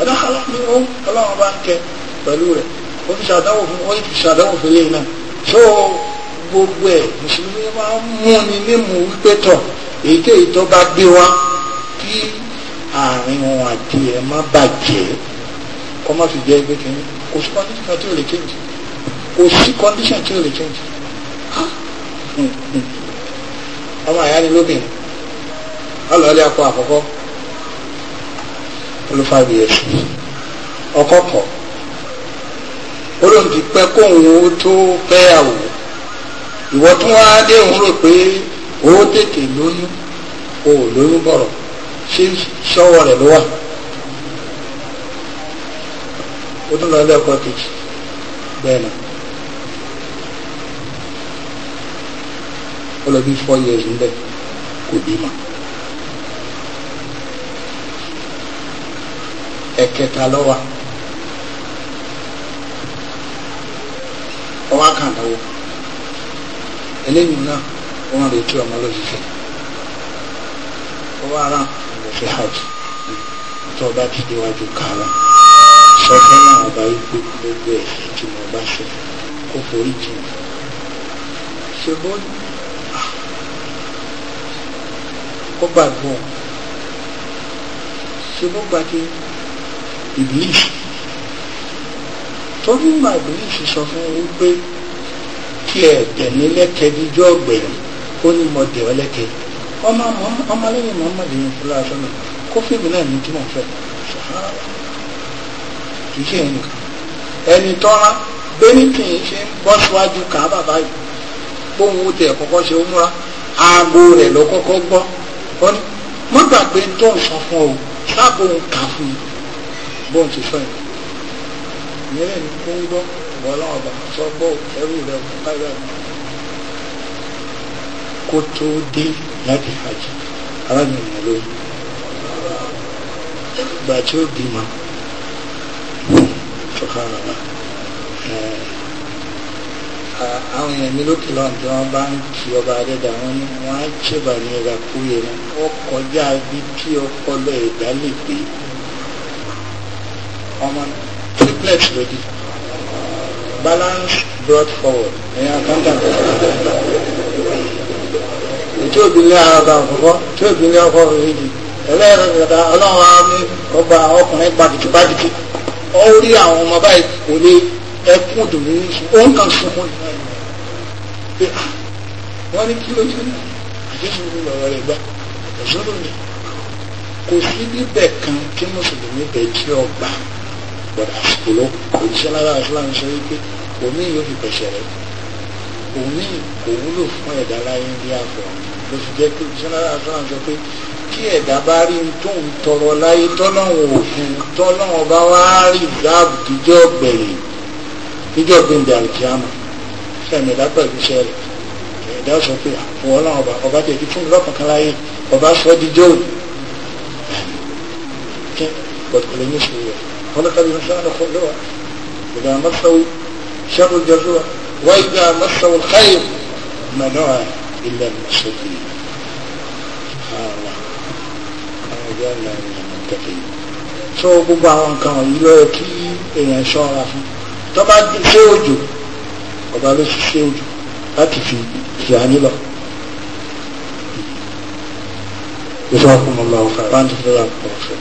ọ̀nà aláìní ó ọlọ́run bá ń kẹ pẹ̀lú rẹ̀ ó ti ṣàdánwò fún ó ti ṣàdánwò fún lẹ́yìn náà so gbogbo ẹ̀ mùsùlùmí máa ń mú ni mímú wípé tọ̀ èyíkéyìí tó bá gbé wá kí àárín wọn àti ẹ̀ má bàjẹ́ kọ́ má fi jẹ́ ẹgbẹ́ kìíní kò sí condition kan tí ò lè change kò sí condition tí ò lè change hmm, hmm. ọmọ àyà ni lóbìnrin ọlọ́ọ̀lẹ́ akọ àkọ́kọ́ olùfà bs ọkọ kọ olóńtì pẹ́ kóhun ó tó pẹ́yàwó ìwọ tún wá dé òun rò pé ó tètè lóyún o lóyún bọ̀rọ̀ ṣé sọ́wọ́ rẹ̀ ló wà ó tún lọ ilé ọkọ kejì bẹ́ẹ̀ náà ó lọ bí four years níbẹ̀ kò bímọ. ẹ̀kẹta lọ́wọ́ ọwọ́ àkàndàwọ̀ eléyìí náà wọ́n retí ọmọ lọ́sísẹ́ ọwọ́ ara ọ̀sẹ̀ house tó ọba ti déwájú kàrọ̀ sọ fẹ́ràn ọba wípé gbogbo ẹ̀ṣẹ̀ tí mo bá ṣe kó forí jìn ṣùgbọ́n ó gbàgbọ́ ṣùgbọ́n gbàgbé ìbílíṣì torí mà ìbílíṣì sọ fún wípé kí ẹ tẹ̀lé lẹ́kẹ̀ẹ́ díjọ́ ọ̀gbẹ̀rẹ̀ ó ní mo dẹ̀ ọ́ lẹ́kẹ̀ẹ́ ọmọ lẹ́yìn Muhammad ní fúlàṣọ́nà kófíìmù náà ní tí mo fẹ́ sọ̀rọ̀ kì í ṣe nǹkan ẹni tọ́ra bẹ́ẹ̀ni kì í ṣe ń bọ́ síwájú kà á bàbá yìí bóun ó tiẹ̀ kọ́kọ́ ṣe ó múra aago rẹ̀ ló kọ́kọ́ gbọ́ ó ní mo gbàgbé tó ń sọ fún o sábò ń kà fún mi bóun ti sọ yìí ìyẹn ní kó ń gbọ́ bọ́lá ọba sọ gbọ́ ẹrú rẹ̀ báyọ̀ kó tó dé láti hajj arábìnrin lóyún ìgbà tí ó bímọ subhanallah àwọn èèyàn mi lókè lọ́nà tí wọ́n bá ń kí ọba adẹ́dà wọn ni wọ́n á ṣèbà ní ẹ̀rà kúrè ní balance brought forward ẹ̀yìn accountant tí obìnrin àgbà àkọ́kọ́ tí obìnrin ọkọ̀ òfin jù ẹlẹ́rìí ọlọ́run á ní ọgbà ọkùnrin gbàdìkì gbàdìkì ọ rí àwọn ọmọ báyìí kò lè ẹkún dùnú ní sùn ó ń kàn sùn mọ́ ìlú àyè pé à ah, wọ́n ní kí ló ṣe náà àdéhùn ní lọ́rọ̀ rẹ̀ gbà ọ̀ṣọ́rọ̀ ni kò sí níbẹ̀ kan tí mùsùlùmí bẹ̀ jẹ́ ọgbà gbọ́dọ̀ àsìkò ló kò iṣẹ́ lára islam sọ wípé omi yóò fi pẹ̀sẹ̀ rẹ̀ omi kò wúlò fún ẹ̀dá láyé ní àfọ̀ ló fi jẹ́ pé iṣẹ́ lára islam sọ pé tí ẹ̀dá bá rí n tó ń tọrọ láyé tọ́lọ́hún òkun tọ́lọ́hún bá wá rí dáàbò díjọ́ gbẹ̀yìn díjọ́ gbẹ̀yìn àlùkìyàmù sẹ́mi ẹ̀dá pẹ̀lú iṣẹ́ rẹ̀ ẹ̀dá sọ pé àpò ọlọ́run ọba ọba tẹ̀ ti fún mi lọ́kàn kan láyé ọba sọ díjọ́ òní kí bọ̀dùkọ̀lẹ̀ ní sùúrù rẹ̀ ọlọ́kàbí ní sọ́nà kọ́ àjọyọ̀ ìyàmọ̀ tẹ̀lé so gbogbo àwọn nǹkan wọ̀nyí ló yẹ kí èèyàn ṣọ́ra fún tó bá ṣe òjò ọba ló sì ṣe òjò láti fi ìyá nílọ. ìfọwọ́kùnmọ́lá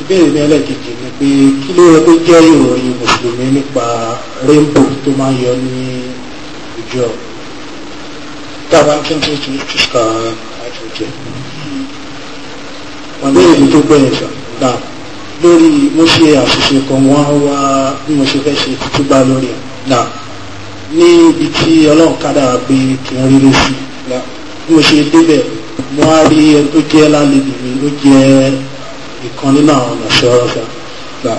ìbéèrè ní ẹlẹ́kejì ni pé kí ló yẹ kó jẹ́ ìròyìn mùsùlùmí nípa rainbow tó máa ń yọ ní ojú ọ̀. tá a bá ń kí n tó ti ṣùkà àjòjì ní èmi tó gbẹ̀yìn sà nà lórí mo ṣe àṣìṣe kan wọ́n wá bí mo ṣe fẹ́ ṣe títí gbá lórí ẹ̀ nà ní ibi tí ọlọ́run kádà gbé kì í rírí sí nà bí mo ṣe débẹ̀ mo á rí ẹni tó jẹ́ lálejò mi ó jẹ́ ìkan nínú àwọn ọ̀nà ṣọ́ọ́rọ́ sà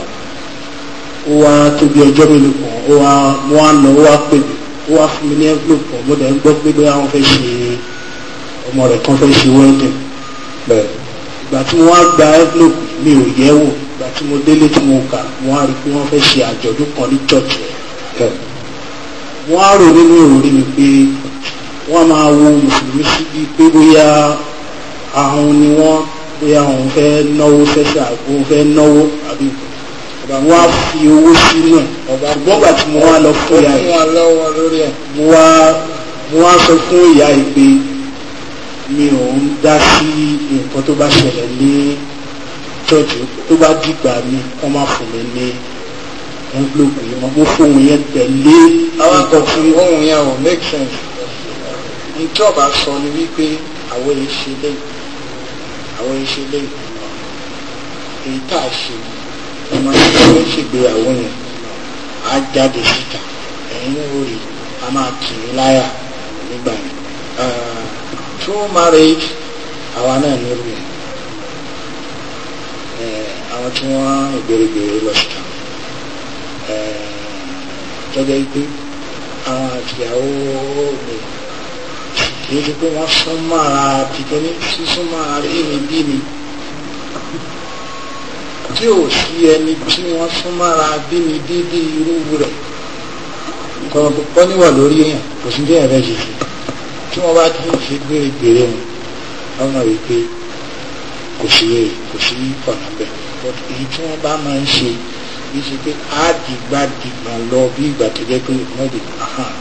ó wá tóbi ọjọ́ mélòó kan ó wá mo wá lọ ó wá pè mí ó wá fún mi ní envelope kan mo dẹ̀ ń gbọ́ pé bóyá wọ́n fẹ́ ṣe ọmọ rẹ̀ kan fẹ́ ṣe wedding bẹ́ẹ̀ ìgbà tí wọ́n á gba envelope mi ò yẹ̀ wò ìgbà tí mo délé tí mo kà wọ́n á rí pé wọ́n fẹ́ ṣe àjọ̀dún kan ní chọ́ọ̀chì rẹ̀ wọ́n á rò nínú ìròrí mi pé wọ́n máa wo mùsùlùmí síbi pé bóyá ahun ni wọ́n bóyá òun fẹ́ náwó fẹ́sẹ̀ òun fẹ́ náwó àbí ọba wa fi owó sínú ẹ̀ ọba gbọ́gbà tí mo wá lọ fún ìyá yìí mo wá sọ fún ìyá yìí pé mi ò ń dá sí nǹkan tó bá ṣẹlẹ̀ ní ṣọ́ọ̀ṣì tó bá dìgbà mi wọ́n máa fún mi ní envelope yìí mo fóun yẹn tẹ̀lé. àwọn àkọ́kọ́ ohun yẹn ò make sense ìjọba sọ ni wípé àwọn èyí ṣe lẹ́yìn àwọn èyí ṣe lẹ́yìn èyí tá a ṣe ọmọ ìgbà wọn ṣègbéyàwó yẹn á jáde síta ẹ̀yìn orí a máa kì í láyà nígbà yẹn. Ah through marriage àwa náà ní rú ẹ àwọn tí wọ́n ìgbèrègbèrè lọ síta tọ́jọ́ pé àwọn àtìyàwó mi kìí ṣe pé wọ́n sún mára tìkẹ́ ní sísún mára rí mi bí mi tí ò sí ẹni tí wọ́n sún mára bí mi bí bí irú rẹ̀ kọ́ níwọ̀ lórí èèyàn kò sí bí ẹ̀rẹ́ ṣe ṣe tí wọ́n bá ti ń fi gbé ìgbèrè wọn lọ́nà wípé kò sí kò sí ọ̀nà bẹ́ẹ̀ but èyí tí wọ́n bá máa ń ṣe bí ṣe pé á dìgbà dìgbà lọ bí ìgbà tó jẹ́ pé wọ́n dìgbà hàn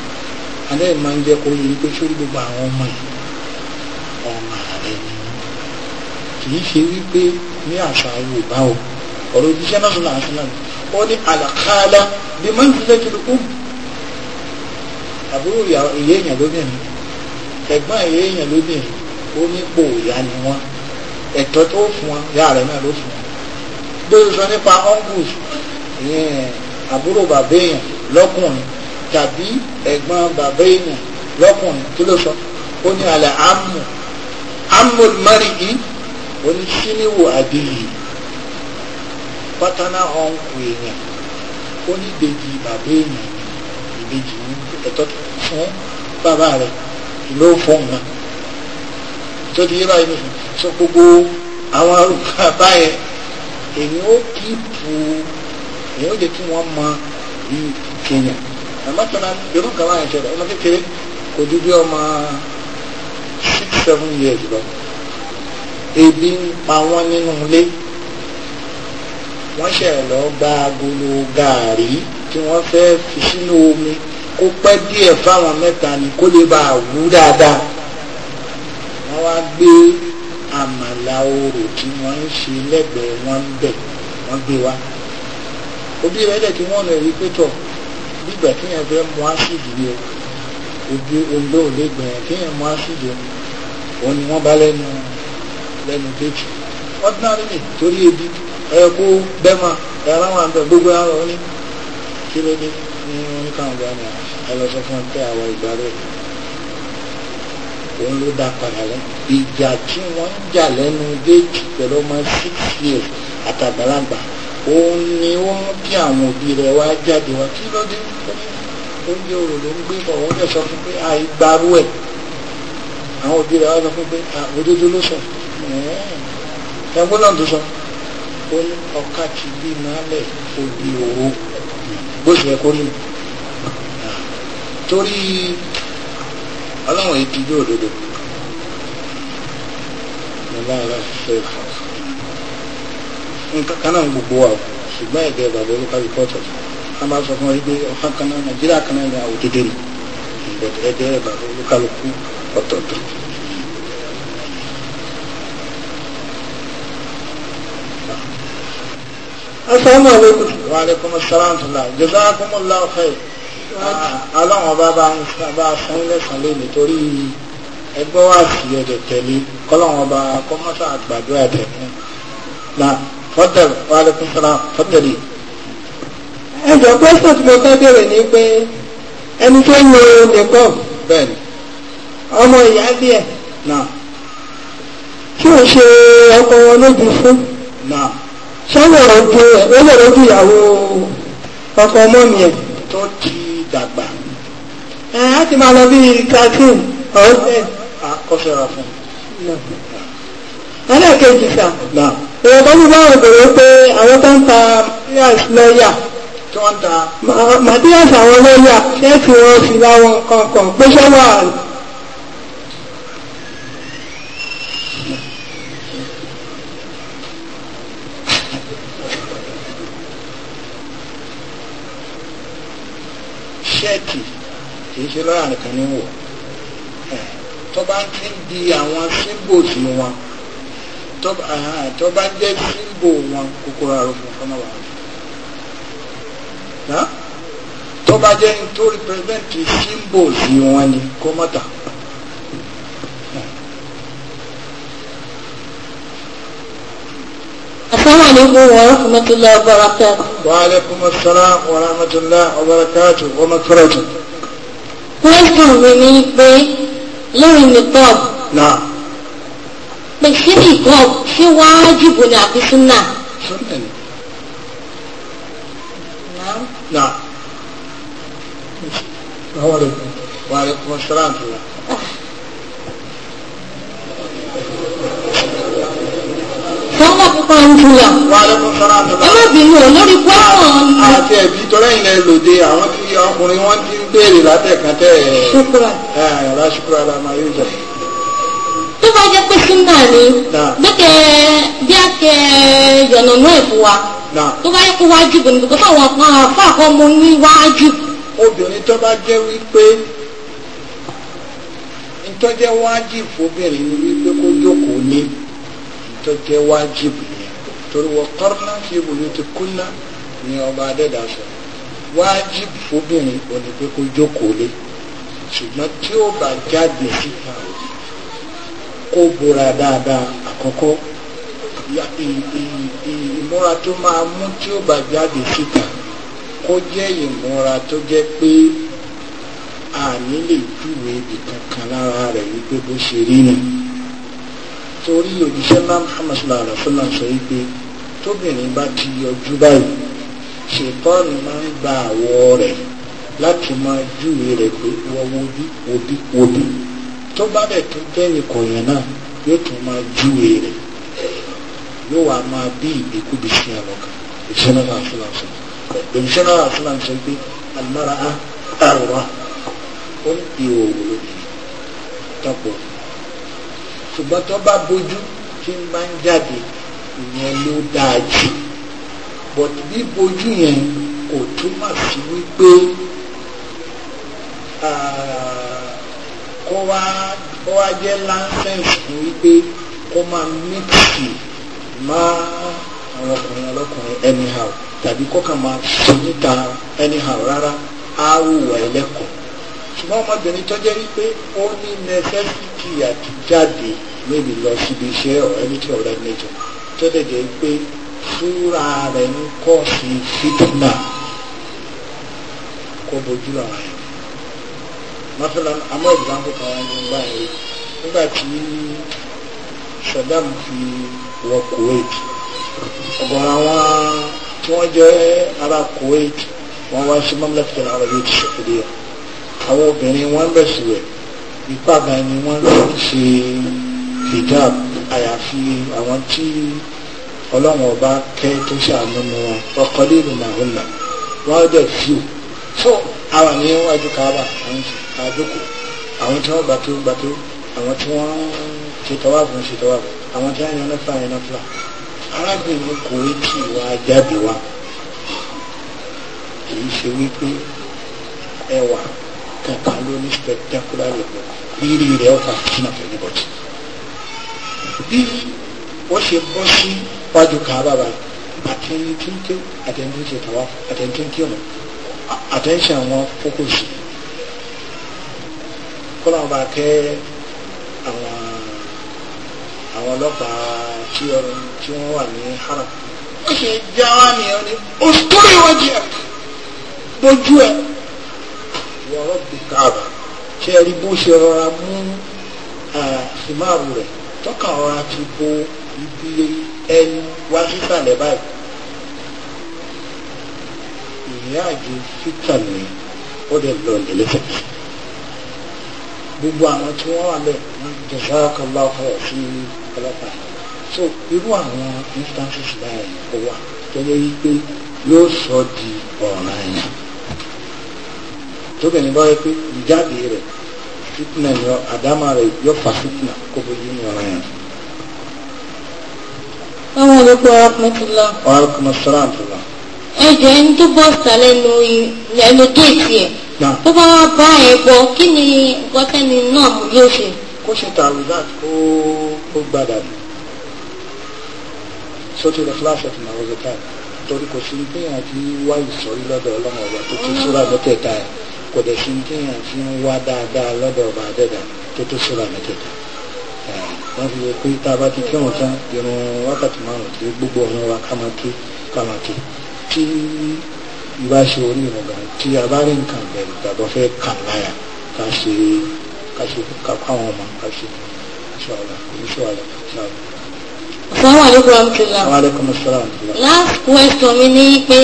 alẹ́ máa ń jẹ́ kó yẹ pé sórí gbogbo àwọn ọmọ yìí ọmọ rẹ ni kì í ṣe wípé ní àṣà Yorùbá o ọ̀rọ̀ ìjíṣẹ́ náà sọ̀rọ̀ àṣà náà ó ní àlàkálá bí máa ń tilẹ̀ tó àbúrò ìyá èèyàn lóbìnrin ẹ̀gbọ́n èèyàn lóbìnrin ó nípò ìyá ni wọ́n ẹ̀tọ́ tó fún wọn ìyá rẹ̀ náà ló fún wọn bó ṣe sọ nípa uncles àbúrò bàbá èèyàn lọ́kùnrin tàbí ẹ̀gbọ́n bàbá èèyàn lọ́kùnrin kí ló sọ ó ní alẹ́ amú amul mari i ó ní síníwò àdéhìí pátánà ọ̀nkù èèyàn ó ní ìbejì bàbá èèyàn ìbejì ẹ̀tọ́ fún bàbá rẹ̀ ló fún wọn tó ti yé báyìí nìyẹn sọ gbogbo àwọn arúgbó àbáyẹ èmi ó kíìpù èmi ó jẹ kí wọn mọ bí kéèyàn àmọ́ tọ́lá irú kan láyé tẹ̀lé ọmọ kékeré kò ju bí ọmọ six seven years lọ ebi ń pa wọ́n nínú ilé wọ́n ṣẹ̀ lọ gba agolo gàárì tí wọ́n fẹ́ fi sínú omi kó pẹ́ díẹ̀ fáwọn mẹ́ta ni kó lè bá a wú dáadáa wọ́n wá gbé àmàlà orò tí wọ́n ń ṣe lẹ́gbẹ̀ẹ́ wọn ń bẹ̀ wọ́n gbé wá òbí rẹ̀ dẹ̀ tí wọ́n lè rí pé tọ̀ nígbà tí yẹn fẹ́ mú ásìdì yẹ ojú ondo ò lè tí yẹn mú ásìdì yẹn òun ni wọ́n bá lẹ́nu lẹ́nu déjì ordinary torí ebi ẹ̀ bẹ́ẹ̀ ma ẹ̀ ara wọn àgbẹ̀ gbogbo ara ní kí ló dé táwọn bá mọ̀ ọlọ́sọ fún pé àwọn ìbárò òun ló dá padà lọ ìjà tí wọ́n ń jà lẹ́nu géèjì pẹ̀lú ọmọ six years àtàgbàlagbà òun ni wọ́n kí àwọn òbí rẹ̀ wá jáde wá kí ló dé oúnjẹ òrò ló ń gbé bọ̀ wọ́n jẹ́ sọ fún pé àìgbárú ẹ̀ àwọn òbí rẹ̀ wá sọ fún pé òdodo ló sọ ẹgbẹ́ náà tó sọ ó ní ọkà ti bí màálẹ̀ òbí òru bó ṣe yẹ torí ọlọ́run yìí ti jó òdodo nǹkan kan náà gbogbo wa ṣùgbọ́n ẹ̀gẹ́ bàbá olúkàbí pọ̀tọ̀ a máa sọ fún ọ pé ọ̀kan kan náà nàìjíríà kan náà ní àwòdédé nù ẹ̀gẹ́ bàbá olúkàlùkù ọ̀tọ̀ọ̀tọ̀. Assalamu alaikum. Wa alaikum assalam. Jazakumullahu khair. Ah, ọlọ́run ọba bá fún lẹ́sàn lónìí torí ẹgbẹ́ wà sí ẹ̀dẹ̀ tẹ̀lé kọ́lọ́run ọba kọ́mọ́sà àgbàdo ẹ̀dẹ̀ fún na fọ́tẹ̀l wàlẹ́kùn sọ́ra fọ́tẹ̀lì. ẹ jọ pẹ́sọ̀ tí mo fẹ́ bèrè ni pé ẹni tó ń lo nìkọ́ bẹ́ẹ̀ni ọmọ ìyá díẹ̀ na tí ò ṣe ọkọ wọn lójú fún na sọ́wọ́ ojú ẹ̀ ó lè rojú ìyàwó ọkọ ọmọ mi ẹ̀. tó ti dàgbà ẹ á ti máa lọ bí cartoon ọ̀ọ́sẹ̀ àkọ́ṣọ́ra fún un. ẹlẹ́ẹ̀kejì sà èèyàn kan ní báwọn bèrè pé àwọn tó ń ta materials lọ́ọ̀yà materials àwọn lọ́ọ̀yà ṣé tí wọ́n fi láwọn kankan pé ṣé wà ṣe lọ́yà nìkan ní wò tó bá ń ti di àwọn symbols wọn tó bá jẹ́ symbol wọn kòkòrò àròfò fọmọ wà á tó bá jẹ́ tó represent symbols wọn ni kó mọ́ta. عليكم ورحمة الله وبركاته وعليكم السلام ورحمة الله وبركاته ومغفرته wẹ́lkùn mi ni pé lórí mi bob. pé ṣé mi bob ṣé wájìbù ni àbí súnà. نعم. نعم. وعليكم السلام ورحمة الله. sọ́wọ́n fi kan ń jùlọ. wà á lẹ́kọ̀ọ́ sọ́ra àtọ́lá. ẹ má bínú o lórí àti ẹ̀bí tọ́lá yìí náà lòde àwọn tí ọkùnrin wọn ti ń béèrè látẹ̀kàn tẹ̀. ẹ ẹ ọ̀la ṣukura la máa yóò jẹ. tó bá jẹ́ pé súnmọ́ ni bẹ́kẹ̀ bí a kẹ yọ̀nà náà fún wa tó bá yẹ kó wájú bò ní bíkọ́ fáwọn kan fún àkọ́mọ ní wájú. obìnrin tó bá jẹ́ wípé ntọ́jẹ́ wájú fóbìnrin ni wípé kó jókòó ní tó jẹ́ wájibù nìyẹn torí wọ́n kọ́rọ́nà fi buyutikunna ní ọba adẹ́dà sọ wájibù fóbìnrin ò ní pé kó jókòó lé ṣùgbọ́n tí ó bá jáde síta kó bora dáadáa àkọ́kọ́ ìmúra tó máa mú tí ó bá jáde síta kó jẹ́ ìmúra tó jẹ́ pé àní lè júwèé ibì lára rẹ̀ wípé bó ṣe rí ni torí òjíṣẹ́ náà Muhammad sallallahu alaihi wa sallam sọ wípé tóbìnrin bá ti yọjú báyìí ṣètọ́ni máa ń gba àwọ̀ rẹ̀ láti máa júwe rẹ̀ pé wọ́n wobí wobí wobí tó bá dẹ̀ tó jẹ́yìn kọ̀yàn náà yóò tún máa júwe rẹ̀ yóò wá máa bí ìgbékúbi sí àlọ́kà ìṣẹ́nà náà fúnra sọ ìṣẹ́nà náà fúnra sọ pé àlùmọ́ra á àrùwá ó ń di òwò lónìí tọ́pọ̀ ṣùgbọ́n tó bá bójú tí ń bá ń jáde ìyẹn ló dáa jù but bí bójú yẹn kò túmọ̀ sí wípé kó wá kó wá jẹ́ láńsẹ̀nsì fún wípé kó máa mítìkì má àwọn ọlọ́kùnrin anyhow tàbí kó kàn máa sọ níta anyhow rárá á wùwà ẹlẹ́kọ̀ọ́ ṣùgbọ́n ọmọbìnrin tó jẹ́ wípé ó ní necessity àti jáde lébi lọ síbi iṣẹ́ ọ̀rẹ́ ní ti ọ̀rẹ́ nìjọ tó lè jẹ́ pé fúra rẹ̀ ń kọ́ sí fitna kó bojú àwọn ẹ̀ mọ́tòlá àmọ́ ìgbàgbọ́ kan wọn ní gbà yẹn nígbà tí Saddam fi wọ Kuwait ọ̀gọ̀rọ̀ àwọn tí wọ́n jẹ́ ará Kuwait wọ́n wá sí mamlakit al-Arabiyyah as-Saudiyyah àwọn obìnrin wọn bẹ̀sù rẹ̀ ipá gan ni wọ́n lè ṣe hijab àyàfi àwọn tí ọlọ́run ọba kẹ́ tó ṣàánú wọn ọkọ lẹ́nu màhùnà wọ́n dẹ̀ fíù so àwọn ní wájú káàbà àwọn àjókòó àwọn tí wọ́n gbàtó gbàtó àwọn tí wọ́n ṣe tọ́wàbù ṣe tọ́wàbù àwọn tí wọ́n yan náfà yan náfà arábìnrin kò rí tì wá jáde wá kì í ṣe wípé ẹwà kankan lóní spectacular rẹ̀ rírì rẹ̀ ọ̀fà nà anybody. bí wọ́n ṣe bọ́ sí wájú kan bàbá àtẹni tí ń ké àtẹni tí focus kọ́lá wọn bá kẹ́ àwọn àwọn ọlọ́pàá wọ rọ́bì káàbà ṣe rí bó ṣe rọra mú ṣìmáàrù rẹ̀ tọ́ka ọ̀ra ti bo ibi ẹnu wá sísàlẹ̀ báyìí ìyá àjò sísàlẹ̀ ó dẹ̀ lọ lẹ́lẹ́sẹ̀ gbogbo àwọn tí wọ́n wà lẹ̀ jẹ̀sáàkàlá ọkọ̀ sí ọlọ́pàá so irú àwọn instances báyìí ó wà tó yẹ wípé yóò sọ di ọ̀ràn yẹn tóbìnrin bá yẹ pé ìjáde rẹ̀ fitina yọ àdámà rẹ̀ yọ fa fitina kó bó yé ní ọ̀rọ̀ yẹn. Àwọn olùkọ́ arákùnrin arákùnrin sọ́ra àtúnlá. Ẹ jẹ́ ẹni tó bọ́ sàlẹ̀ nu ẹnu géètì ẹ̀. Tó bá wá bá ẹ gbọ́, kí ni gbọ́tẹ́ni náà yóò ṣe? Kó ṣe tààrù láti kó kó gbàdà nù. Sọ́tì rẹ̀ fúláṣẹ̀ fún àwọn ọ̀gá torí kò sí ní pé àti wáyé sọ̀rí lọ́dọ̀ ọlọ́run ọ̀gá tó ti súra lọ́tẹ̀ẹ̀ta ẹ̀ kò dẹ̀ ṣe ń kéèyàn fi ń wá dáadáa lọ́dọ̀ ọba àdẹ́dà tó tó sọ́ra mẹ́tẹ̀ẹ̀ta wọ́n fi pé tá a bá ti kírun tán irun wákàtí márùn tí gbogbo ọ̀run wa ká máa ké ká máa ké tí ìbá ṣe orí ìrọ̀gà tí a bá rí nǹkan bẹ̀rù gbàgbọ́ fẹ́ kà láyà ká ṣe ká ṣe ká kó àwọn ọmọ ká ṣe ṣọ́ọ̀lá oníṣọ́ọ̀lá ṣọ́ọ̀lá. Assalamu alaikum warahmatullahi. Wa alaikum assalam. Last question mi ni pé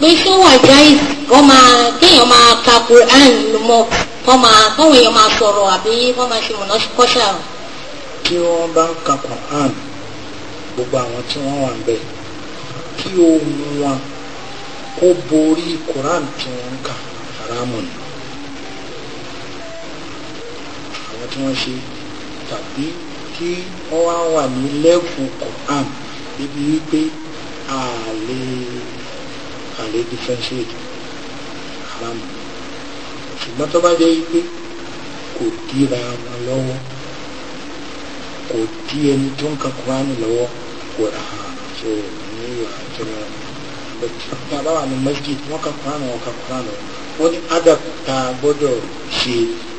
pé ṣó wà jáìs kọ́ máa kéèyàn máa ka Quran mọ́ kọ́ máa kọ́wọ́n èèyàn máa sọ̀rọ̀ àbí kọ́ máa ṣe mọ̀nà kọ́ṣà. tí wọ́n bá ń ka Quran gbogbo àwọn tí wọ́n wà ń bẹ̀ kí ohun wọn kó borí Quran tí wọ́n ń kà haramu ni àwọn tí wọ́n ṣe tàbí kí wọ́n wá wà ní lẹ́kùn Quran débi wípé àlè àlè differentiate haram ṣùgbọ́n tó bá jẹ́ pé kò dira wọn lọ́wọ́ kò di ẹni tó ń ka kuranu lọ́wọ́ kò rà á so ní ìwà ìjọba bàbá wa ní masjid wọn ka kuranu wọn ka kuranu wọn ní adab ta gbọ́dọ̀ ṣe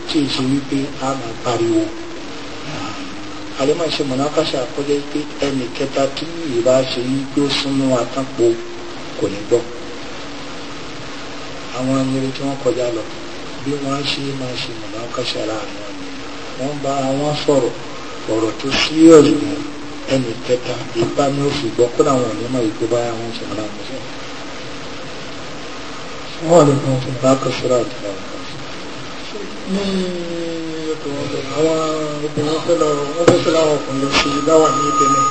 tí ì ṣe wípé a máa pariwo àlẹ́mọ̀ ṣe mọ̀nàkàṣà kọjá pé ẹnì àwọn ẹni tí wọ́n kọjá lọ bí wọ́n ṣe máa ṣe mọ̀lá kọ́ṣẹ́ra àwọn ni wọ́n bá wọn sọ̀rọ̀ ọ̀rọ̀ tó serious mú ẹnì kẹta ìbá mi ò fi gbọ́ kódà wọn ò ní mọ̀ ìgbé báyà wọn ṣe mọ̀lá kọ́ṣẹ́ wọn lè kàn fún bá kọ́ṣẹ́ra àtàrà ní ètò ọ̀dọ̀ àwọn obìnrin fẹ́ lọ wọ́n fẹ́ fẹ́ láwọn ọkùnrin lọ sí dáwà ní ìbẹ̀rẹ̀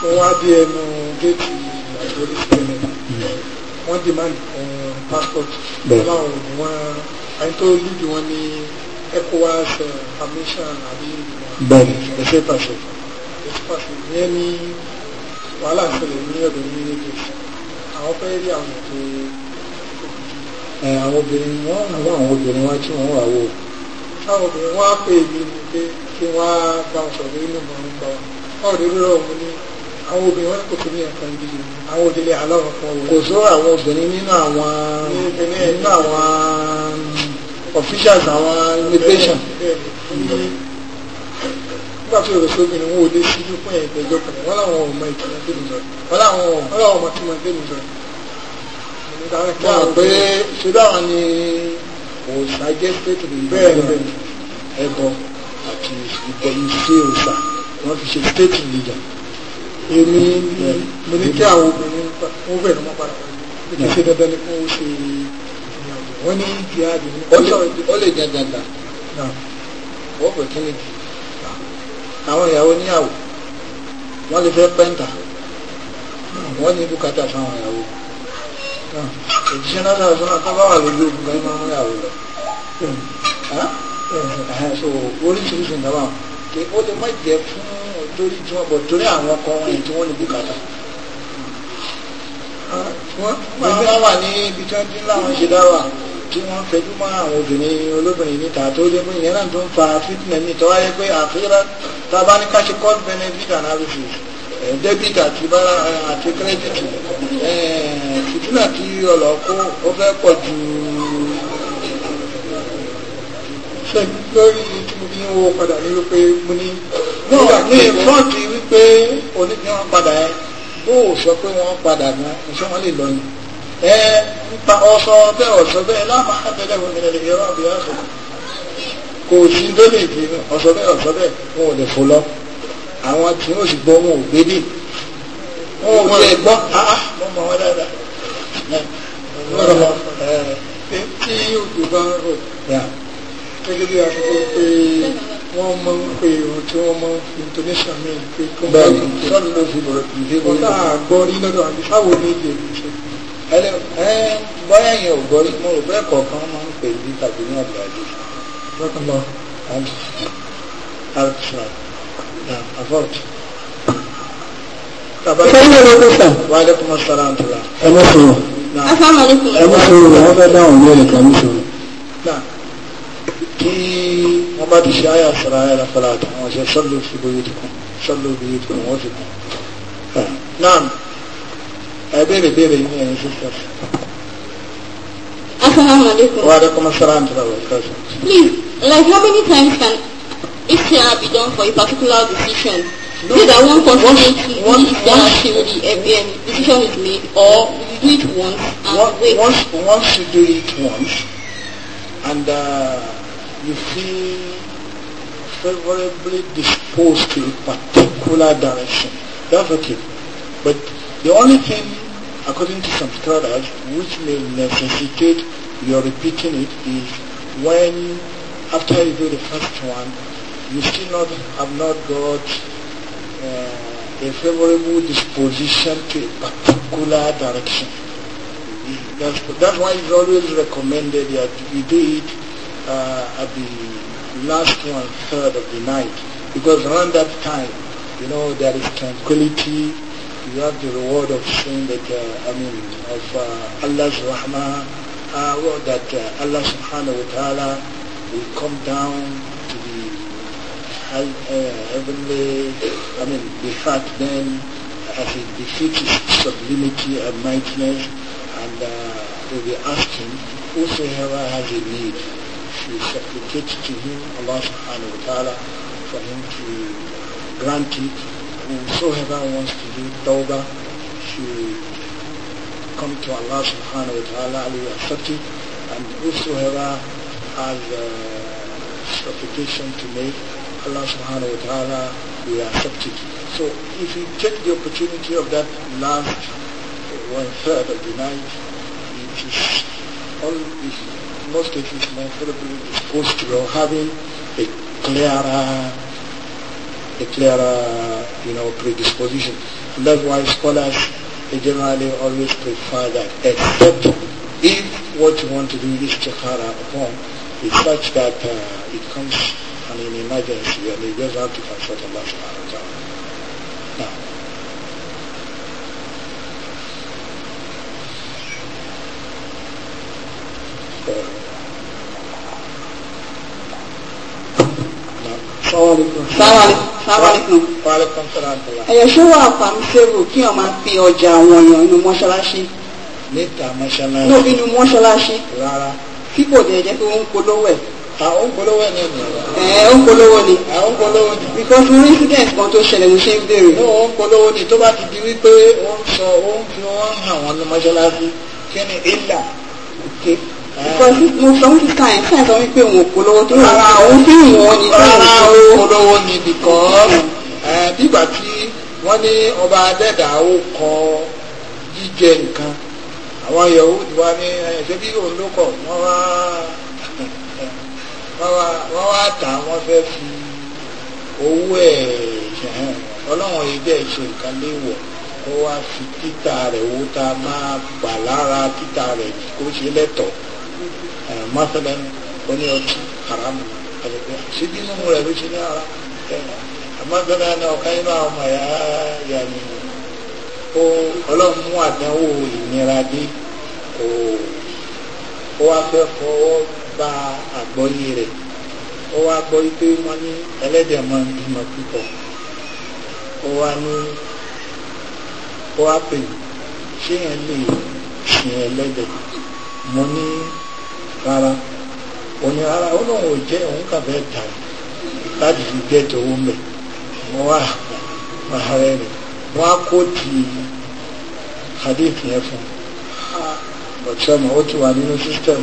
wọ́n wá bí ẹnu géètì àti wọ́n demand eh, passport láwọn òògùn wọn àyìn tó lídì wọn ní ecowas eh, permission àbí bẹ́ẹ̀ni ẹsẹ pàṣẹ ẹsẹ pàṣẹ ìyẹn ní wàhálà ṣẹlẹ̀ ní ọ̀dọ̀ ní nàìjíríà àwọn fẹ́ẹ́ rí àwọn tó ẹ eh, àwọn obìnrin wọn àwọn àwọn obìnrin wa tí wọn wà wò. táwọn obìnrin wọn á pè mí pé kí wọn á bá wọn sọ̀rọ̀ inú mọ̀ ń bá wọn. báwo rírọ̀ mo ní àwọn obìnrin wọn kò tó ní ẹ̀kọ́ ibi yìí àwọn òdìlẹ̀ aláwọ̀ kan wò. kò sọ àwọn obìnrin nínú àwọn nínú àwọn um, officials àwọn immigration nígbà tó yọ̀rọ̀ sóbi ni wọ́n ò lè síjú fún ẹ̀gbẹ́ ìjọ kan wọ́n láwọn ọmọ ìkìlọ̀ tó nìjọ wọ́n láwọn ọmọ tí wọ́n gbé nìjọ. wọ́n á pé ṣùgbọ́n àwọn ni òòṣà jẹ́ pé tó lè bẹ́ẹ̀ bẹ́ẹ̀ ẹ̀bọ àti ìbọn ìṣe òòṣà wọ́n fi ṣe state leader èmi mo ní kí àwọn obìnrin ó bẹ̀rẹ̀ mọ́ padà pé kí ṣe dandan ni kí wọ́n ṣe ìrìnàjò wọ́n ní jihad ní. ó lè jẹ dandan wọ́n pè kí ni jù àwọn ìyàwó níyàwó wọ́n lè fẹ́ pẹ́ńtà wọ́n ní bùkátà fáwọn ìyàwó òjíṣẹ́ náà sọ̀rọ̀ sọ́nà tó bá wà lójú ogun gan máa ń yàwó lọ oríṣiríṣi nǹkan báwọn ó lè má jẹ fún lórí tí wọ́n bọ̀ torí àwọn ọkọ wọn yìí tí wọ́n ní bùkátà wọ́n máa wà ní ibi tí wọ́n ti láwọn ṣe dáwà tí wọ́n fẹjú mọ́ àwọn obìnrin olóbìnrin níta tó lé mú ìyẹn náà tó ń fa fitna ní tọ́wáyé pé àfihàn tábà ní ká ṣe benefit and average eh, debit àti bára eh, àti credit eh, fitna tí ọlọ́kọ́ ó fẹ́ pọ̀ ju ṣe lórí ní owó padà ní wípé mo ní. náà ní fọ́ǹtì wípé oníkì wọn padà ẹ bó o sọ pé wọn padà gan iṣẹ́ wọn lè lọ ni. ẹ ń pa ọsọ bẹ́ẹ̀ ọ̀sọ́ bẹ́ẹ̀ láàmú àtẹlẹ wọn ní ẹ̀rọ ìyọ́rọ̀ àbí ọ̀sọ̀ kò sí délé ìdí ọ̀sọ́ bẹ́ẹ̀ ọ̀sọ́ bẹ́ẹ̀ wọn ò lè fò lọ àwọn tí wọn ò sì gbọ́ wọn ò gbé dì wọn ò lè gbọ́ ah wọn ah, mọ wọn dáadáa tí òkú bá ń gẹ́gẹ́ bí àkọ́kọ́ pé wọ́n máa ń pe ìrùn tí wọ́n máa ń fi intonation mi pé kí wọ́n máa ń pè sọ́nà fi bọ̀rọ̀ kì í ṣe bọ́lá. ọ̀tá àgbọ̀ rí lọ́dọ̀ àbí sáwo ní ìdè ìṣe. ẹ bọ́yá yẹn ò gbọ́ rí mo rò bẹ́ẹ̀ kọ̀ọ̀kan máa ń pè ní tàbí ní ọ̀dọ̀ àjò. bákan náà àtúnṣe àfọ́t. sẹ́yìn ló kó sàn. wàhálà kọ́mọ sọ́ra àtúrà. ẹ mọ̀ sọ̀rọ̀. ẹ mọ̀ sọ̀rọ̀ kí wọ́n bá ti ṣe àyà sọ̀rọ̀ àyà lápẹ́lá àtàwọn ọ̀ṣẹ́ sọ́lù sí bóyá ti kún sọ́lù bí ti kún wọ́n ti kún. náà ẹ béèrè béèrè yín ẹ̀yin sísè. asalaamualeykum. wa aleykum asalaam wa rahmatulah. please like how many times can istiara be done for a particular decision? No. Say that one person one, makes one, one, till the um, decision is made or you do it once and one, wait. Once, once you do it once and uh, you feel favorably disposed to a particular direction. That's okay. But the only thing, according to some scholars, which may necessitate your repeating it is when, after you do the first one, you still not have not got uh, a favorable disposition to a particular direction. That's, that's why it's always recommended that you do it uh, at the last one third of the night because around that time, you know, there is tranquility. You have the reward of saying that, uh, I mean, of uh, Allah's rahmah, uh, that uh, Allah subhanahu wa ta'ala will come down to the high, uh, heavenly, I mean, the fact then as it defeats sublimity and mightiness and uh, will be asking whosoever has a need to supplicate to him, Allah subhanahu wa ta'ala, for him to grant it. Whosoever wants to do tawbah should come to Allah subhanahu wa ta'ala, we accept it. And whosoever has a supplication to make, Allah subhanahu wa ta'ala will accept it. So if you take the opportunity of that last one third of the night, it is all easy in most cases my probably is pushed to having a clearer, a clearer, you know, predisposition. And that's why scholars generally always prefer that, except if what you want to do is a upon is such that uh, it comes I mean, emergency and you just have to consult Allah subhanahu wa ta'ala. Now, ẹ̀yẹ̀ ṣé wà pàmísẹ́rù kí wọ́n máa fi ọjà àwọn èèyàn inú mọ́ṣáláṣí. níta mọ́ṣáláṣí. lóbi inú mọ́ṣáláṣí. rárá. tí kò dẹ̀ jẹ́ pé ó ń polówó ẹ̀. àwọn ń polówó ẹ̀ ní ìlú. ẹ̀ ó ń polówó ni. àwọn ń polówó ni. because mo incident kan tó ṣẹlẹ̀ mo ṣe ń béèrè. ní òun polówó ni tó bá ti di wípé ó ń sọ ó ń fi wọ́n hàn wọ́n ní mọ́ṣáláṣí kí because mo sọ wípé táyà táyà sọ wípé òun kò lọ́wọ́ tó rárá òun fi wọn ni tó rárá òun kò lọ́wọ́ ni because bígbà tí wọ́n ní ọba adẹ́dà ó kọ jíjẹ nǹkan àwọn Yahudi wa ní ẹ̀ṣẹ́ bí òun ló kọ̀ wọ́n wá wọ́n wá tà wọ́n fẹ́ fi owó ẹ̀ ṣẹ̀hẹ́n ọlọ́run ilé ìṣe nǹkan léwọ̀ kó wá fi títà rẹ̀ owó tá máa gbà lára títà rẹ̀ kó ṣe lẹ́tọ̀ọ́ mọ́tọ́lá oní ọtí haramu àlùkò síbi inú rẹ̀ ló ṣe ní ara àmọ́tọ́lá náà ọ̀ka inú àwọn ọmọ ẹ̀yà yà ni ó ọlọ́run mú àdánwò ìnira dé kò ó wá fẹ́ fọwọ́ bá àgbọ́yé rẹ̀ ó wá gbọ́ pé rárá òní rárá ó lóun ò jẹ́ òun kà fẹ́ tà láti fi gẹ́tò owó mẹ́ wọ́n wá máa rẹ̀ rẹ̀ wọ́n á kó ti hadith yẹn fún ọ̀tọ́mọ̀ ó ti wà nínú system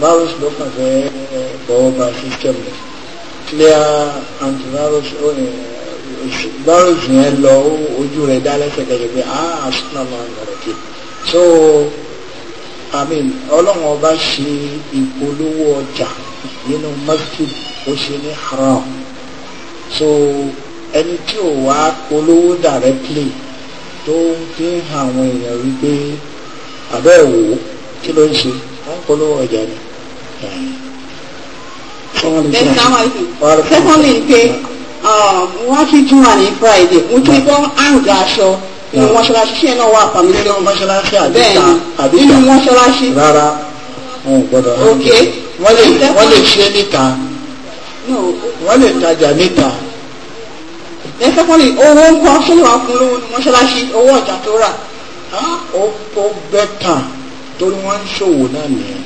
virus ló kàn fẹ́ bọ̀wọ́ ba system rẹ̀ clear antivirus virus yẹn lọ ojú rẹ̀ dá lẹ́sẹ̀kẹsẹ̀ pé ah asúnà máa ń lọ rẹ̀ kí so amin ọlọ́run ọba ṣe ìpolówó ọjà nínú masjid ó ṣe ní haram so ẹni tí ò wá polówó directly tó ń fi ń hàn àwọn èèyàn wípé àbẹ́ ẹ̀wò kí ló ń ṣe wọ́n polówó ọjà ni. secondly pé um, wọ́n fi júwà ní friday mo ti gbọ́ àrùn aṣọ inú mọ́ṣáláṣí ṣe náà wà pàmò nínú mọ́ṣáláṣí àbíta àbíta nínú mọ́ṣáláṣí rárá wọn ò gbọ́dọ̀ rárá wọ́n lè wọ́n lè ṣe níta wọ́n lè tajà níta. ẹ̀fẹ́ kan lè owó ń kọ́ sínú àkúnlówó ní mọ́ṣáláṣí owó ọ̀jà tó rà. ó bẹ́tà torí wọ́n ń ṣòwò náà nìyẹn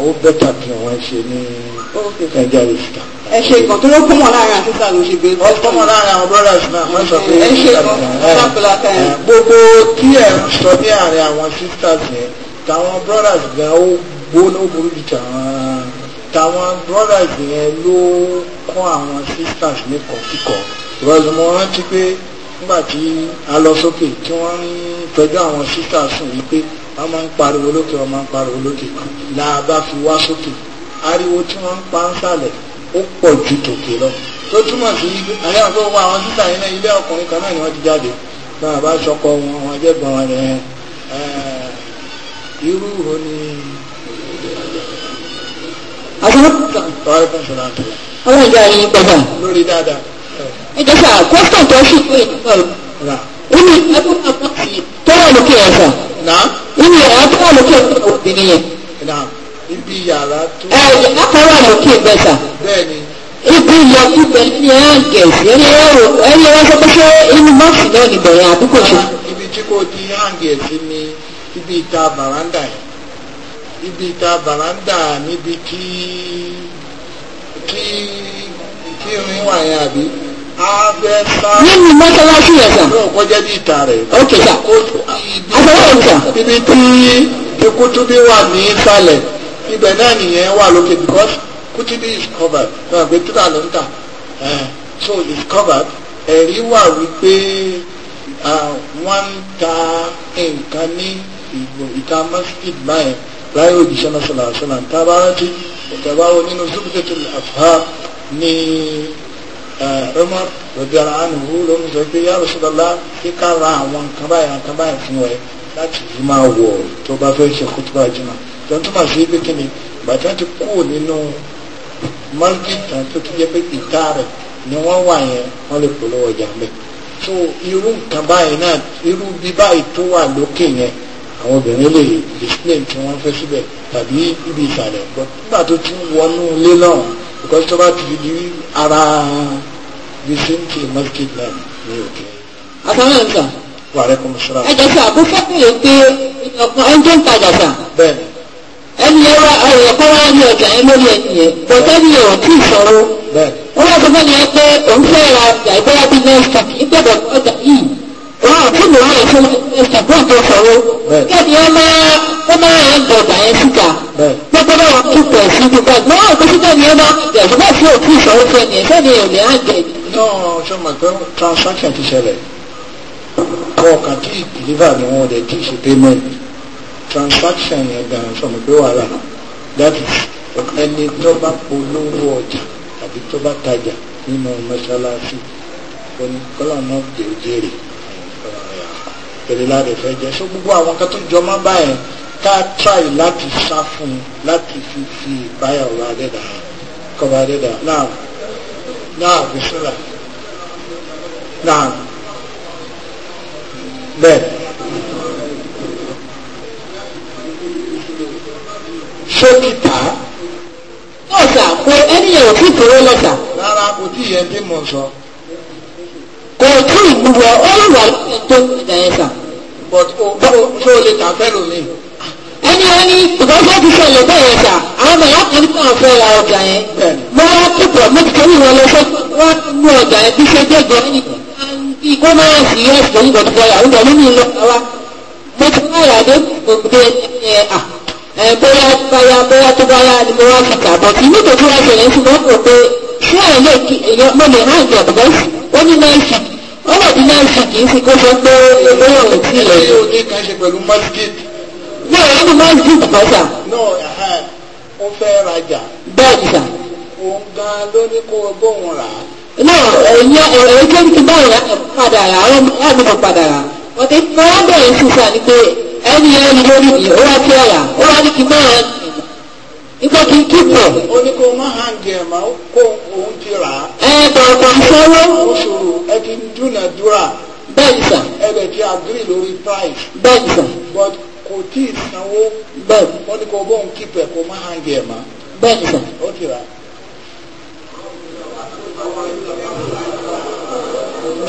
ó bẹ́tà kí wọ́n ṣe ní ẹ̀jẹ̀ ìṣìkà ẹ ṣe gan tó ló kọ́ mọ̀ láàrin àti sáà ló ṣe gbé. wọ́n kọ́ láàrin àwọn brothers náà wọ́n sọ pé ẹ ṣe gan sápẹ́lá kẹrin. gbogbo tí ẹ̀ ń sọ ní àárín àwọn sisters yẹn táwọn brothers gan ó gbóná burú ju tàwọn táwọn brothers yẹn ló kọ́ àwọn sisters ní kọ̀ọ̀kíkọ̀ rọ̀lù mọ́ rántí pé nígbà tí a lọ sókè tí wọ́n ń fẹjọ́ àwọn sisters sùn yìí pé wọ́n máa ń pariwo lókè wọ́n máa ń pariwo lókè làbá fi wá sókè ariwo tí wọ́n ń pa ń sàlẹ̀ ó pọ̀ ju tòkè lọ tó túmọ̀ sí wípé àwọn àgbẹ̀ wọn àwọn títà yìí náà ilé ọkùnrin kan náà ni wọ́n ti jáde náà bá sọkọ wọn àwọn ajẹ́gbọ̀n wọn rẹ̀ irú wo ni. àwọn ìjọ yìí gbọdọ. lórí dáadáa. ẹ jẹ́ sà kọ́sítọ̀ tó ṣì pé ìdúgbò ní ẹgbẹ́ tó wà lókè ẹ̀fọ́. ó ní tó wà lókè ẹ̀fọ́ ibi yàrá tó. ẹ ẹ akọrọ àlòkè bẹta. bẹ́ẹ̀ni. ibi ìyọkúbẹ ni ẹ gẹ̀ẹ́sì ẹni ẹ rò ẹni ẹ sọ pé ṣé inú bọ́ọ̀sì náà ni bẹ̀rẹ̀ àdúgbò ṣe. ibi tí kò di hangẹ̀ẹ́sì ni ibi ìta bàrándà yìí ibi ìta bàrándà níbi tí tí tí irin wà yẹn àbí. Nínú mọ́sálásí yẹn sàn. Yóò kọjá bí ìta rẹ̀. Ok sà. Àbẹ̀wò ìta. Ibi tí Ekutubi wà ní ìsàlẹ̀ ibẹ̀ náà nìyẹn wà lókè because kútìbí is covered náà gbé títà ló ń tà so is covered ẹ̀rí wà wípé wọ́n ń ta nǹkan ní ìta masjid báyẹn láyé òjíṣẹ́ náà sọ̀rọ̀ àṣọ náà tá a bá rántí ìtẹ̀wá wo nínú zubikẹ́tì àfà ní Umar rọ̀bíàrá ànúhù ló ń sọ pé yàrá sọ̀dọ̀lá kíkà ra àwọn nǹkan báyìí nǹkan báyìí fún ẹ láti fi máa wọ̀ tó bá fẹ́ ṣe kútùbà jùmọ̀ lọ́n tó bá sí pé kí ni bàtà ti kú nínú market kan tó ti jẹ́ pé ìta rẹ̀ ni wọ́n wà yẹn wọ́n lè polówó ọjà mẹ́ so irú nǹkan báyìí náà irú bí báyìí tó wà lókè yẹn àwọn obìnrin lè display tí wọ́n fẹ́ síbẹ̀ tàbí ibi ìsàlẹ̀ nígbà tó ti wọnú ilé náà because tó bá ti di ara vicinity market náà ní òkè. àtàwọn nǹkan. wàhálà kọ́mọ̀sára. ẹ jẹ́ sọ àbúfẹ́ kò lè gbé ọkàn ẹni tó ń tajà sà. bẹ́ẹ̀ni ẹni yẹn wá ọ̀rọ̀ kọ́ wá ní ọjà yẹn lórí ẹni yẹn bọ̀dọ̀ ni ọ̀ tí ìṣòro wọ́n wá sọ fẹ́ni yẹn pé òun fẹ́ ra ọjà ìgbéra bíi nẹ́ẹ̀sì ìgbẹ́bọ̀ ọjà yìí wọ́n àti mò ń rẹ̀ fún ẹ̀sà bọ́ọ̀ tó ṣòro kẹ́ni yẹn máa ó máa ń gbọ̀ ọjà síta gbogbo náà wọ́n tún pẹ̀ sí gbogbo àgbọ̀ wọ́n àgbọ̀ síta ni yẹn máa ń gbẹ̀ ṣùgbọ́n tí ò tí ìṣòro fẹ́ni ẹ̀ fẹ́ni ẹ̀ ní àgbẹ̀. náà ṣe transaction yẹn gan sọmọ pé wàhálà that is ẹni tó bá polówó ọjà tàbí tó bá tajà nínú mọ́ṣáláṣí oní kọ́lá náà jẹ́ òjèrè pẹ̀lú láre fẹ́ jẹ́ so gbogbo àwọn kan tó jọmọ́ báyẹn ká try láti sá fún un láti fi fi báyà ọ̀rọ̀ adẹ́dà kọ́ba adẹ́dà náà náà bisimilá náà bẹ́ẹ̀. sókìtà. lọ́sà pé ẹni yẹn ò tí ì lọ́sà. rárá kò tí ì yẹ mo sọ. kò tí ì gbúgbọ ó tó ìjà yẹn but o ṣó o lè fẹ́ lómi. ẹni ẹni ìgbọ́sọ́ ti ṣẹlẹ̀ bẹ́ẹ̀ sà àwọn ọmọ ìyá kan náà ra ọjà yẹn. mo wá kíkọ mo ti kẹ́rù wọn lọ sọ wá mú ọjà yẹn bí ṣe dẹ́gbẹ̀ẹ́ kó máa sì yẹ ẹ̀sìn ìgbọ̀dọ̀ ẹ bóyá báyá bóyá tó báyá ni mo wá fi kàbọ̀ kí ní tòkí wá ṣẹlẹ̀ sí wọ́n kò pé ṣé ẹ̀ lè kí èèyàn mo lè hàn jẹ̀ bọ́ sí ó ní náìsì ó lè di náìsì kì í fi kó sọ pé bóyá ò tí ì lè. ṣé o ní kan ṣe pẹ̀lú masjid. ní ọ̀rọ̀ ní masjid kọ́ sà. náà ó fẹ́ rajà. bẹ́ẹ̀ni sà. òun gan ló ní kó o bóun rà á. náà ẹ̀yin ọ̀rọ̀ ẹ̀jẹ̀ ń báyìí ẹni yẹn ni lórí mi ó wá sí ọ̀yà ó wá ní kí n má hàn nígbà kí n kí pọ̀. ó ní kó má hàn gẹ̀ mà ó kó òun ti rà á. ẹ bàbá ìṣòro. ó ṣòro ẹ ti dúnàdúrà. bẹ́ẹ̀ni sà. ẹ bẹ̀ ti agree lórí price. bẹ́ẹ̀ni sà. but kò tí ì sanwó. bẹ́ẹ̀ni. ó ní kó bóun kí pẹ̀ kó má hàn gẹ̀ mà. bẹ́ẹ̀ni sà. ó ti rà á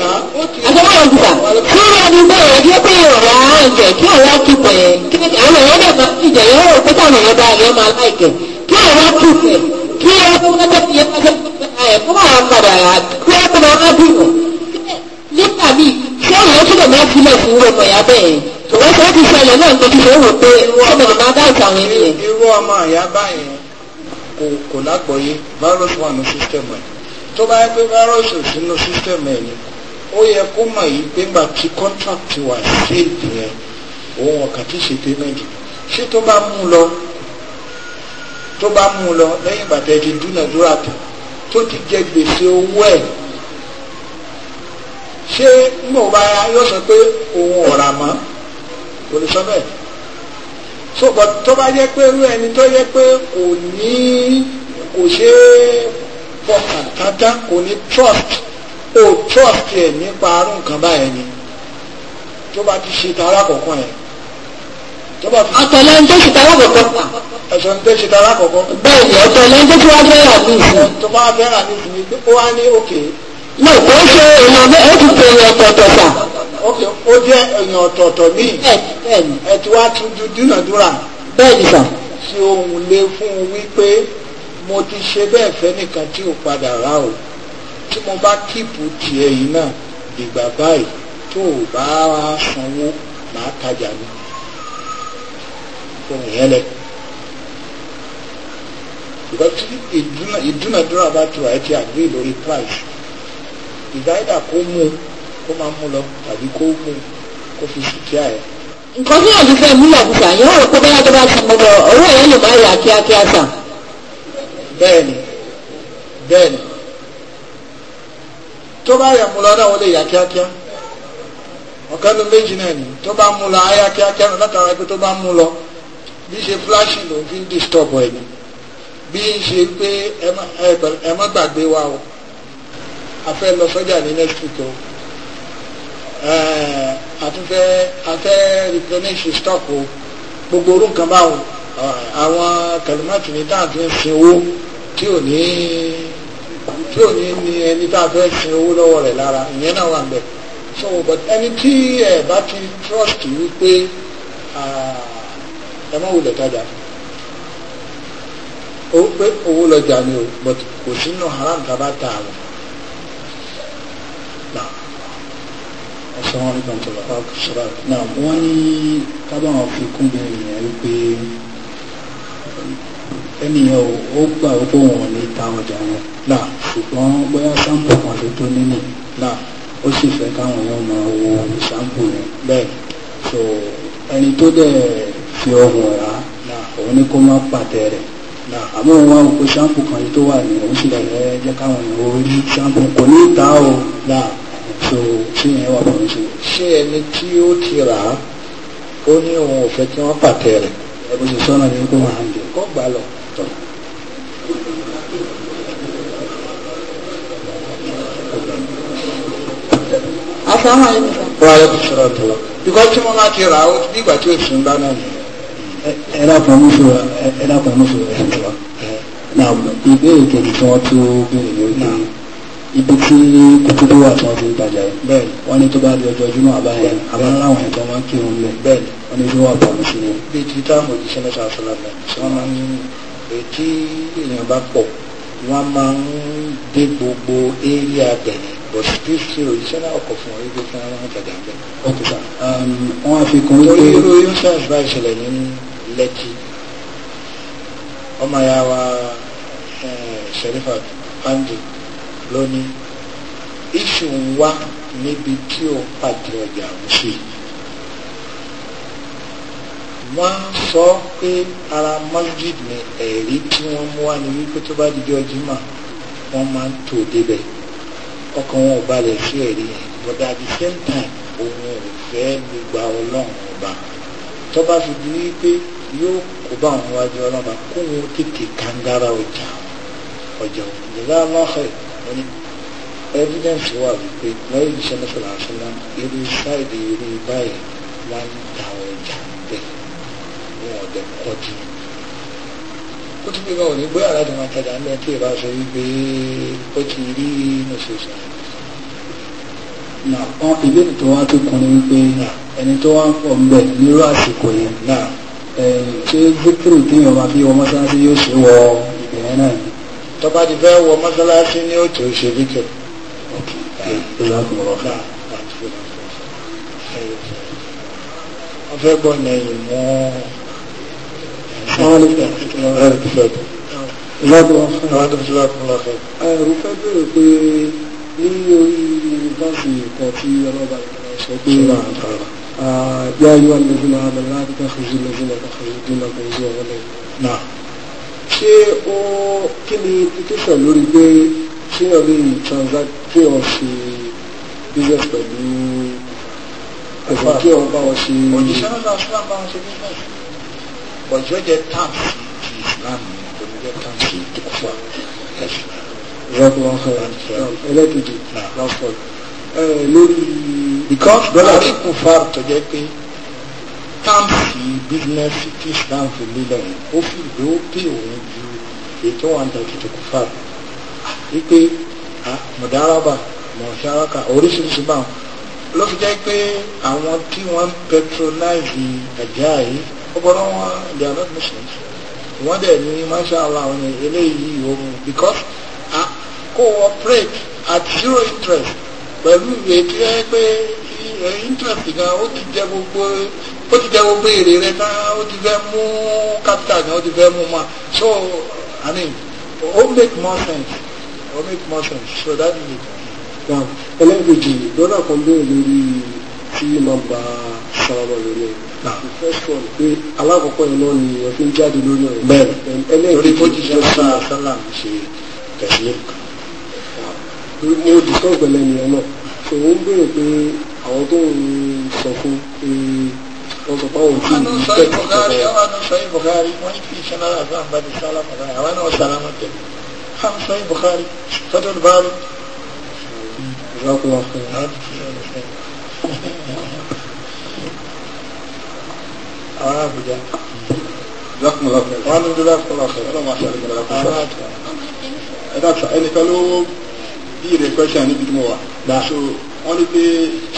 àtọ́wọ́ yẹn gbà tí ó yà ní bẹ́ẹ̀ ẹgbẹ́ pé ọ̀rọ̀ ẹ̀jẹ̀ kí ọ̀rọ̀ kìpẹ̀ kí àwọn èèyàn dẹ̀ máa ìjẹ̀ yẹn ó pé táwọn èèyàn bá ẹ̀yẹ́ máa láìkẹ̀ kí ọ̀rọ̀ kìpẹ̀ kí ó tó lọ́jọ́ ti yẹ lọ́jọ́ ẹ̀ kó máa padà kí ó tó máa bí wọ̀ nígbà míì tí ọ̀rọ̀ tó lè máa filẹ̀ fún ọmọ ìyá bẹ́ẹ̀ tòwọ́ tó ti ṣẹlẹ̀ náà ní kíkẹ́ wò pé ọmọ ìyá bá ìtàwọn ènìyàn. irú ọmọ ìyá báyìí kò kò lágbọ̀ọ́yé virus wà ní sísítẹ̀mù ẹ̀ tó bá yẹ pé virus ò sínú sísítẹ̀mù ẹ̀ ni k ó yẹ kó mọ̀ yìí pé gbà tí contract wà sí èdè rẹ̀ òun ọ̀kà tí ṣe payment ṣé tó bá mú lọ tó bá mú lọ lẹ́yìn ìgbà tẹ́ ti dúnàdúrà tó tó ti jẹ gbèsè owó ẹ̀ ṣé mo bá yọ sọ pé òun ọ̀rà mọ́ olùsọ bẹ́ẹ̀ so but tó bá yẹ pé irú ẹni tó yẹ pé kò ní kò ṣe é fọkàn tata kò ní trust o trust ẹ̀ nípa arún nǹkan báyẹn ni tó bá ti ṣe tara kọ̀ọ̀kan yẹn tó bá fi. àtọ̀lẹ́ ń tó ṣe tara kọ̀ọ̀kan. ẹ̀sọ̀ ń tó ṣe tara kọ̀ọ̀kan. bẹ́ẹ̀ ni ọ̀tọ̀lẹ́ ń tó ṣe wá fẹ́ràn ní ìsìn. tó bá fẹ́ràn ní ìsìn ó wá ní òkè. náà kò ń ṣe èèyàn bẹ́ẹ̀ ó ti pè é ọ̀tọ̀ọ̀tọ̀ sà. ok ó jẹ́ èèyàn ọ̀tọ̀ọ̀tọ̀ míì. bẹ́ẹ̀ni. ẹ ti wá tuju dúnàdúrà. bẹ́ẹ̀ni sà. ṣé ohun lè fún un wípé mo ti ṣe bẹ́ẹ̀ fẹ́ nìkan tí ò padà rà o tí mo bá kíìpù tiẹ̀ yìí náà dìgbà báyìí tó o bá sanwó màá tajà mi ohun yẹn lẹ ìgbàtí ìdúnàdúrà bá ti wà ti àgbé lórí price ìdáyìdà kó mú kó máa mú lọ tàbí kó mú kó fi sùtíà ẹ. nǹkan tí àdúgbò fẹ́ mú làkúta yẹn wọ́n rò pé bẹ́ẹ̀ tó bá ti mọ̀ owó yẹn lè má yà kíákíá sàn. bẹ́ẹ̀ni bẹ́ẹ̀ni tó bá yẹ mu lọ náà wọ́n lè yà kíákíá ọ̀kan ló méjì náà ni tó bá mu lọ ayá kíákíá náà látara pé tó bá mu lọ bí ṣe fúláṣì ló fi ń disturb ẹ̀ ni bí ń ṣe pé ẹ gbàgbé wa o a lọ sọ́jà ní next week o àtúnfẹ́ afẹ́ replenish stock o gbogbo orú nǹkan báwo àwọn kẹlẹ́mọ́tì ní táàtì ń sin owó tí ò ní tí ò ní ní ẹni tá a fẹ́ sin owó lọ́wọ́ rẹ̀ lára ìyẹn náà wà ń bẹ̀ so but ẹni tí ẹ bá ti trust wípé ẹ má wulẹ̀ tajà ó pé owó lọ́jà ni o but kò sínú haram tá a bá ta àwọn. Assalamu alaikum tọ́lá pàákì sọ́lá náà wọ́n ní kábàámọ̀ fi kún bẹ́ẹ̀ yẹn wípé ẹnìyàn ó gbà ó bọ̀ wọ́n ní ta ọjà wọn là ṣùgbọ́n bóyá sáǹpù kan ló tó nínú là ó sì fẹ́ káwọn yóò máa wo sáǹpù yẹn bẹ́ẹ̀ so ẹni tó dẹ̀ fi ọ̀hún rà là òun ní kó má pàtẹ rẹ̀ là àmọ́ òun wá pé sáǹpù kan tó wà ní òun sì lẹ̀ jẹ́ káwọn yóò rí sáǹpù kò ní ta o là so ṣé yẹn wà fún ṣe. ṣé ẹni tí ó ti rà á ó ní òun ò fẹ́ kí wọ́n pàtẹ rẹ̀. ẹ bó ṣe sọ́nà ní kó máa ń jẹ kó gbà lọ asalaamu aleykum sir. wa aleykum salaam tala. because tí o sì ń bá náà nìyẹn. ẹ dákun mú sí wa ẹ dákun mú sí wa ẹ sọ. na ìbéèrè kejì tí wọ́n tó béèrè lórí náà ibi tí kúkúrú wà tí wọ́n ti ń gbàjà yìí. bẹ́ẹ̀ wọ́n ní tó bá di ọjọ́ júmọ̀ àbáyẹn àmọ́ láwọn ìtàn máa ń kírun lẹ̀ bẹ́ẹ̀ wọ́n ní yóò wà pàmò sí i. bíi ti táàmù òjíṣẹ́ mẹ́ta pé tí èèyàn bá pọ̀ wọ́n máa ń dé gbogbo eré abẹ̀rẹ̀ but tí ṣe òṣìṣẹ́ náà ọkọ̀ fún ọ wípé fún àwọn ọ̀tàdà ń bẹ̀. wọ́n á fi kún wípé. torí irú instance bá ìṣẹ̀lẹ̀ ní lẹ́kì ọmọ ya wa eh, Sherifa Pandi lónìí iṣu ń wá níbi tí ó pàdé ọjà òun sí i wọ́n sọ pé ara masjid ni ẹ̀rí tí wọ́n mú wá ní wípé tó bá dijọ́ jimá wọ́n máa ń tò débẹ̀ ọkàn wọn ò balẹ̀ sí ẹ̀rí yẹn but at the same time òun ò fẹ́ gbígba ọlọ́run ọba tó bá fi di wípé yóò kó bá àwọn iwájú ọlọ́ba kó wọn tètè kangara ọjà ọjà ìjọba aláfẹ́ wọn ni evidence wà wípé lọ́yìn ìṣẹ́ mẹ́fẹ̀lá fúnra irú sáìdì irú báyìí wọ́n ń ta ọjà wọn ọ̀dẹ̀ kọjú ó ti gbégbá òní gbé àràdùn àtàdà ń lọ tí ìbá sọ wípé ó ti rí inú ṣoṣo náà kan ìbéèrè tó wá tó kún ni wípé ẹni tó wá ń pọ̀ ń bẹ̀ nírú àsìkò yìí náà ṣé zikiru téèyàn máa fi wọ mọ́sálásí yóò ṣe wọ ìbẹ̀rẹ̀ náà ni. tó bá ti fẹ́ wọ mọ́sálásí ni ó ṣe zikiru. wọ́n gbọ́ lẹ́yìn mọ́. السلام عليكم ورحمة الله وبركاته. ìlànà àwọn ìṣẹ́lẹ̀kùn lọ́kẹ́. ẹ̀rù fẹ́ bèèrè pé ní orí yunifásitì kan tí ọlọ́ba ìpínlẹ̀ sọ pé yá yọ lẹ́gbẹ̀ẹ́ àmì láti káfíńsì lẹ́gbẹ̀ẹ́ káfíńsì dínà kọ̀ọ̀sì ọ̀rọ̀ lẹ́yìn. ṣé ó kí ni implication lórí pé business pẹ̀lú ẹ̀fọ́ kí o bá bọ̀ yóò jẹ́ tán sí ti islam kò ní jẹ́ tán sí ti kúfà ẹ̀sìn. ìrọ́pọ̀ wọn fẹ́ wọn fẹ́ ẹlẹ́kejì lọ́pọ̀ lórí. because àrí kúfà tó jẹ́ pé tán sí bísínẹ́sì tí islam fi lílẹ̀ ó fi ló pè òun ju ètò àǹtà ti kúfà wípé mọ̀dáraba mọ̀ṣáraka oríṣiríṣi báwọn ló fi jẹ́ pé àwọn tí wọ́n patronize ẹ̀já yìí ọgbọ́dọ̀ wọn they are not muslims wọ́n dẹ̀ ní masha allah wọn eléyìí oorun because a ah, cooperate at zero interest pẹ̀lú ètò ẹ pé eh, interest gan ó ti jẹ gbogbo ó ti jẹ gbogbo èrè rẹ tán ó ti fẹ́ mú capital gan ó ti fẹ́ mú ma so i mean ó make more sense ó make more sense so that is it. ẹlẹ́gbẹ̀jì lọ́nà kan bẹ́ẹ̀ lórí tí màá bá sábà lórí ẹ̀. Ah. alákọ̀ọ́kọ́ yìí náà ni wọ́n fi ń jáde lórí ọ̀rọ̀ bẹ́ẹ̀ ẹlẹ́yìn lórí kójú ṣe ṣe sálà ń ṣe tẹ̀sílẹ̀ mo ah. dì sọ ìpẹ̀lẹ̀ nìyẹn náà òun béèrè pé àwọn tó ń sọ fún wọ́n sọ fáwọn ojú ìlú tẹ̀sí ìjọba. Ìjọba kò wá fún wa. àwọn ará Àbújá. lákùnlọ́fẹ́ wọn ló dé lákùnlọ́fẹ́ wọn máa ṣàlùkọ́ lákùnlọ́fẹ́. ẹ dàpọ̀ ẹnìkan ló bí ìrẹ̀ pẹ́ṣẹ̀ níbi tí mo wà. so wọ́n ní pé.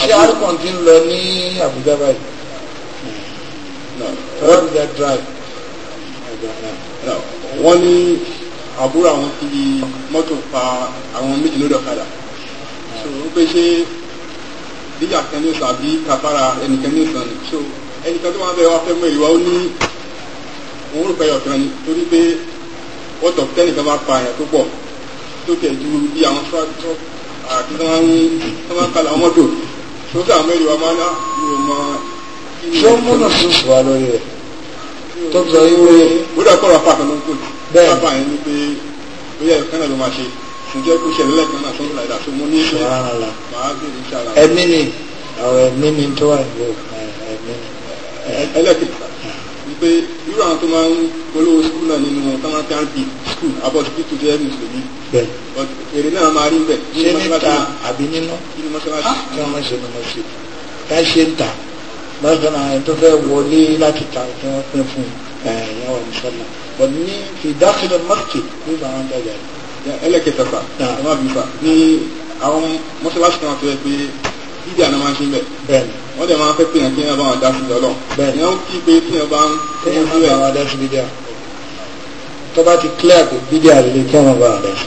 ṣé arúgbọ̀n ti ń lọ ní Àbújá báyìí. Àbújá drive. wọ́n ní àbúrò àwọn fi mọ́tò pa àwọn méjì lórí ọ̀kadà so ó pé ṣé bíyà kan ní sàn àbí kàfàrà ẹnìkan ní sàn ni so ẹnìkan tó máa bẹ wá fẹ́ mọ ìwà ó ní òun rò pẹ́yọ̀ kan torí pé ó tọ̀ tẹ́nìkan bá pa àyàn tó pọ̀ tó tẹ̀ ju bí àwọn tíwájú àti tó máa ń tó máa ń kalà mọ́tò tó kà mẹ́rin wa máa ń mi ò mọ. ṣé ó múnà tó sùn wá lórí rẹ̀ tó sọ wípé. ó dà kọ́ra pàtó ló ń kó bẹ́ẹ̀ pápá yẹn ni pé bóyá ìkan náà ló máa ṣe ǹjẹ́ kó ṣẹlẹ̀ lẹ́ẹ̀kan náà sọ́dún láìda tó mú ní ẹ̀mí ni àwọn ẹ̀mí ni tó wà ní òkú ẹlẹ́kẹ̀ta wípé irú àwọn tó máa ń polówó skul náà nínú wọn táwọn ti ń bi skul abọ́sibítù tó yẹ mùsùlùmí èrè náà máa rí bẹ̀. ṣé níta àbí nínú ah! kí wọ́n máa ṣe nínú sí ká ṣe ń ta lọ́sàn-án àwọn tó fẹ́ wọlé láti ta kí wọ́n pín fún ẹ̀yàn ọ̀mùsọ̀lá wọ́n ní ìdákìlọ̀ mọ́tì nígbà wọn dàgbà ẹlẹ́kẹ̀ẹ́ta fà ah. ẹ má bí fà ní àwọn mọ́sálásí kan tó yẹ pé bíbí àná máa ń ṣe bẹ́ẹ̀ wọ́n dẹ̀ máa ń fẹ́ pé yẹn kí yẹn bá wọn dá sí lọ́lọ́ yẹn ń kí pé kí yẹn bá ń kí yẹn bá wọn dá sí bídíà tó bá ti clear pé bídíà lè kí wọn bá wọn dá sí.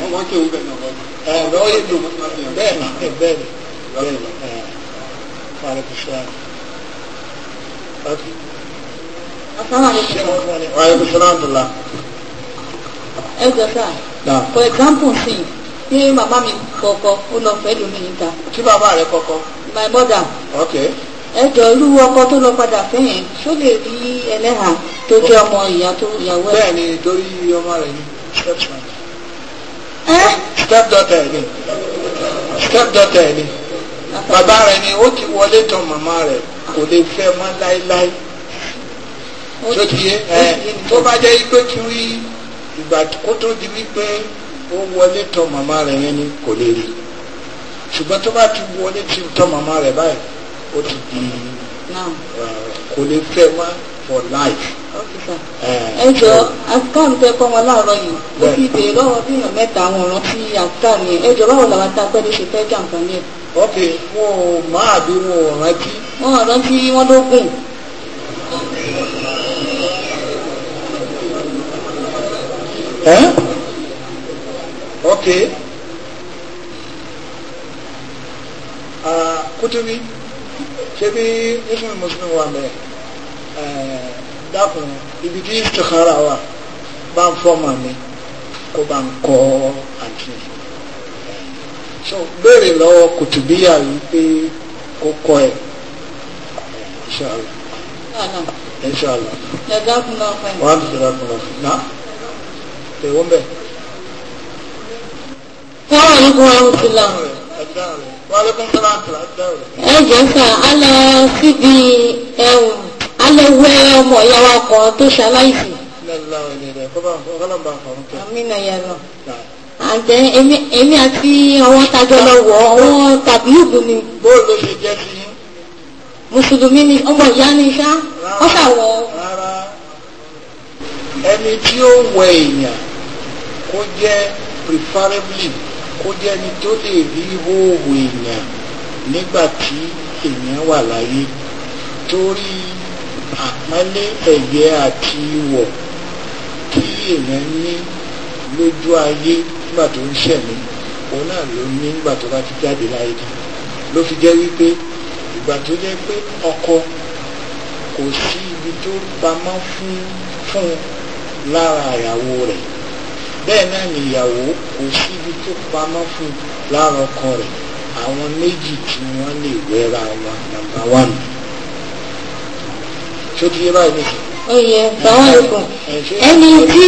wọ́n máa ń kí òun bẹ́ẹ̀ náà lọ́wọ́. ẹ lọ́wọ́ yìí dùn bẹ́ẹ̀ ni bẹ́ẹ̀ ni bẹ́ẹ̀ ni fàlẹ́ kò sọ àná. asalaamualeykum. wa aleykum salaam. ẹ jọ sá. for example sin bí màmá mi kọ̀ọ̀kọ̀ ó lọ fẹ́ lómi níta. kí bàbá rẹ kọ̀ọ̀kọ̀. my mother. ok. ẹjọ irú ọkọ tó lọ padà fẹ́yìn ṣó lè rí ẹlẹ́hà tó jẹ́ ọmọ ìyá tó ìyàwó ẹ̀. bẹ́ẹ̀ni torí ọmọ rẹ ni step son. ẹ. step daughter ẹ ni step daughter ẹ ni bàbá rẹ ni ó ti wọlé tán màmá rẹ kò lè fẹ́ mọ́ láéláé tó ti yé ẹ tó bá jẹ́ pé kiri ìgbà kó tó di wípé ó wọlé tọ̀ màmá rẹ̀ yẹn ní kò lè rí ṣùgbọ́n tó bá ti wọlé tí tọ̀ màmá rẹ̀ báyìí ó ti di eh, kò lè fẹ́ wá for life. Eh, ẹ jọ afghan tẹ kọ́ wọn láàárọ̀ yìí ó fi béèrè lọ́wọ́ bíyàn mẹ́ta àwọn ọ̀ràn sí afghan yẹn ẹ jọ báwo làwọn tá a pẹ́ẹ́lẹ́ ṣe fẹ́ jàǹfààní ẹ̀. ok wọn ò máa bí wọn ò rántí. wọn ò rántí wọn ló gùn. ẹ́ Ok. okay kutubi ṣebí islam muslim wa mẹ dákun ibi tí istikhara wa bá ń fọmọ mi kó bá ń kọ àti so béèrè lọ́wọ́ kutubiya yìí pé kó kọ ẹ inshallah inshallah. ẹ dákun náà pẹ̀lú. wàá dùn dákun náà pẹ̀lú. na tẹ̀wọ́n bẹ́ẹ̀. وعليكم ورحمة الله ẹ jẹ́ sà á lọ síbi ẹ̀wọ̀n á lọ wẹ ọmọ ìyá wa kan tó ṣaláìsí. àmínà yà lọ. àǹtẹ̀ èmi àti àwọn tajọ lọ wọ̀ ọwọ́ tàbí ìlú ni. bóòlù ló ṣe jẹ́ sí. mùsùlùmí ni ọmọ ìyá ni ṣá ọ ṣàwọ̀. ẹni tí ó wẹ èèyàn kó jẹ́ preferably kó jẹ́ ni tó lè rí ìhòòhò èèyàn nígbà tí èèyàn wà láyé torí àpọ́nlé ẹ̀yẹ àti ìwọ̀ tí èèyàn ní lójú ayé nígbà tó ń ṣẹ̀mí òun náà ló ní nígbà tó bá ti jáde láyé tán ló fi jẹ́ wípé ìgbà tó jẹ́ pé ọkọ kò sí ibi tó pamọ́ fún fún lára ìyàwó rẹ̀ bẹ́ẹ̀ náà nìyàwó kò síbi tó pamọ́ fún lára ọkọ rẹ̀ àwọn méjì tí wọ́n lè wẹ́ra wọn nàmbà wán. ṣó ti yé báyìí nìyí. ó yẹ báwọn ẹ̀kọ́ ẹni tí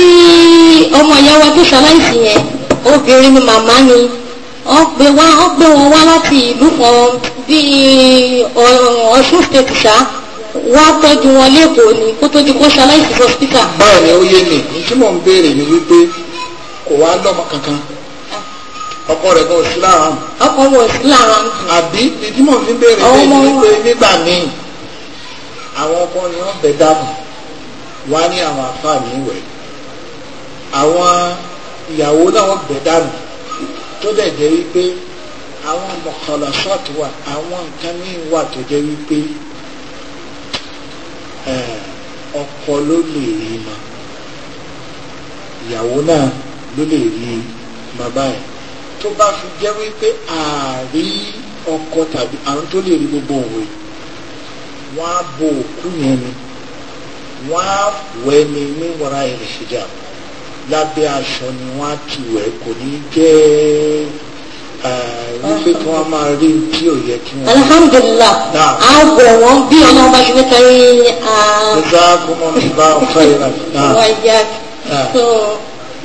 ọmọ ìyá wa tó ṣaláìsí yẹn obìnrin ni màmá ni wa gbé wọn wá láti ìlú kan bíi Ọ̀ṣun state ṣáá wá tọ́jú wọn lẹ́kọ̀ọ́ ni kó tó di kó ṣaláìsí hospital. báyìí ó yé mi tí mò ń béèrè ni wípé kò wá lọ́mọ kankan ọkọ rẹ̀ kò sí lára hàn. ọkọ wọ sí lára hàn. àbí ìdí mò ń fi béèrè bẹ́ẹ̀ ni pé nígbà míì àwọn ọkọ ni wọ́n bẹ̀ dànù wá ní àwọn àfààní ìwẹ̀ àwọn ìyàwó náà bẹ̀ dànù tó dẹ̀ jẹ́ wípé àwọn mọ̀kànlá ṣọ́ọ̀tì wà àwọn nǹkan míì wà tó jẹ́ wípé ọkọ ló lè rí ma ìyàwó náà ló lè rí bàbá ẹ̀ tó bá fi jẹ́ wípé ààrí ọkọ tàbí àwọn tó lè rí gbogbo òwe wọ́n á bo òkú yẹn ni wọ́n á wẹ̀ ni níwọ̀nra ìrìnsìjà lábẹ́ aṣọ ni wọ́n á ti wẹ̀ kò ní jẹ́ wípé kí wọ́n máa rí tí ò yẹ kí wọ́n. alhamdulillah aago wọn bí ọmọ ọba ṣe nípa yín. ṣé sáà kó mọ́ mi bá ọ̀fẹ́ ìrànlọ́wọ́. wọ́n yá so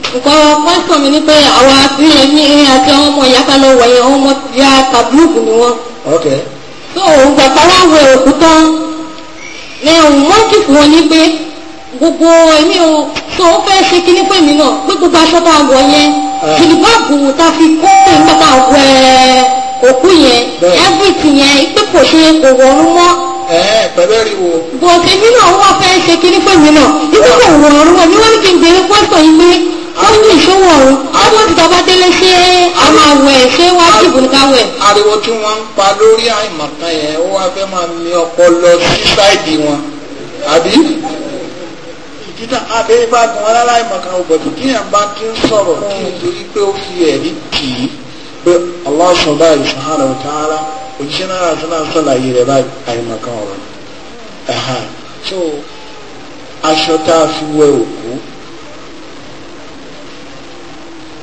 because wọ́n sọ mi ní pé àwọn àfihàn ní eré àti àwọn ọmọ ìyá kan lọ wọ̀nyẹn àwọn ọmọ ìyá tàbílùkù ni wọ́n. okay. so gbàgbà wà wẹ òkú tán ní wọ́n kì fún wọn ní pé gbogbo èmi ò tó ń fẹ́ ṣe kíní fún èmi náà pé gbogbo aṣọ tá a wọ̀ yẹn kìlìbáàbù ah. tá a fi kó nígbà tá a wẹ òkú yẹn everything yẹn pé kò ṣe kò wọ̀ọ́rún mọ́ pẹ̀lẹ́ rí wo. bọ̀dé mi náà wọ́n fẹ́ ṣe kíní fún mi náà ikú kò wọ̀ọ́rún mọ́ mi wọ́n ní kí n bèrè pọ́sọ̀ yìí pé lọ́dún ìṣòwò o ọmọ ti tọ́ba délé ṣé a máa wẹ̀ ṣé wájìbù ní ká wẹ̀. ariwo tí wọ́n ń pa lórí àìmọ̀kan yẹn ó wá fẹ́ máa mi ọpọlọ sí sáìdì wọn àbí títà abẹ́ bá gun alára ìmọ̀kan ò bọ̀dù kí yẹn bá ti ń sọ̀rọ̀ kí nítorí pé ó fi ẹ̀rí kì í pé Allah subhanahu wa ta'ala òjíṣẹ́ náà àti náà sọ̀làyé rẹ̀ bá àìmọ̀kan ọ̀rọ̀ so aṣọ tá a fi wẹ òkú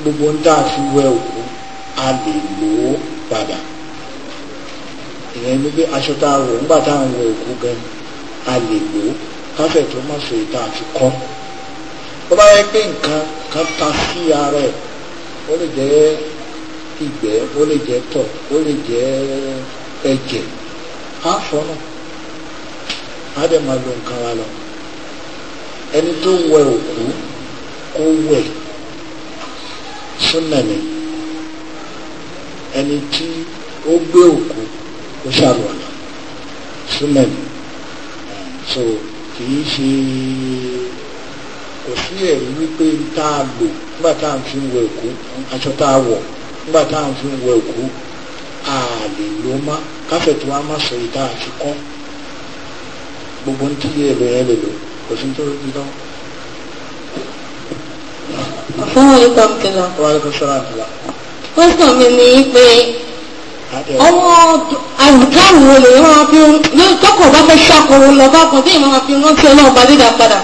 gbogbo ń tà fi wẹ òkú a lè lò ó padà ìyẹn ni pé aṣọ tá a wọ̀ nígbà tá à ń òkú gan a lè lò ó káfẹ̀ tó má so ìta àfi kọ́ ó bá yẹ pé nǹkan kan ta sí ara ẹ̀ ó lè jẹ́ ìgbẹ́ ó lè jẹ́ tọ̀ ó lè jẹ́ ẹ̀jẹ̀ á fọ́ náà á dẹ̀ máa lo nǹkan wa lọ ẹni tó wẹ òkú kó wẹ̀ súnà ẹni tí ó gbé òkú ó ṣàlùwàlà súnà ni so kì í ṣe kò sí ẹ̀rí wípé tá a lò nígbà tá à ń fi wọ òkú aṣọ tá a wọ̀ nígbà tá à ń fi wọ òkú a lè lò má káfẹ́ tí wọ́n á má sọ yìí tá a fi kọ́ gbogbo ní tí ẹ̀rọ yẹn lè lò kò sí ní tó Assalamualaikum warahmatullahi wabarakatuh. Pẹ́sítọ̀ mi ni pé ọwọ́ àìkáàrù wo lè máa fi lórí tọ́kọ̀ bá fẹ́ ṣàkóso lọ bá kan bí èèyàn máa fi rántí ọlọ́run bá dídà padà.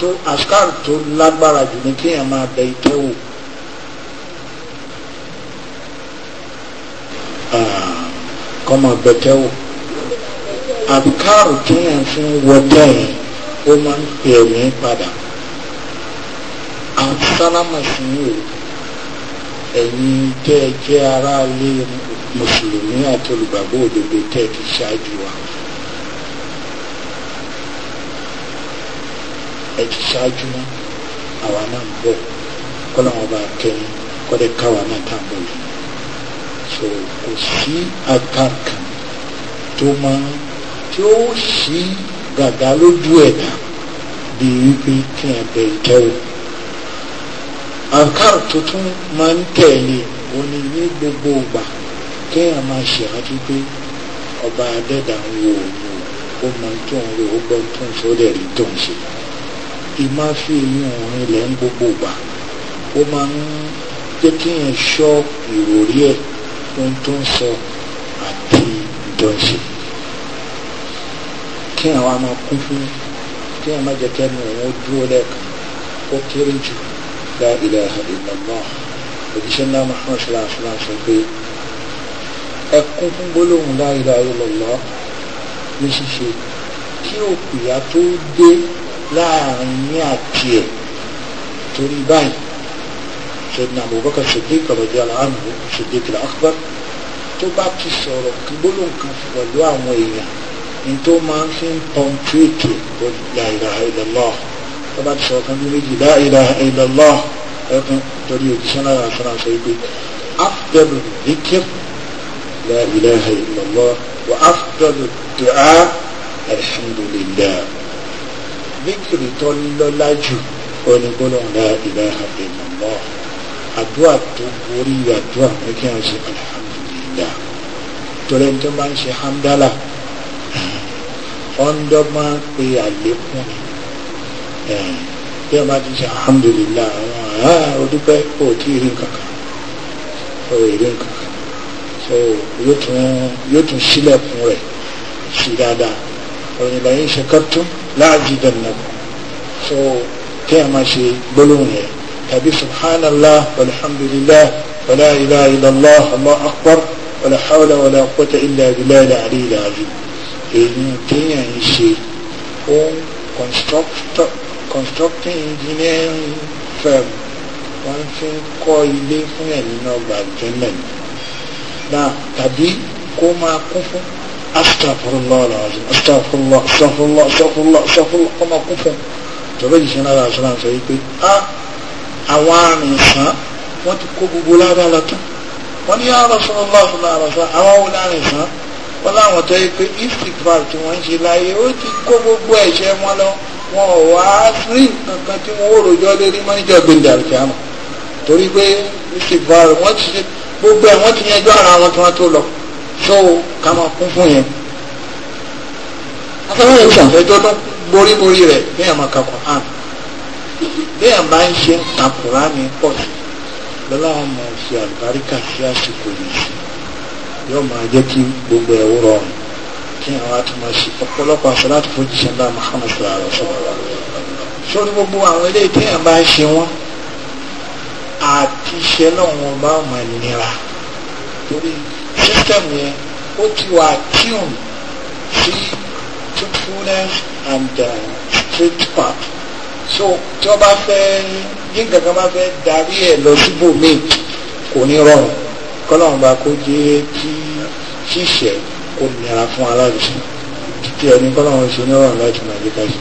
Tó àṣkáàrù tó lágbára jù ni kéèyàn máa bẹ ike wò. Ah, Kọ́mọ bẹ̀tẹ̀ wò. Àbíkáàrù kéèyàn fi ń wọ ó máa ń pè mí padà àwọn tí sálámà sí ní o ẹ̀yin tẹ́ ẹ jẹ́ aráalé mùsùlùmí àti olùgbàgbọ́ òdodo tẹ́ ẹ ti ṣáájú wa ẹ ti ṣáájú mọ́ àwa náà ń bọ̀ kọ́lá wọn bá kẹ́ni kọ́lẹ́ káwa náà tá a bọ̀ yìí so kò sí akankan tó máa tí ó ṣí gàgà lójú ẹ̀dá bíi wípé kí ẹ bẹ ìtẹ́wọ̀ ankar tuntun máa ń tẹ̀lé òní ní gbogbo ìgbà kéèyàn máa ṣe àti pé ọba adẹ́dà ń wo òun ó máa tó ń ro ó gbọ́n tó ń sórí ẹ̀rí tó ń ṣe ìmá fi ìyún òun ilẹ̀ ń gbogbo ìgbà ó máa ń jẹ́ kéèyàn ṣọ́ ìròrí ẹ̀ ohun tó ń sọ àti ìdọ̀ṣe kéèyàn wá máa kún fún kéèyàn má jẹ́ kẹ́nu òun ó dúró lẹ́ẹ̀kan ó kéré jù لا إله إلا الله وجشنا محمد صلى الله عليه وسلم أكون قولون لا إله إلا الله يسيسي كيو قياتو دي لا نياتي توري باي سيدنا أبو بكر صديق رضي الله عنه صديق الأخبر تو باتي سورو قبولون كفو ولوا موينيا انتو ما فين بانتويتي لا إله إلا الله tọ́ba ti sọ̀rọ̀ kan ní méjì la ilaha illallah ẹkún torí òjíṣẹ́ náà àṣírà sọ pé afdalu dhikr la ilaha illallah wa afdalu du'a alhamdulillah dhikri tó lọ́lá jù onígbọ́nà la ilaha illallah àdúrà tó borí àdúrà mẹ́kẹ́ àṣẹ alhamdulillah torí tó máa ń ṣe hamdala ọ̀ndọ́ máa ń pe àlékún ni bí a máa ti ṣe alhamdulillah àwọn ọdúpẹ́ kò tí ì rí kankan kò ì so yóò tún sílẹ̀kùn rẹ̀ sí dáadáa òun ìgbà yìí ṣe kẹ́tù so kí a máa ṣe gbólóhùn subhanallah alhamdulillah wàlá ilaha illallah allahu akbar wàlá hawla wàlá quwwata illa billahi al-ali al-azim èyí kéèyàn ń ṣe ó Constructing engineering firm wọ́n fi ń kọ́ ilé fún ẹ̀mí náà gbà tẹ́lẹ̀ náà tàbí kó máa kún fún astagfirullah alazim astagfirullah astagfirullah astagfirullah astagfirullah kó máa kún fún tọ́lá ìṣẹ́ náà láti máa sọ wípé a àwọn àrùn ìsàn wọ́n ti kó gbogbo lábala tán wọ́n ní ya Rasulullah sọ́lá àrọ̀sọ́ àwọn wo láàrin ìsàn wọ́n láwọn tọ́ yìí pé istikfar tí wọ́n ń ṣe láyé ó ti kó gbogbo ẹ̀ṣẹ̀ wọn lọ wọn ò wá rí nǹkan kan tí wọn ò rojọ́ lérí mọ́ níjọ́ gbẹ̀ndẹ̀ àrùkíámà torí pé ìṣègbọ́n wọn ti ṣe gbogbo ẹ̀ wọ́n ti yanjú ara wọn tí wọ́n tó lọ so ká máa kún fún yẹn. afẹ́fẹ́ yìí sàn fẹ́ dọ́dún boríborí rẹ̀ bẹ́ẹ̀ máa ka Quran bẹ́ẹ̀ máa ń ṣe ka Quran pọ̀ sí lọ́la wọn máa fi àlùbáríkà sí àsìkò yìí yóò máa jẹ́ kí gbogbo ẹ̀ wúrọ̀ ọ̀hún kí àwọn atúmọ̀ sí ọ̀pọ̀lọpọ̀ àṣàlátù fún jíṣẹ́ ńlá Muhammad sallallahu alaihi wasallam sórí gbogbo àwọn eléyìí téèyàn bá ń ṣe wọ́n àti iṣẹ́ náà wọn bá mọ̀ nira torí sísítẹ̀mù yẹn ó ti wà tíùn sí truthfulness and uh, straight path so tí wọ́n bá fẹ́ yín kankan bá fẹ́ darí ẹ̀ lọ síbòmíì kò ní rọrùn kọ́lọ́run bá kó jẹ́ kí ṣíṣẹ́ kó fún aráàlú tí ẹni kọ́ láwọn ṣe níwọ̀n láti máa gbé káṣí.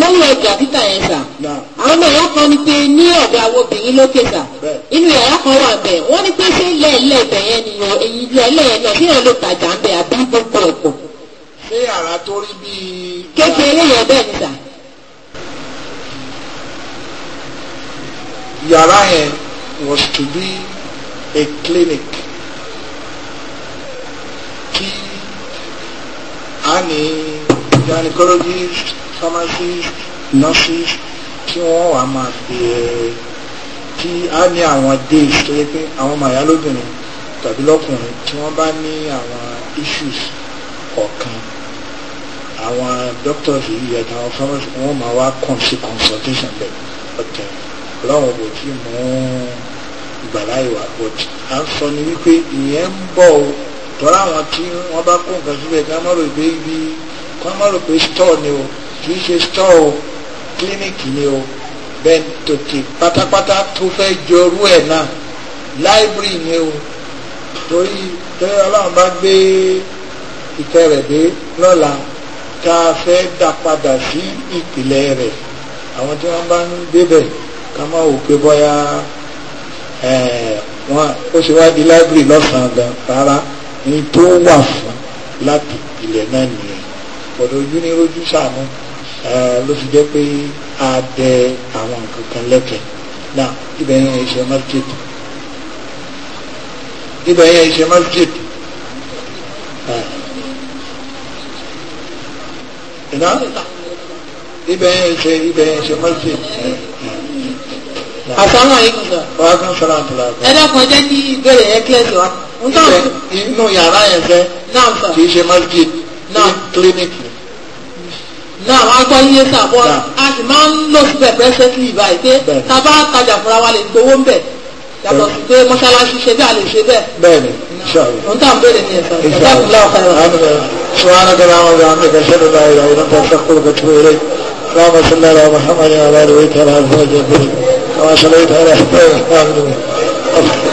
lórí ọjà títà yẹn sà àwọn ọmọ ìyá kan ní pé ní ọ̀dọ̀ àwọn obìnrin lókè sà inú yàrá kan wà bẹ́ẹ̀ wọ́n ní pé ṣé lẹ́ẹ̀lẹ́ ibẹ̀ yẹn ni èyí lẹ́ẹ̀lẹ́ yẹn náà síyàn ló tajà ń bẹ àbí gbogbo ọ̀pọ̀. ṣé yàrá tó rí kékeré yẹn bẹ́ẹ̀ ni sà. yàrá yẹn was to be a clinic a ní gynecologist pharmacist nurses tí wọ́n wà máa bèèrè tí a ní àwọn days tó yẹ pé àwọn màyà àwọn issues kọ̀ọ̀kan doctors yìí ẹ̀dá àwọn pharmacists wọ́n máa wá kàn sí consultation bẹ́ẹ̀ ọ̀tẹ̀ eh, ọlọ́run kò tí mú ìgbàláyè wá but à ń sọ ni wípé ìyẹn ń bọ̀ tọ́lá àwọn tí wọ́n bá kó nǹkan síbẹ̀ kí wọ́n má rò pé ibi kí wọ́n má rò pé stọ́ọ̀ ni o kì í ṣe stọ́ọ̀ o kílíníkì ni o bẹ́ẹ̀ tòkè pátápátá tó fẹ́ jọrú ẹ̀ náà láìbírì ni o torí tẹ́lẹ̀ ọlọ́run bá gbé ìtẹ́ rẹ̀ dé lọ́la tá a fẹ́ dá padà sí ìpìlẹ̀ rẹ̀ àwọn tí wọ́n bá ń débẹ̀ ká má wò pé bọ́yá ẹ̀ wọ́n ó ṣe wá di láìbírì lọ́sàn-án gan rárá ní tó wà fún láti ìpìlẹ̀ náà nìyẹn pọ̀lọ̀ ojú ní rojú sàánú ló fi jẹ́ pé a bẹ àwọn nǹkan kan lẹ́kẹ̀ẹ́ náà ibẹ̀ yẹn ìṣe market ibẹ̀ yẹn ìṣe market ìná ibẹ̀ yẹn ìṣe ibẹ̀ yẹn ìṣe market asalaamaaleykum sir. wa kan salaam tala. ẹ dákun jẹ́ kí ìbéèrè yẹn kílẹ̀ sí wa inú yàrá yẹn fẹ́ kì í ṣe masjid clinic ni. náà wọ́n á gbọ́ iye sàbọ̀ a sì máa ń lọ síbẹ̀ presently báyìí pé tá a bá tajà fúnra wa lè gbowó ń bẹ̀ yàtọ̀ sí pé mọ́ṣáláṣí ṣe bí a lè ṣe bẹ́ẹ̀. bẹ́ẹ̀ni ṣàlùfẹ́. ohun tá à ń béèrè ni ẹ̀sán. ìṣàlùfẹ́ سبحانك اللهم وبحمدك اشهد ان لا اله الا انت استغفرك واتوب اليك اللهم صل على محمد وعلى ال بيته وعلى ازواجه كما صليت على ابراهيم وعلى ال